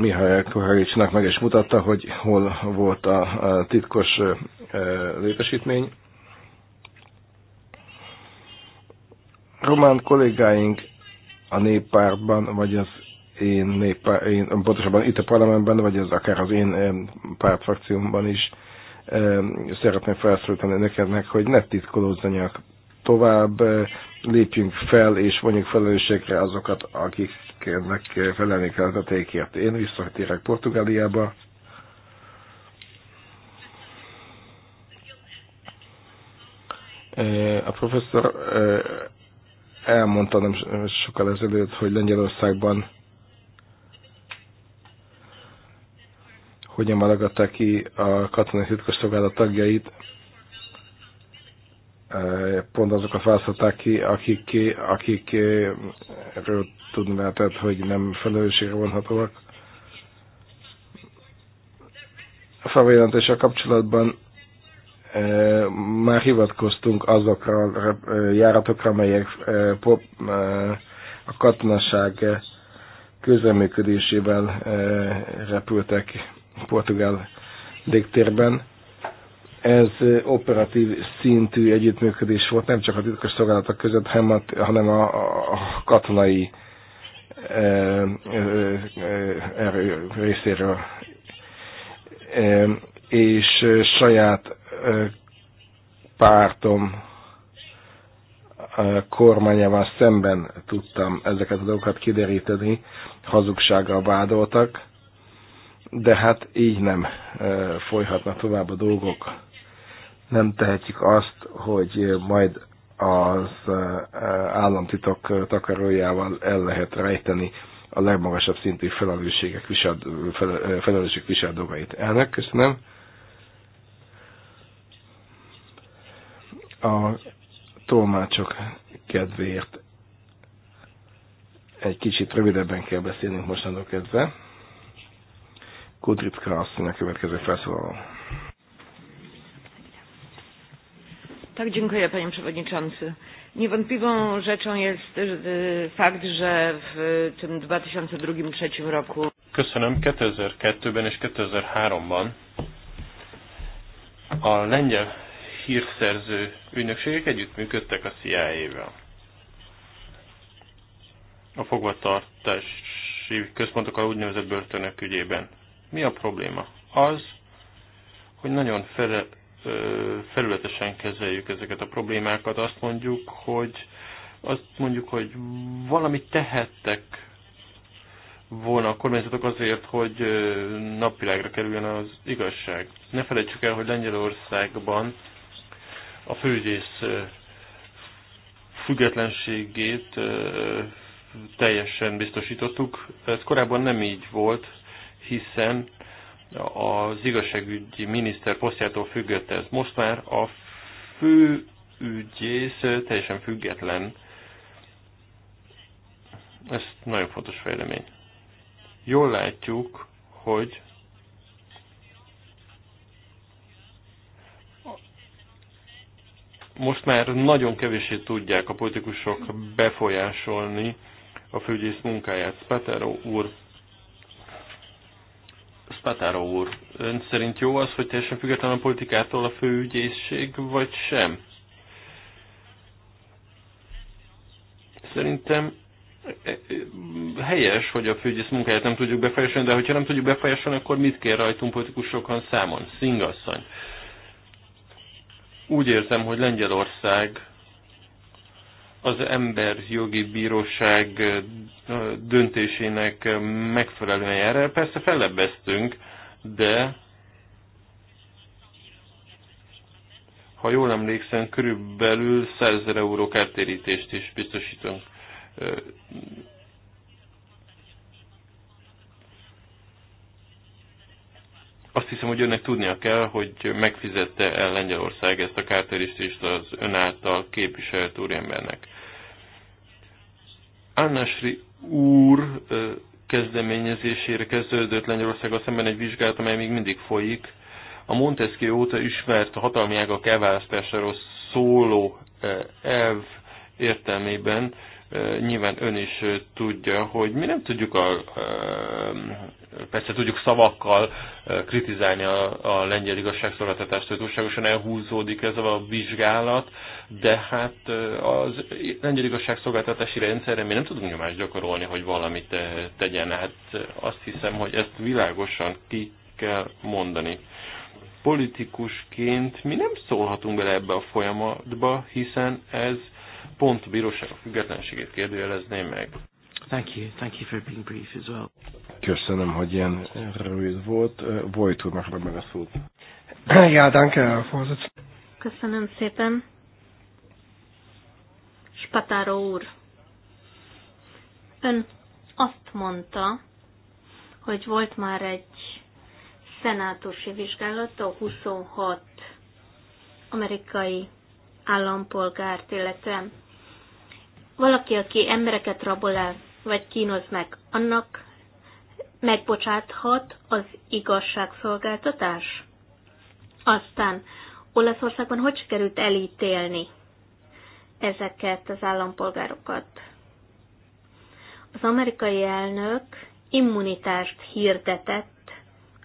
[SPEAKER 4] Mihály Kuharicsnak meg is mutatta, hogy hol volt a titkos létesítmény. Román kollégáink a néppártban, vagy az én, néppár, én pontosabban itt a parlamentben, vagy az akár az én pártfrakciómban is szeretném felszólítani nekednek, hogy ne titkolódzanak tovább, eh, lépjünk fel és vonjuk felelősségre azokat, akiknek felelni kell a tékért. Én visszatérek Portugáliába, eh, a professzor eh, elmondta nem sokkal ezelőtt, hogy Lengyelországban hogyan válogatta ki a katonai titkosszolgálat tagjait, e, pont azokat választották ki, akik, erről tudni lehetett, hogy nem felelősségre vonhatóak. A feljelentéssel kapcsolatban már hivatkoztunk azokra a járatokra, amelyek a katonaság közreműködésével repültek Portugál légtérben. Ez operatív szintű együttműködés volt nem csak a titkos szolgálatok között, hanem a, katonai erő részéről és saját pártom kormányával szemben tudtam ezeket a dolgokat kideríteni, hazugsággal vádoltak, de hát így nem folyhatna tovább a dolgok. Nem tehetjük azt, hogy majd az államtitok takarójával el lehet rejteni a legmagasabb szintű felelősségek visel, felelősség viseldogait. Elnök, köszönöm. a tolmácsok kedvéért egy kicsit rövidebben kell beszélnünk mostanában kezdve. Kudrit Krasznyi a következő felszólaló. Tak, dziękuję panie przewodniczący. Niewątpliwą rzeczą jest e, fakt, że w tym 2002-2003 roku
[SPEAKER 2] Köszönöm, 2002-ben és 2003-ban a lengyel hírszerző ügynökségek együttműködtek a CIA-vel. A fogvatartási központokkal úgynevezett börtönök ügyében. Mi a probléma? Az, hogy nagyon fele, felületesen kezeljük ezeket a problémákat. Azt mondjuk, hogy azt mondjuk, hogy valamit tehettek volna a kormányzatok azért, hogy napvilágra kerüljön az igazság. Ne felejtsük el, hogy Lengyelországban a főgyész függetlenségét teljesen biztosítottuk. Ez korábban nem így volt, hiszen az igazságügyi miniszter posztjától függött ez. Most már a főügyész teljesen független. Ez nagyon fontos fejlemény. Jól látjuk, hogy most már nagyon kevésé tudják a politikusok befolyásolni a főgyész munkáját. Spataro úr, Spataro úr, ön szerint jó az, hogy teljesen független a politikától a főügyészség, vagy sem?
[SPEAKER 4] Szerintem e, e,
[SPEAKER 2] helyes, hogy a főgyész munkáját nem tudjuk befolyásolni, de hogyha nem tudjuk befolyásolni, akkor mit kér rajtunk politikusokon számon? Szingasszony. Úgy érzem, hogy Lengyelország az emberjogi bíróság döntésének megfelelően jár Persze fellebbeztünk, de ha jól emlékszem, körülbelül 100 ezer euró kártérítést is biztosítunk. Azt hiszem, hogy önnek tudnia kell, hogy megfizette el Lengyelország ezt a kártérítést az ön által képviselt úriembernek. Annasri úr kezdeményezésére kezdődött Lengyelországgal szemben egy vizsgálat, amely még mindig folyik. A Montesquieu óta ismert a hatalmi ágak elválasztásáról szóló elv értelmében Nyilván ön is tudja, hogy mi nem tudjuk a, persze tudjuk szavakkal kritizálni a, a lengyel igazságszolgáltatást, hogy túlságosan elhúzódik ez a vizsgálat, de hát az lengyel igazságszolgáltatási rendszerre mi nem tudunk nyomást gyakorolni, hogy valamit tegyen. Hát azt hiszem, hogy ezt világosan ki kell mondani politikusként mi nem szólhatunk bele ebbe a folyamatba, hiszen ez pont a bíróság a függetlenségét kérdőjelezné meg.
[SPEAKER 3] Thank you. Thank you
[SPEAKER 2] for
[SPEAKER 4] being brief as well. Köszönöm, hogy ilyen rövid volt. Vojt úrnak meg a szót. Ja, danke,
[SPEAKER 3] Köszönöm szépen. Spatáro úr, ön azt mondta, hogy volt már egy szenátusi vizsgálat a 26 amerikai állampolgárt illetően. Valaki, aki embereket rabol el, vagy kínoz meg, annak megbocsáthat az igazságszolgáltatás? Aztán Olaszországban hogy sikerült elítélni ezeket az állampolgárokat? Az amerikai elnök immunitást hirdetett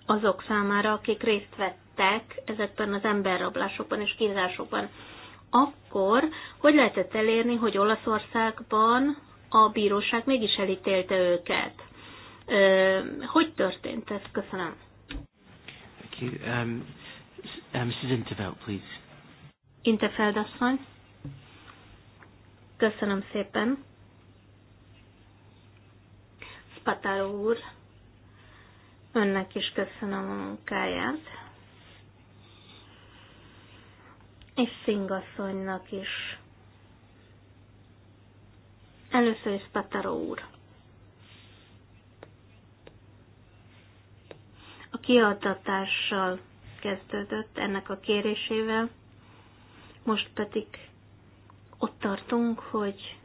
[SPEAKER 3] azok számára, akik részt vettek ezekben az emberrablásokban és kínzásokban akkor hogy lehetett elérni, hogy Olaszországban a bíróság mégis elítélte őket? Hogy történt ez? Köszönöm. Thank you. Um, um Mrs. Interfeld, please. Interfeld asszony. Köszönöm szépen. Spataro úr, önnek is köszönöm a munkáját. és Szingasszonynak is. Először is Pataro úr. A kiadatással kezdődött ennek a kérésével, most pedig ott tartunk, hogy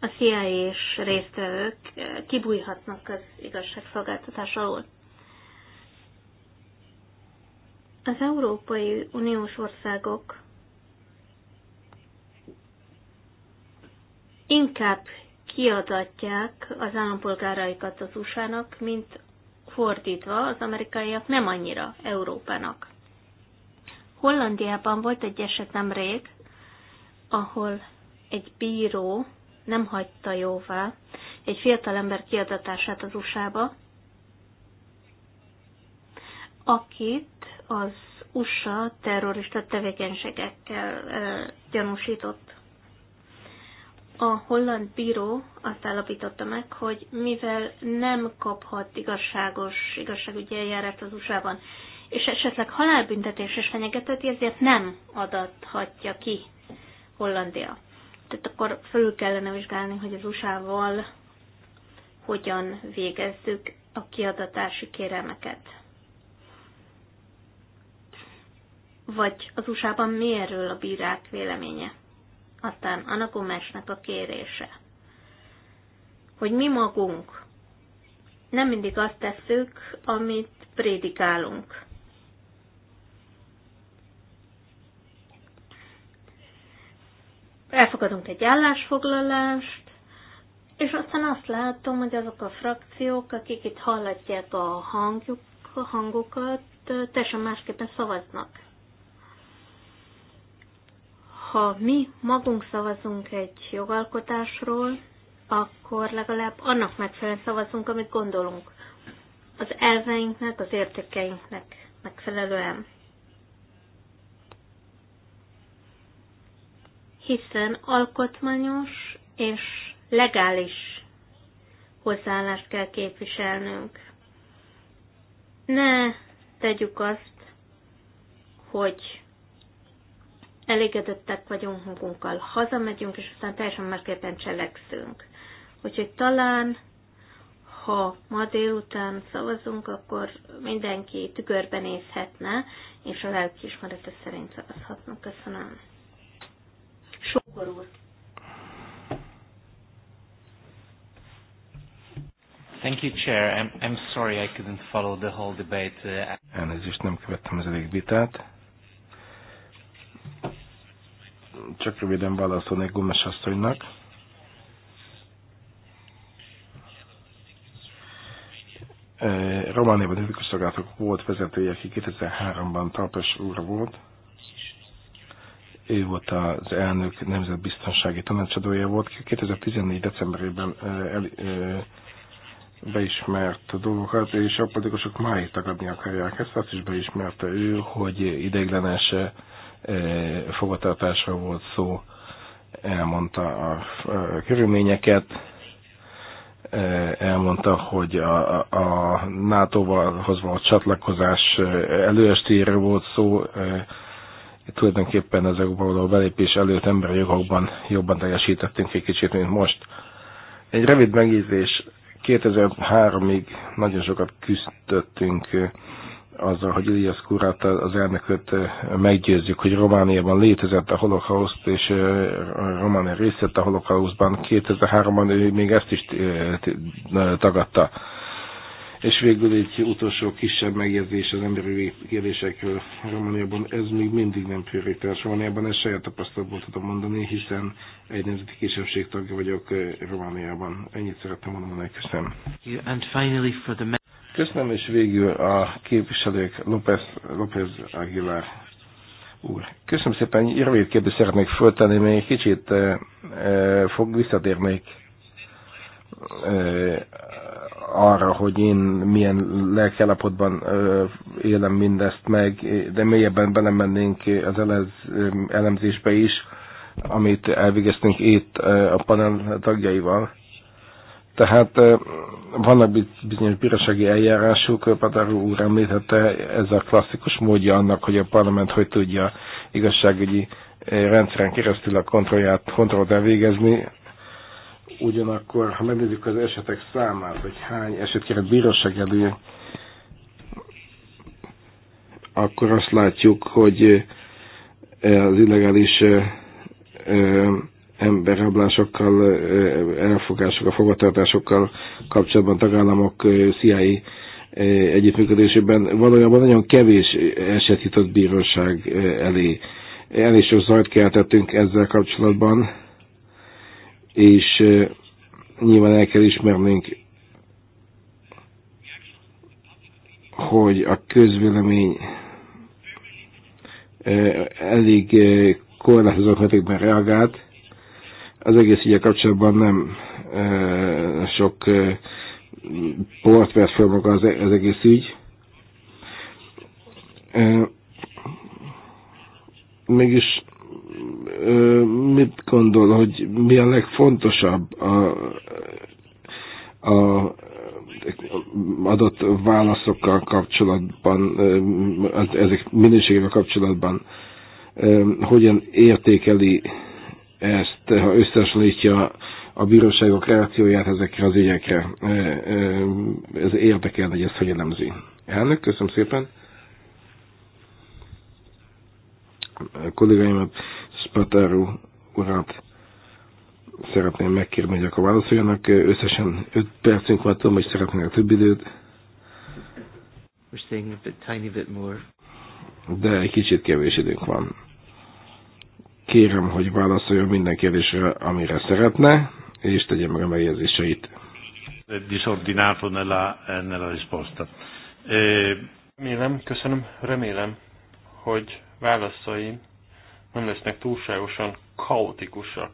[SPEAKER 3] a CIA és résztvevők kibújhatnak az igazságszolgáltatás alól. Az Európai Uniós országok inkább kiadatják az állampolgáraikat az USA-nak, mint fordítva az amerikaiak nem annyira Európának. Hollandiában volt egy eset nemrég, ahol egy bíró nem hagyta jóvá egy fiatalember kiadatását az USA-ba, akit az USA terrorista tevékenységekkel gyanúsított. A holland bíró azt állapította meg, hogy mivel nem kaphat igazságos igazságügyi eljárást az USA-ban, és esetleg halálbüntetés is fenyegetett, ezért nem adathatja ki Hollandia. Tehát akkor fölül kellene vizsgálni, hogy az USA-val hogyan végezzük a kiadatási kérelmeket. vagy az USA-ban mi erről a bírák véleménye. Aztán Anna a kérése, hogy mi magunk nem mindig azt tesszük, amit prédikálunk. Elfogadunk egy állásfoglalást, és aztán azt látom, hogy azok a frakciók, akik itt hallatják a hangjuk, hangokat, teljesen másképpen szavaznak ha mi magunk szavazunk egy jogalkotásról, akkor legalább annak megfelelően szavazunk, amit gondolunk. Az elveinknek, az értékeinknek megfelelően. Hiszen alkotmányos és legális hozzáállást kell képviselnünk. Ne tegyük azt, hogy elégedettek vagyunk magunkkal, hazamegyünk, és aztán teljesen másképpen cselekszünk. Úgyhogy talán, ha ma délután szavazunk, akkor mindenki tükörbe nézhetne, és a lelkiismerete szerint szavazhatnak. Köszönöm. Sokor úr.
[SPEAKER 2] Thank you, Chair. I'm, I'm sorry I couldn't follow the whole debate. Uh,
[SPEAKER 4] Elnézést, nem követtem az elég vitát csak röviden válaszolnék Gomes asszonynak. Romániában szolgálatok volt vezetője, aki 2003-ban Talpes úr volt. Ő volt az elnök nemzetbiztonsági tanácsadója volt. 2014. decemberében el, beismert a dolgokat, és a politikusok máig tagadni akarják ezt. Azt is beismerte ő, hogy ideiglenes fogatartásra volt szó, elmondta a körülményeket, elmondta, hogy a, a NATO-hoz való csatlakozás előestére volt szó, tulajdonképpen az a való belépés előtt emberi jogokban jobban teljesítettünk egy kicsit, mint most. Egy rövid megízés, 2003-ig nagyon sokat küzdöttünk azzal, hogy Ilias Kurát az elnököt meggyőzzük, hogy Romániában létezett a holokauszt, és Románia részt vett a holokauszban. 2003-ban ő még ezt is tagadta. És végül egy utolsó kisebb megjegyzés az emberi kérdésekről Romániában. Ez még mindig nem prioritás. Romániában ezt saját tapasztalatból tudom mondani, hiszen egy nemzeti kisebbség tagja vagyok Romániában. Ennyit szerettem mondani, köszönöm. Köszönöm, és végül a képviselők López, López Aguilar úr. Köszönöm szépen, rövid kérdést szeretnék föltenni, még kicsit e, e, fog, visszatérnék e, arra, hogy én milyen e, élem mindezt meg, de mélyebben belemennénk az elez, elemzésbe is, amit elvégeztünk itt a panel tagjaival tehát vannak bizonyos bírósági eljárások, Pataró úr említette, ez a klasszikus módja annak, hogy a parlament hogy tudja igazságügyi rendszeren keresztül a kontrollját, kontrollt elvégezni. Ugyanakkor, ha megnézzük az esetek számát, hogy hány eset került bíróság elő, akkor azt látjuk, hogy az illegális emberrablásokkal, elfogásokkal, fogvatartásokkal kapcsolatban tagállamok CIA együttműködésében valójában nagyon kevés eset jutott bíróság elé. Elég sok zajt keltettünk ezzel kapcsolatban, és nyilván el kell ismernünk, hogy a közvélemény elég korlátozott mértékben reagált, az egész ügyel kapcsolatban nem sok port vett fel maga az, e-, az egész ügy. Mégis mit gondol, hogy mi a legfontosabb a, a adott válaszokkal kapcsolatban, ezek minőségével kapcsolatban, hogyan értékeli ezt, ha összehasonlítja a bíróságok reakcióját ezekre az ügyekre. E, e, ez érdekel, hogy ezt hogy elemzi. Elnök, köszönöm szépen. A kollégáimat, Spataru urat szeretném megkérni, hogy akkor válaszoljanak. Összesen 5 percünk van, tudom, hogy a több időt.
[SPEAKER 1] We're a bit, tiny bit more.
[SPEAKER 4] De egy kicsit kevés időnk van. Kérem, hogy válaszoljon minden kérdésre, amire szeretne, és tegye meg a megjegyzéseit.
[SPEAKER 5] Disordinato nella, nella risposta.
[SPEAKER 2] Remélem, köszönöm, remélem, hogy válaszaim nem lesznek túlságosan kaotikusak.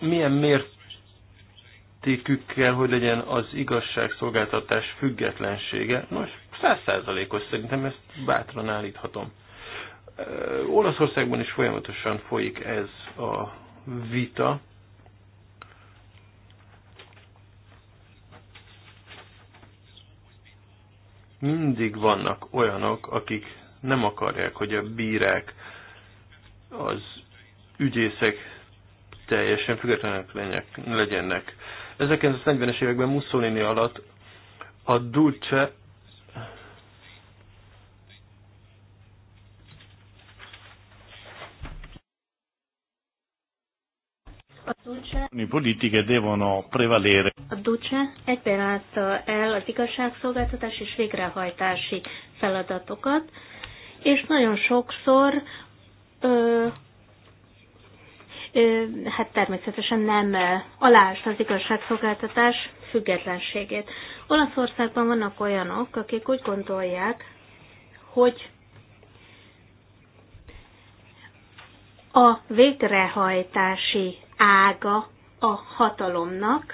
[SPEAKER 2] milyen mért értékük hogy legyen az igazságszolgáltatás függetlensége. Nos, százszázalékos szerintem ezt bátran állíthatom. Olaszországban is folyamatosan folyik ez a vita. Mindig vannak olyanok, akik nem akarják, hogy a bírák, az ügyészek teljesen függetlenek legyenek. 1940-es években Mussolini alatt a Dulce
[SPEAKER 5] Le politiche devono prevalere.
[SPEAKER 3] A Duce egyben látta el az igazságszolgáltatás és végrehajtási feladatokat, és nagyon sokszor ö, hát természetesen nem alást az igazságszolgáltatás függetlenségét. Olaszországban vannak olyanok, akik úgy gondolják, hogy a végrehajtási ága a hatalomnak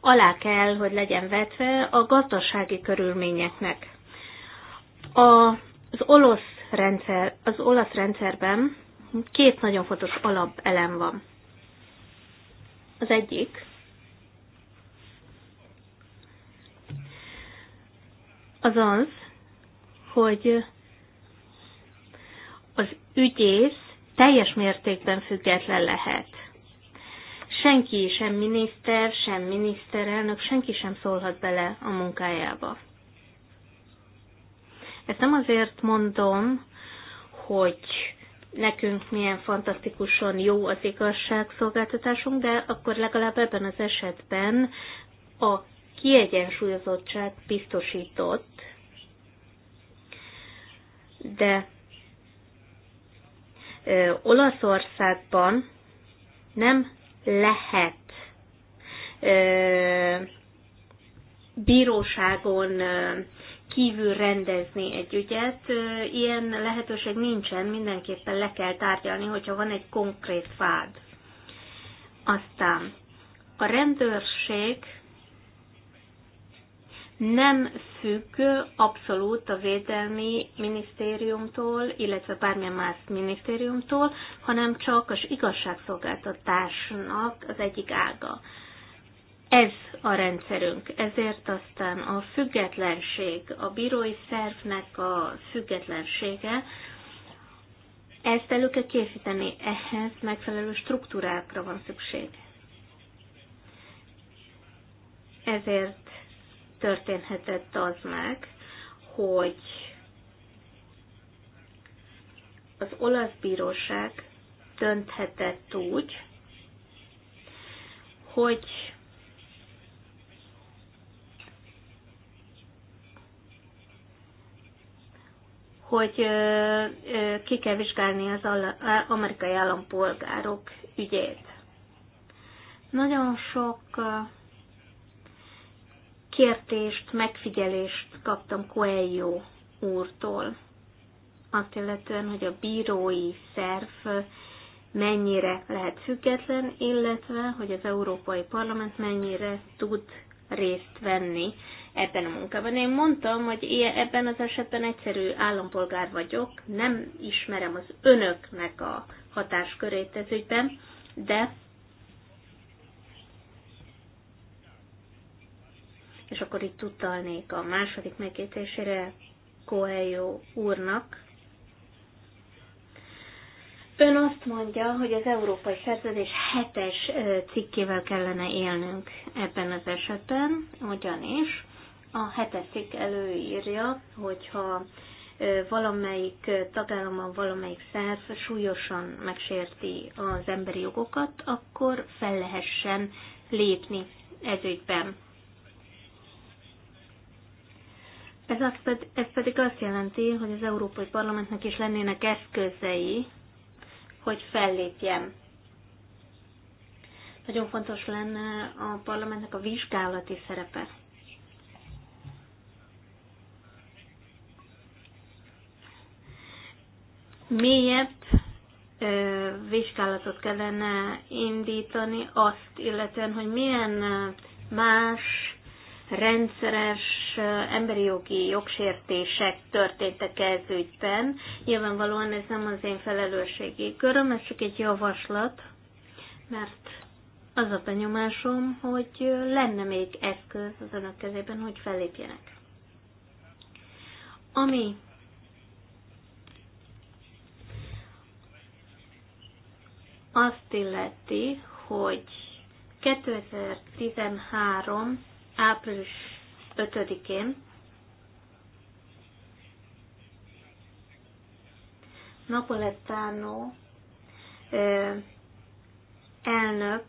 [SPEAKER 3] alá kell, hogy legyen vetve a gazdasági körülményeknek. A, az olasz rendszer, az olasz rendszerben két nagyon fontos alapelem van. Az egyik, az az, hogy az ügyész teljes mértékben független lehet. Senki, sem miniszter, sem miniszterelnök, senki sem szólhat bele a munkájába. Ezt nem azért mondom, hogy nekünk milyen fantasztikusan jó az igazságszolgáltatásunk, de akkor legalább ebben az esetben a kiegyensúlyozottság biztosított, de ö, Olaszországban nem lehet ö, bíróságon ö, kívül rendezni egy ügyet. Ilyen lehetőség nincsen, mindenképpen le kell tárgyalni, hogyha van egy konkrét vád. Aztán a rendőrség nem függ abszolút a Védelmi Minisztériumtól, illetve bármilyen más minisztériumtól, hanem csak az igazságszolgáltatásnak az egyik ága. Ez a rendszerünk. Ezért aztán a függetlenség, a bírói szervnek a függetlensége, ezt elő kell készíteni, ehhez megfelelő struktúrákra van szükség. Ezért történhetett az meg, hogy az olasz bíróság dönthetett úgy, hogy hogy ki kell vizsgálni az amerikai állampolgárok ügyét. Nagyon sok kértést, megfigyelést kaptam Coelho úrtól, azt illetően, hogy a bírói szerv mennyire lehet független, illetve hogy az Európai Parlament mennyire tud részt venni ebben a munkában. Én mondtam, hogy ebben az esetben egyszerű állampolgár vagyok, nem ismerem az önöknek a hatáskörét ez ügyben, de és akkor itt utalnék a második megjegyzésére Coelho úrnak. Ön azt mondja, hogy az Európai Szerződés hetes cikkével kellene élnünk ebben az esetben, ugyanis a hetes cikk előírja, hogyha valamelyik tagállamban valamelyik szerv súlyosan megsérti az emberi jogokat, akkor fel lehessen lépni ezügyben. Ez, az ped, ez pedig azt jelenti, hogy az Európai Parlamentnek is lennének eszközei, hogy fellépjen. Nagyon fontos lenne a parlamentnek a vizsgálati szerepe. mélyebb vizsgálatot kellene indítani azt, illetően, hogy milyen más rendszeres emberi jogi jogsértések történtek -e ez ügyben. Nyilvánvalóan ez nem az én felelősségi köröm, ez csak egy javaslat, mert az a benyomásom, hogy lenne még eszköz az önök kezében, hogy fellépjenek. Ami azt illeti, hogy 2013. április 5-én Napoletano elnök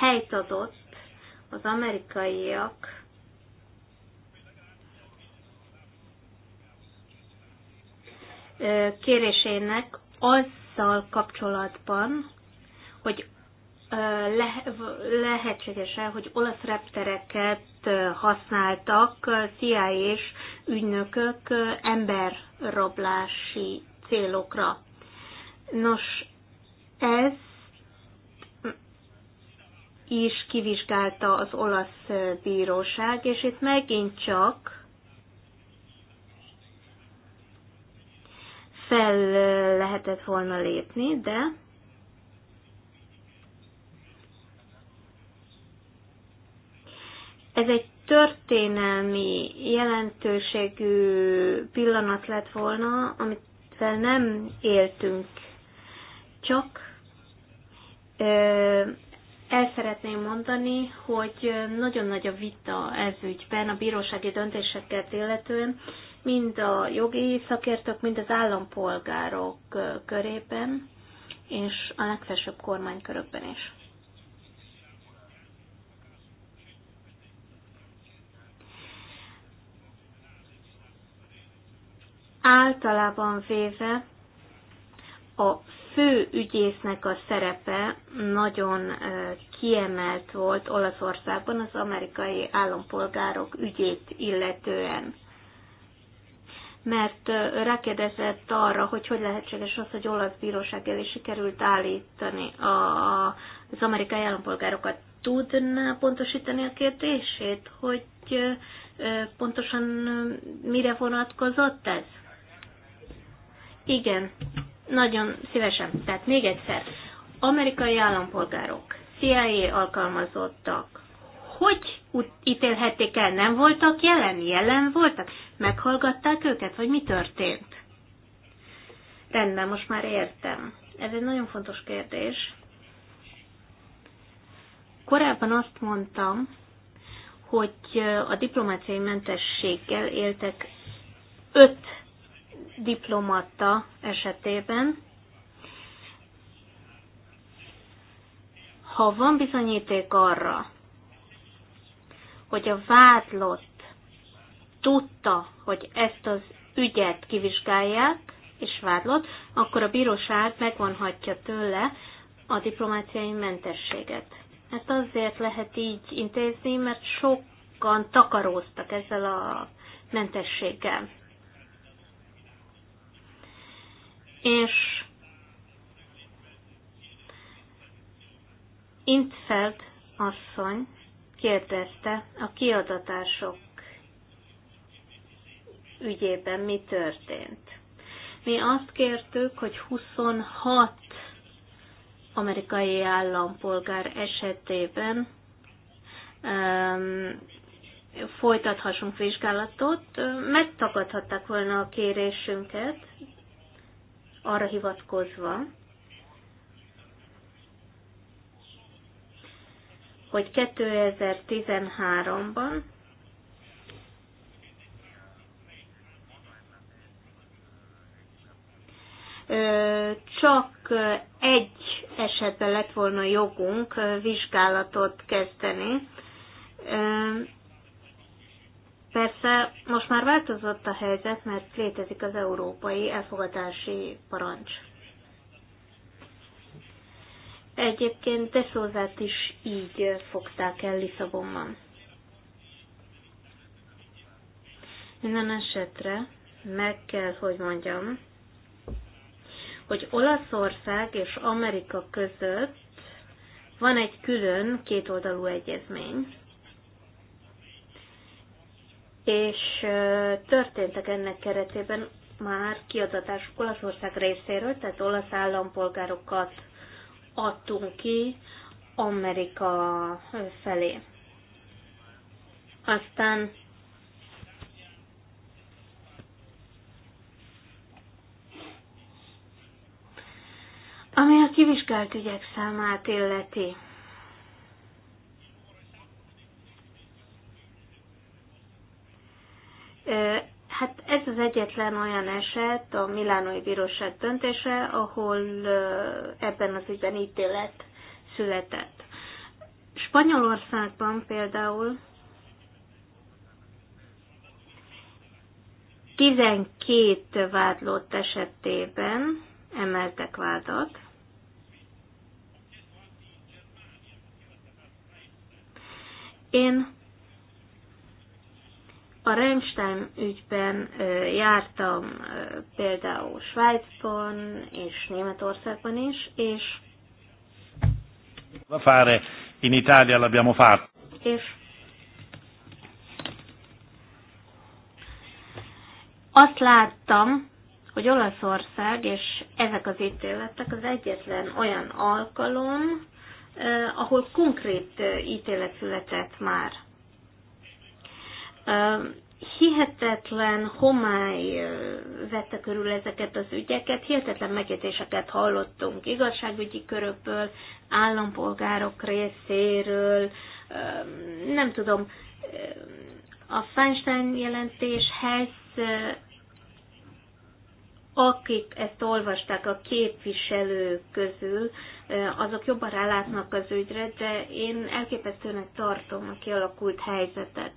[SPEAKER 3] helyt adott az amerikaiak kérésének az azzal kapcsolatban, hogy lehetséges-e, hogy olasz reptereket használtak CIA és ügynökök emberrablási célokra. Nos, ez is kivizsgálta az olasz bíróság, és itt megint csak fel lehetett volna lépni, de ez egy történelmi jelentőségű pillanat lett volna, amit fel nem éltünk. Csak ö, el szeretném mondani, hogy nagyon nagy a vita ez ügyben, a bírósági döntéseket illetően, mind a jogi szakértők, mind az állampolgárok körében, és a legfelsőbb kormánykörökben is. Általában véve a fő ügyésznek a szerepe nagyon kiemelt volt Olaszországban az amerikai állampolgárok ügyét illetően mert rákérdezett arra, hogy hogy lehetséges az, hogy olasz bíróság elé sikerült állítani a, az amerikai állampolgárokat. Tudná pontosítani a kérdését, hogy pontosan mire vonatkozott ez? Igen, nagyon szívesen. Tehát még egyszer, amerikai állampolgárok, CIA alkalmazottak, hogy ítélhették el? Nem voltak jelen? Jelen voltak? Meghallgatták őket, hogy mi történt? Rendben, most már értem. Ez egy nagyon fontos kérdés. Korábban azt mondtam, hogy a diplomáciai mentességgel éltek öt diplomata esetében, ha van bizonyíték arra, hogy a vádlott tudta, hogy ezt az ügyet kivizsgálják, és vádlott, akkor a bíróság megvonhatja tőle a diplomáciai mentességet. Ezt azért lehet így intézni, mert sokan takaróztak ezzel a mentességgel. És Intfeld asszony kérdezte a kiadatások ügyében mi történt. Mi azt kértük, hogy 26 amerikai állampolgár esetében um, folytathassunk vizsgálatot. Megtagadhatták volna a kérésünket, arra hivatkozva, hogy 2013-ban csak egy esetben lett volna jogunk vizsgálatot kezdeni. Persze most már változott a helyzet, mert létezik az európai elfogadási parancs. Egyébként Deszózát is így fogták el Lisszabonban. Minden esetre meg kell, hogy mondjam, hogy Olaszország és Amerika között van egy külön kétoldalú egyezmény, és történtek ennek keretében már kiadatások Olaszország részéről, tehát olasz állampolgárokat adtunk ki Amerika felé. Aztán Ami a kivizsgált ügyek számát illeti. Hát ez az egyetlen olyan eset, a Milánói Bíróság döntése, ahol ebben az ügyben ítélet született. Spanyolországban például 12 vádlott esetében emeltek vádat, Én a Reinstein ügyben jártam például Svájcban és Németországban is, és
[SPEAKER 5] fare in Italia l'abbiamo fatto.
[SPEAKER 3] És azt láttam, hogy Olaszország és ezek az ítéletek az egyetlen olyan alkalom, Eh, ahol konkrét eh, ítélet született már. Ehm, hihetetlen homály eh, vette körül ezeket az ügyeket, hihetetlen megjegyzéseket hallottunk igazságügyi körökből, állampolgárok részéről, ehm, nem tudom, a Feinstein jelentéshez akik ezt olvasták a képviselők közül, azok jobban rálátnak az ügyre, de én elképesztőnek tartom a kialakult helyzetet.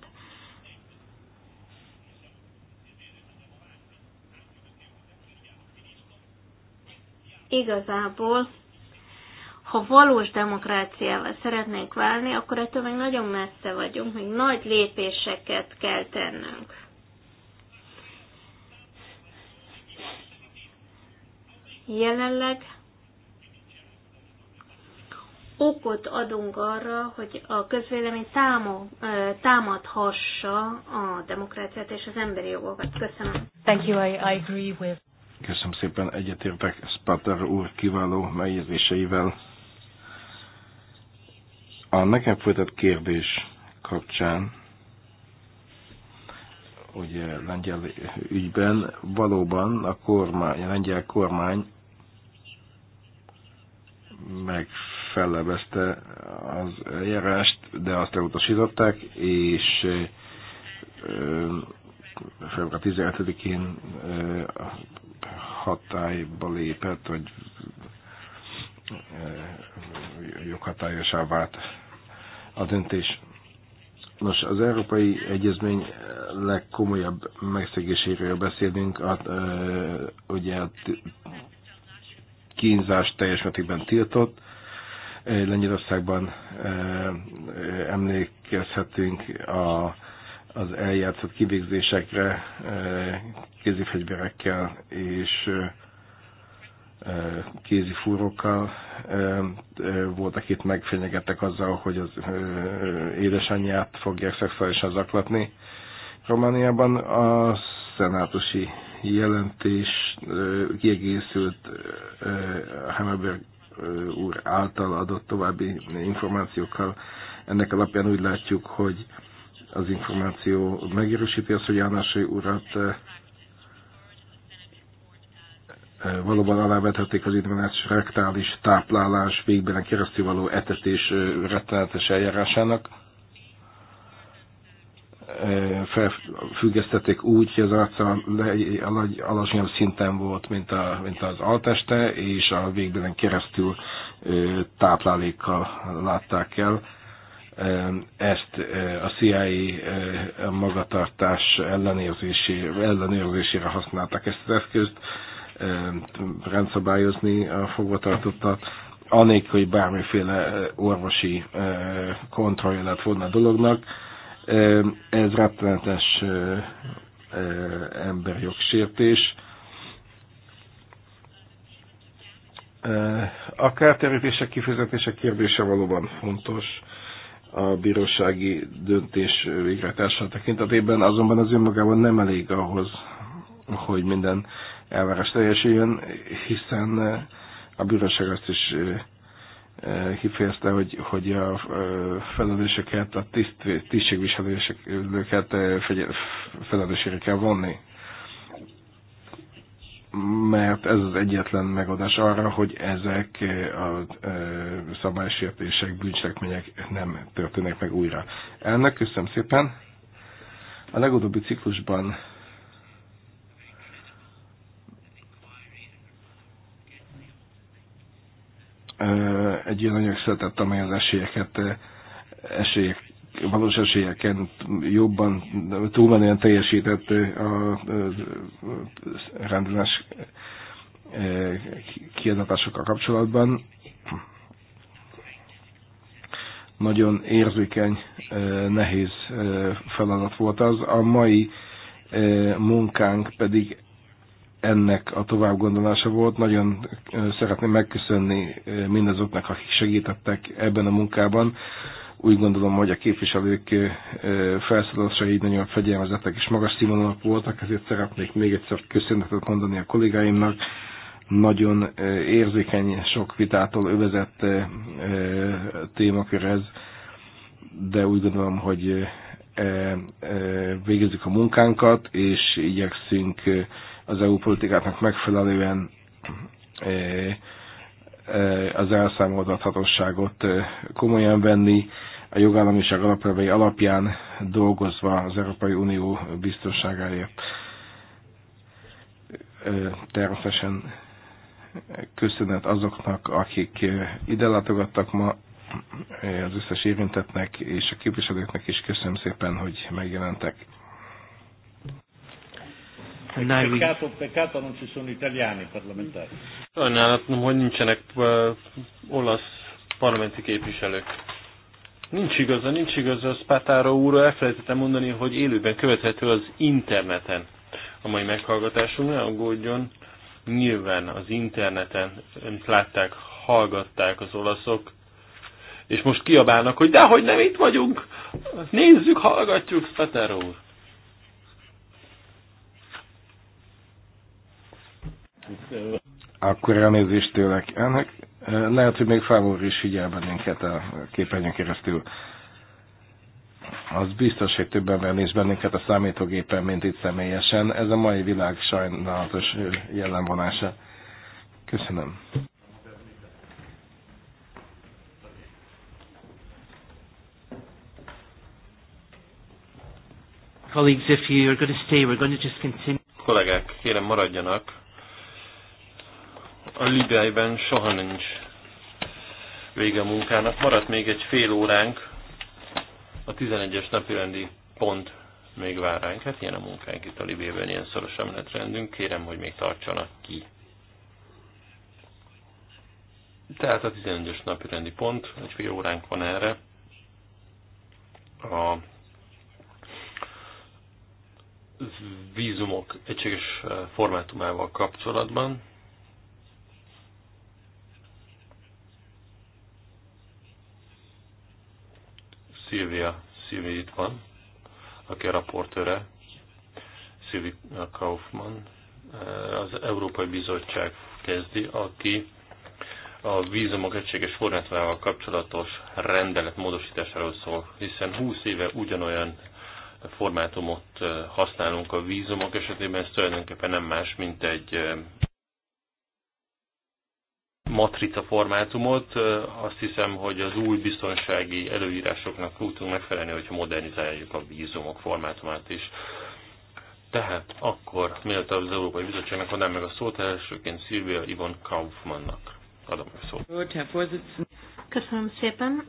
[SPEAKER 3] Igazából, ha valós demokráciával szeretnénk válni, akkor ettől még nagyon messze vagyunk, még nagy lépéseket kell tennünk. Jelenleg okot adunk arra, hogy a közvélemény támo, támadhassa a demokráciát és az emberi jogokat. Köszönöm. Thank you, I, I agree with.
[SPEAKER 4] Köszönöm szépen, egyetértek Spater úr kiváló megjegyzéseivel. A nekem folytatott kérdés kapcsán, ugye lengyel ügyben valóban a kormány, a lengyel kormány meg fellebezte az eljárást, de azt elutasították, és február 17-én hatályba lépett, vagy joghatályosá vált a döntés. Nos, az Európai Egyezmény legkomolyabb megszegéséről beszélünk, a, ugye a kínzás teljes mértékben tiltott, Lengyelországban e, e, emlékezhetünk a, az eljátszott kivégzésekre e, kézifegyverekkel és kézi fúrókkal. Voltak itt megfenyegettek azzal, hogy az édesanyját fogják szexuálisan zaklatni. Romániában a szenátusi jelentés kiegészült Hammerberg úr által adott további információkkal. Ennek alapján úgy látjuk, hogy az információ megerősíti azt, hogy Jánásai urat valóban alávethették az internetes rektális táplálás végben keresztül való etetés rettenetes eljárásának felfüggesztették úgy, hogy az arca alacsonyabb szinten volt, mint, a, mint az alteste, és a végbelen keresztül táplálékkal látták el. Ezt a CIA magatartás ellenőrzésére, ellenőrzésére használták ezt az eszközt, rendszabályozni a fogvatartottat, anélkül, hogy bármiféle orvosi kontroll lett volna a dolognak ez rettenetes emberjogsértés. A kártérítések kifizetése kérdése valóban fontos a bírósági döntés végretása tekintetében, azonban az önmagában nem elég ahhoz, hogy minden elvárás teljesüljön, hiszen a bíróság azt is kifejezte, hogy, hogy a felelősöket, a tiszt, tisztségviselőket felelősségre kell vonni. Mert ez az egyetlen megoldás arra, hogy ezek a szabálysértések, bűncselekmények nem történnek meg újra. Elnök, köszönöm szépen! A legutóbbi ciklusban egy olyan anyag született, amely az esélyeket, esélyek, valós esélyeken jobban, túlmenően teljesített a rendelés kiadatásokkal kapcsolatban. Nagyon érzékeny, nehéz feladat volt az. A mai munkánk pedig ennek a továbbgondolása volt. Nagyon szeretném megköszönni mindazoknak, akik segítettek ebben a munkában. Úgy gondolom, hogy a képviselők felszólalásai nagyon fegyelmezettek és magas színvonalak voltak, ezért szeretnék még egyszer köszönetet mondani a kollégáimnak. Nagyon érzékeny, sok vitától övezett témakör ez, de úgy gondolom, hogy végezzük a munkánkat, és igyekszünk az EU politikáknak megfelelően eh, eh, az elszámoltathatóságot eh, komolyan venni, a jogállamiság alapelvei alapján dolgozva az Európai Unió biztonságáért. Természetesen köszönet azoknak, akik ide látogattak ma, az összes érintetnek és a képviselőknek is köszönöm szépen, hogy megjelentek
[SPEAKER 5] peccato, peccato non ci sono italiani parlamentari.
[SPEAKER 2] Sajnálatom, hogy nincsenek uh, olasz parlamenti képviselők. Nincs igaza, nincs igaza, Spátára úr, elfelejtettem mondani, hogy élőben követhető az interneten a mai meghallgatásunk, ne aggódjon. Nyilván az interneten, amit látták, hallgatták az olaszok, és most kiabálnak, hogy dehogy nem itt vagyunk, nézzük, hallgatjuk, Spatero úr.
[SPEAKER 4] Akkor elnézést tőlek. Ennek lehet, hogy még Fávor is figyel bennünket a képernyőn keresztül. Az biztos, hogy többen ember néz bennünket a számítógépen, mint itt személyesen. Ez a mai világ sajnálatos jellemvonása. Köszönöm.
[SPEAKER 3] Colleagues, if going to stay, we're going to just continue.
[SPEAKER 2] Kollégák, kérem maradjanak. A Libyában soha nincs vége a munkának. Maradt még egy fél óránk, a 11-es napirendi pont még vár ránk. Hát ilyen a munkánk itt a Libében, ilyen szoros emletrendünk. Kérem, hogy még tartsanak ki. Tehát a 11-es napirendi pont, egy fél óránk van erre. A vízumok egységes formátumával kapcsolatban Szilvia, Szilvi itt van, aki a raportőre, Szilvi Kaufmann, az Európai Bizottság kezdi, aki a vízumok egységes formátumával kapcsolatos rendelet módosításáról szól, hiszen 20 éve ugyanolyan formátumot eh, használunk a vízumok esetében, ez tulajdonképpen nem más, mint egy eh, matrica formátumot. Azt hiszem, hogy az új biztonsági előírásoknak tudunk megfelelni, hogyha modernizáljuk a vízumok formátumát is. Tehát akkor, mielőtt az Európai Bizottságnak adnám meg a szót, elsőként Szilvia Ivon Kaufmannnak adom meg a
[SPEAKER 3] szót. Köszönöm szépen.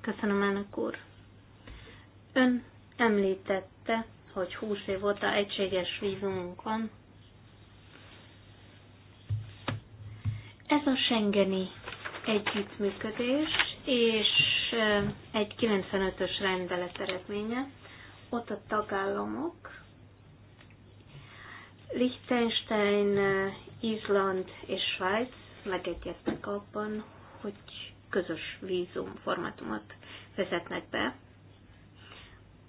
[SPEAKER 3] Köszönöm, elnök úr. Ön említette, hogy 20 év óta egységes vízumunk van Ez a Schengeni együttműködés és egy 95-ös rendelet eredménye. Ott a tagállamok, Liechtenstein, Izland és Svájc megegyeztek abban, hogy közös vízum formátumot vezetnek be.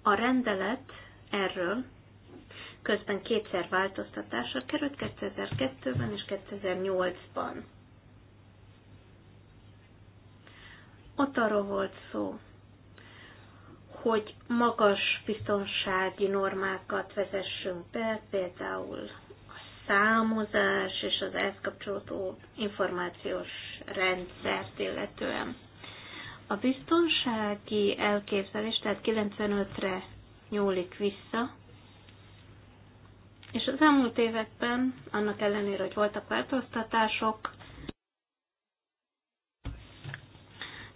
[SPEAKER 3] A rendelet erről közben kétszer változtatásra került 2002-ben és 2008-ban. Ott arról volt szó, hogy magas biztonsági normákat vezessünk be, például a számozás és az ehhez kapcsolódó információs rendszert illetően. A biztonsági elképzelés, tehát 95-re nyúlik vissza, és az elmúlt években, annak ellenére, hogy voltak változtatások,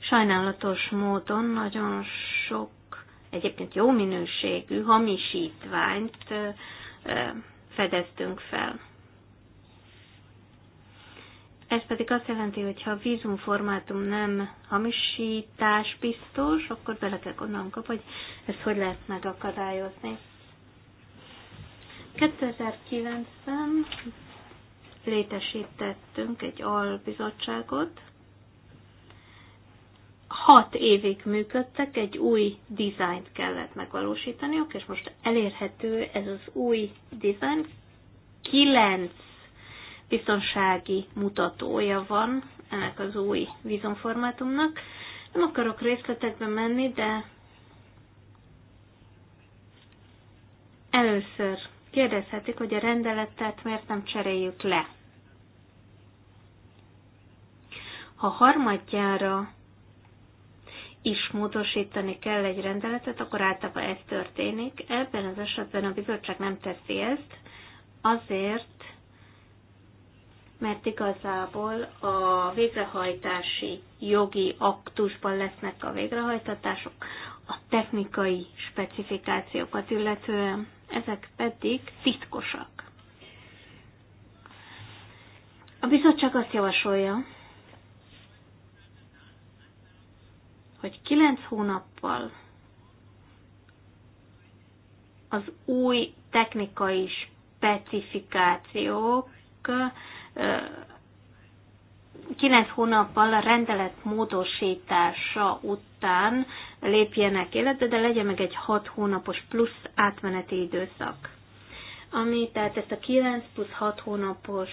[SPEAKER 3] Sajnálatos módon nagyon sok egyébként jó minőségű hamisítványt fedeztünk fel. Ez pedig azt jelenti, hogy ha a vízumformátum nem hamisítás biztos, akkor bele kell gondolnunk, hogy ezt hogy lehet megakadályozni. 2009-ben létesítettünk egy albizottságot, hat évig működtek, egy új dizájnt kellett megvalósítaniuk, és most elérhető ez az új dizájn. Kilenc biztonsági mutatója van ennek az új vízumformátumnak. Nem akarok részletekbe menni, de először kérdezhetik, hogy a rendeletet miért nem cseréljük le. Ha harmadjára is módosítani kell egy rendeletet, akkor általában ez történik. Ebben az esetben a bizottság nem teszi ezt, azért, mert igazából a végrehajtási jogi aktusban lesznek a végrehajtatások, a technikai specifikációkat illetően, ezek pedig titkosak. A bizottság azt javasolja, vagy kilenc hónappal az új technikai specifikációk kilenc hónappal a rendelet módosítása után lépjenek életbe, de legyen meg egy hat hónapos plusz átmeneti időszak. Ami tehát ezt a 9 plusz 6 hónapos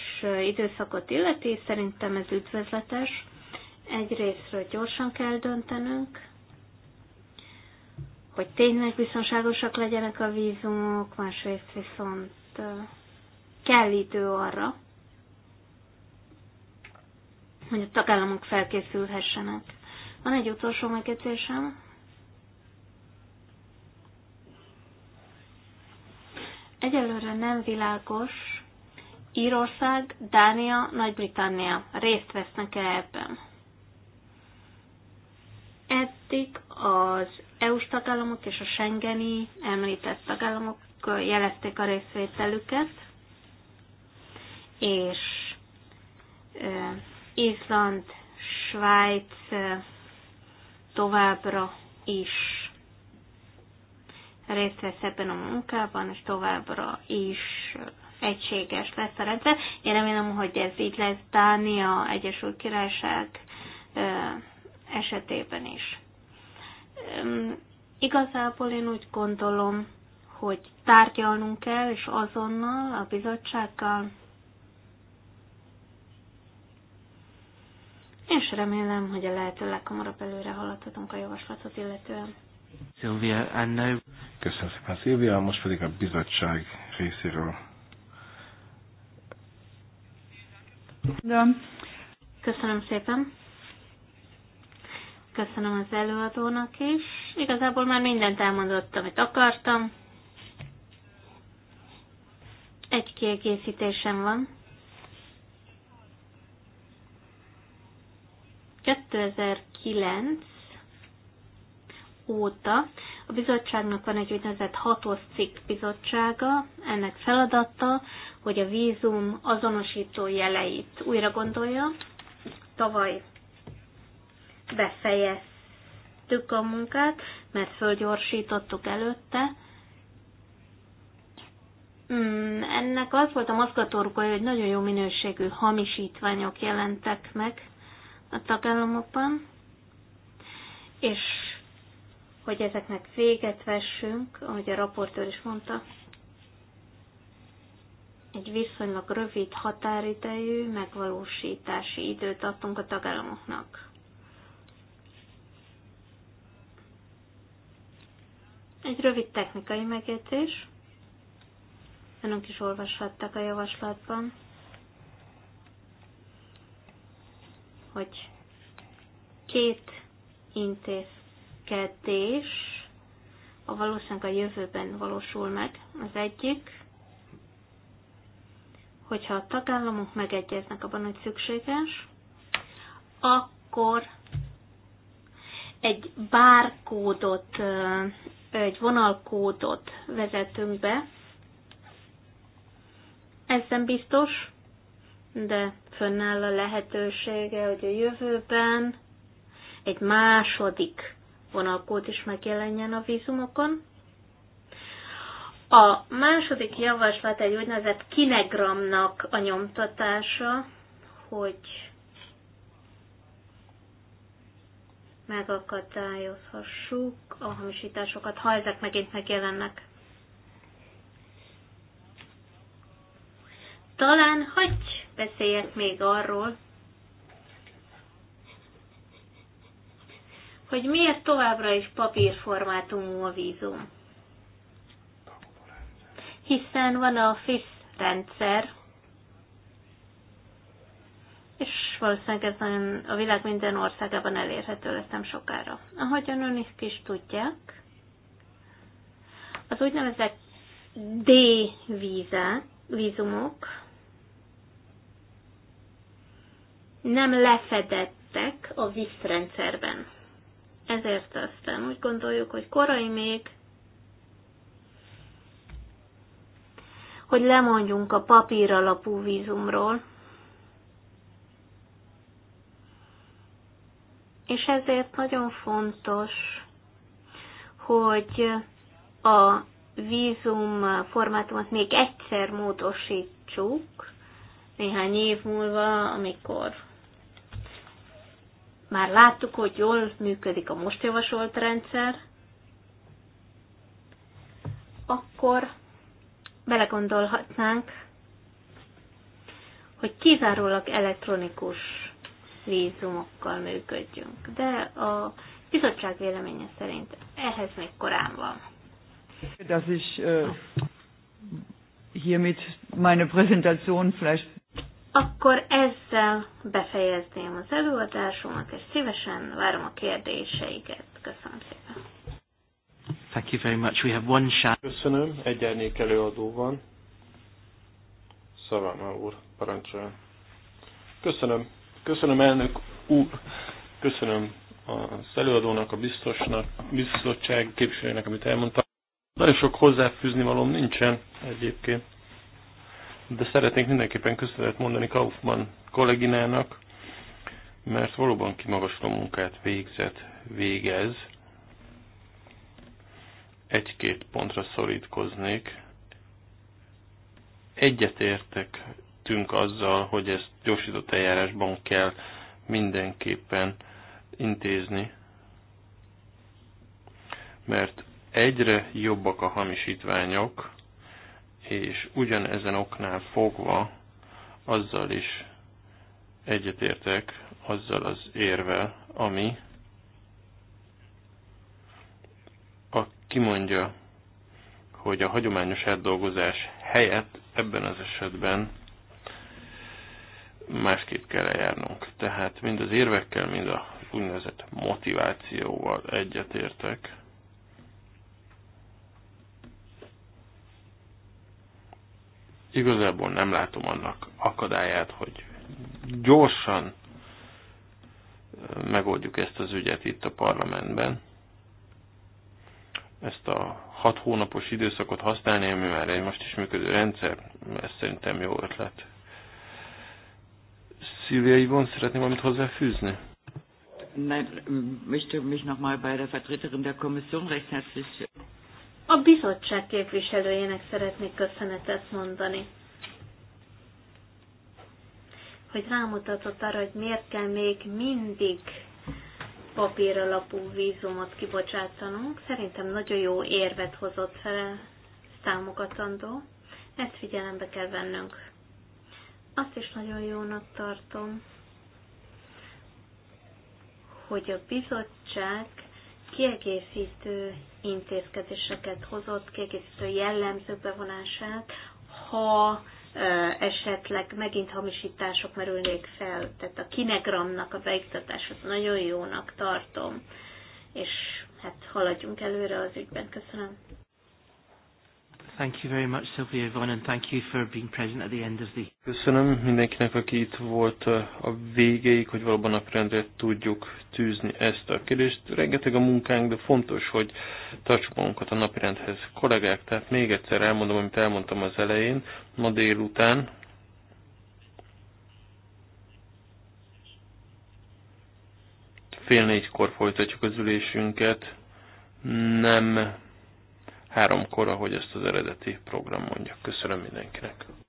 [SPEAKER 3] időszakot illeti, szerintem ez üdvözletes, egy részről gyorsan kell döntenünk, hogy tényleg biztonságosak legyenek a vízumok, másrészt viszont kell idő arra, hogy a tagállamok felkészülhessenek. Van egy utolsó megjegyzésem. Egyelőre nem világos, Írország, Dánia, Nagy-Britannia részt vesznek-e ebben. Eddig az EU-s tagállamok és a Schengeni említett tagállamok jelezték a részvételüket, és Izland, Svájc továbbra is részt vesz ebben a munkában, és továbbra is egységes lesz a rendszer. Én remélem, hogy ez így lesz Dánia, Egyesült Királyság, esetében is. Igazából én úgy gondolom, hogy tárgyalnunk kell, és azonnal a bizottsággal. És remélem, hogy a lehető leghamarabb előre haladhatunk a javaslatot illetően.
[SPEAKER 4] Szilvia, Anna. Köszönöm szépen, Szilvia. Most pedig a bizottság részéről.
[SPEAKER 3] Köszönöm szépen. Köszönöm az előadónak is. Igazából már mindent elmondott, amit akartam. Egy kiegészítésem van. 2009 óta a bizottságnak van egy úgynevezett hatos cikk bizottsága, ennek feladata, hogy a vízum azonosító jeleit újra gondolja. Tavaly befejeztük a munkát, mert fölgyorsítottuk előtte. Hmm, ennek az volt a mozgatórugója, hogy nagyon jó minőségű hamisítványok jelentek meg a tagállamokban, és hogy ezeknek véget vessünk, ahogy a raportőr is mondta, egy viszonylag rövid határidejű megvalósítási időt adtunk a tagállamoknak. Egy rövid technikai megjegyzés. Önök is olvashattak a javaslatban, hogy két intézkedés a valószínűleg a jövőben valósul meg. Az egyik, hogyha a tagállamok megegyeznek abban, hogy szükséges, akkor egy bárkódot egy vonalkódot vezetünk be. Ez nem biztos, de fönnáll a lehetősége, hogy a jövőben egy második vonalkód is megjelenjen a vízumokon. A második javaslat egy úgynevezett kinegramnak a nyomtatása, hogy megakadályozhassuk a hamisításokat, ha ezek megint megjelennek. Talán hagyj beszéljek még arról, hogy miért továbbra is papírformátumú a vízum. Hiszen van a FISZ rendszer, és valószínűleg ez nagyon, a világ minden országában elérhető lesz nem sokára. Ahogyan önök is tudják, az úgynevezett D vízák, vízumok nem lefedettek a vízrendszerben. Ezért aztán úgy gondoljuk, hogy korai még, hogy lemondjunk a papír alapú vízumról, És ezért nagyon fontos, hogy a vízum formátumot még egyszer módosítsuk, néhány év múlva, amikor már láttuk, hogy jól működik a most javasolt rendszer, akkor belegondolhatnánk, hogy kizárólag elektronikus vízumokkal működjünk. De a bizottság véleménye szerint ehhez még korán van.
[SPEAKER 1] Dass ich äh, hiermit meine Präsentation vielleicht
[SPEAKER 3] akkor ezzel befejezném az előadásomat, és szívesen várom a kérdéseiket. Köszönöm szépen. Thank you very much. We have one shot.
[SPEAKER 2] Köszönöm. Egy elnék előadó van. Szavama úr, parancsoljon. Köszönöm. Köszönöm elnök úr, köszönöm az előadónak, a biztosnak, biztosság képviselőnek, amit elmondta. Nagyon sok hozzáfűzni valóm nincsen egyébként, de szeretnék mindenképpen köszönet mondani Kaufmann kolléginának, mert valóban kimagasló munkát végzett, végez. Egy-két pontra szorítkoznék. Egyetértek egyetértünk azzal, hogy ezt gyorsított eljárásban kell mindenképpen intézni, mert egyre jobbak a hamisítványok, és ugyanezen oknál fogva azzal is egyetértek, azzal az érvel, ami a kimondja, hogy a hagyományos átdolgozás helyett ebben az esetben másképp kell eljárnunk. Tehát mind az érvekkel, mind a úgynevezett motivációval egyetértek. Igazából nem látom annak akadályát, hogy gyorsan eh, megoldjuk ezt az ügyet itt a parlamentben. Ezt a hat hónapos időszakot használni, ami már egy most is működő rendszer, ez szerintem jó ötlet. Szilvia Ivon szeretné valamit
[SPEAKER 4] hozzáfűzni? Nein, möchte mich nochmal bei der Vertreterin der Kommission recht herzlich.
[SPEAKER 3] A bizottság képviselőjének szeretnék köszönetet mondani hogy rámutatott arra, hogy miért kell még mindig papír alapú vízumot kibocsátanunk. Szerintem nagyon jó érvet hozott fel, támogatandó. Ezt figyelembe kell vennünk. Azt is nagyon jónak tartom, hogy a bizottság kiegészítő intézkedéseket hozott, kiegészítő jellemző bevonását, ha esetleg megint hamisítások merülnék fel, tehát a kinegramnak a beiktatását nagyon jónak tartom, és hát haladjunk előre az ügyben. Köszönöm. Thank you very much, Sylvia Yvonne, and thank you for being present at the end
[SPEAKER 2] of the... Köszönöm mindenkinek, aki itt volt uh, a végéig, hogy valóban napirendre tudjuk tűzni ezt a kérdést. Rengeteg a munkánk, de fontos, hogy tartsuk magunkat a napirendhez. Kollégák, tehát még egyszer elmondom, amit elmondtam az elején. Ma délután fél négykor folytatjuk az ülésünket. Nem háromkor, ahogy ezt az eredeti program mondja. Köszönöm mindenkinek.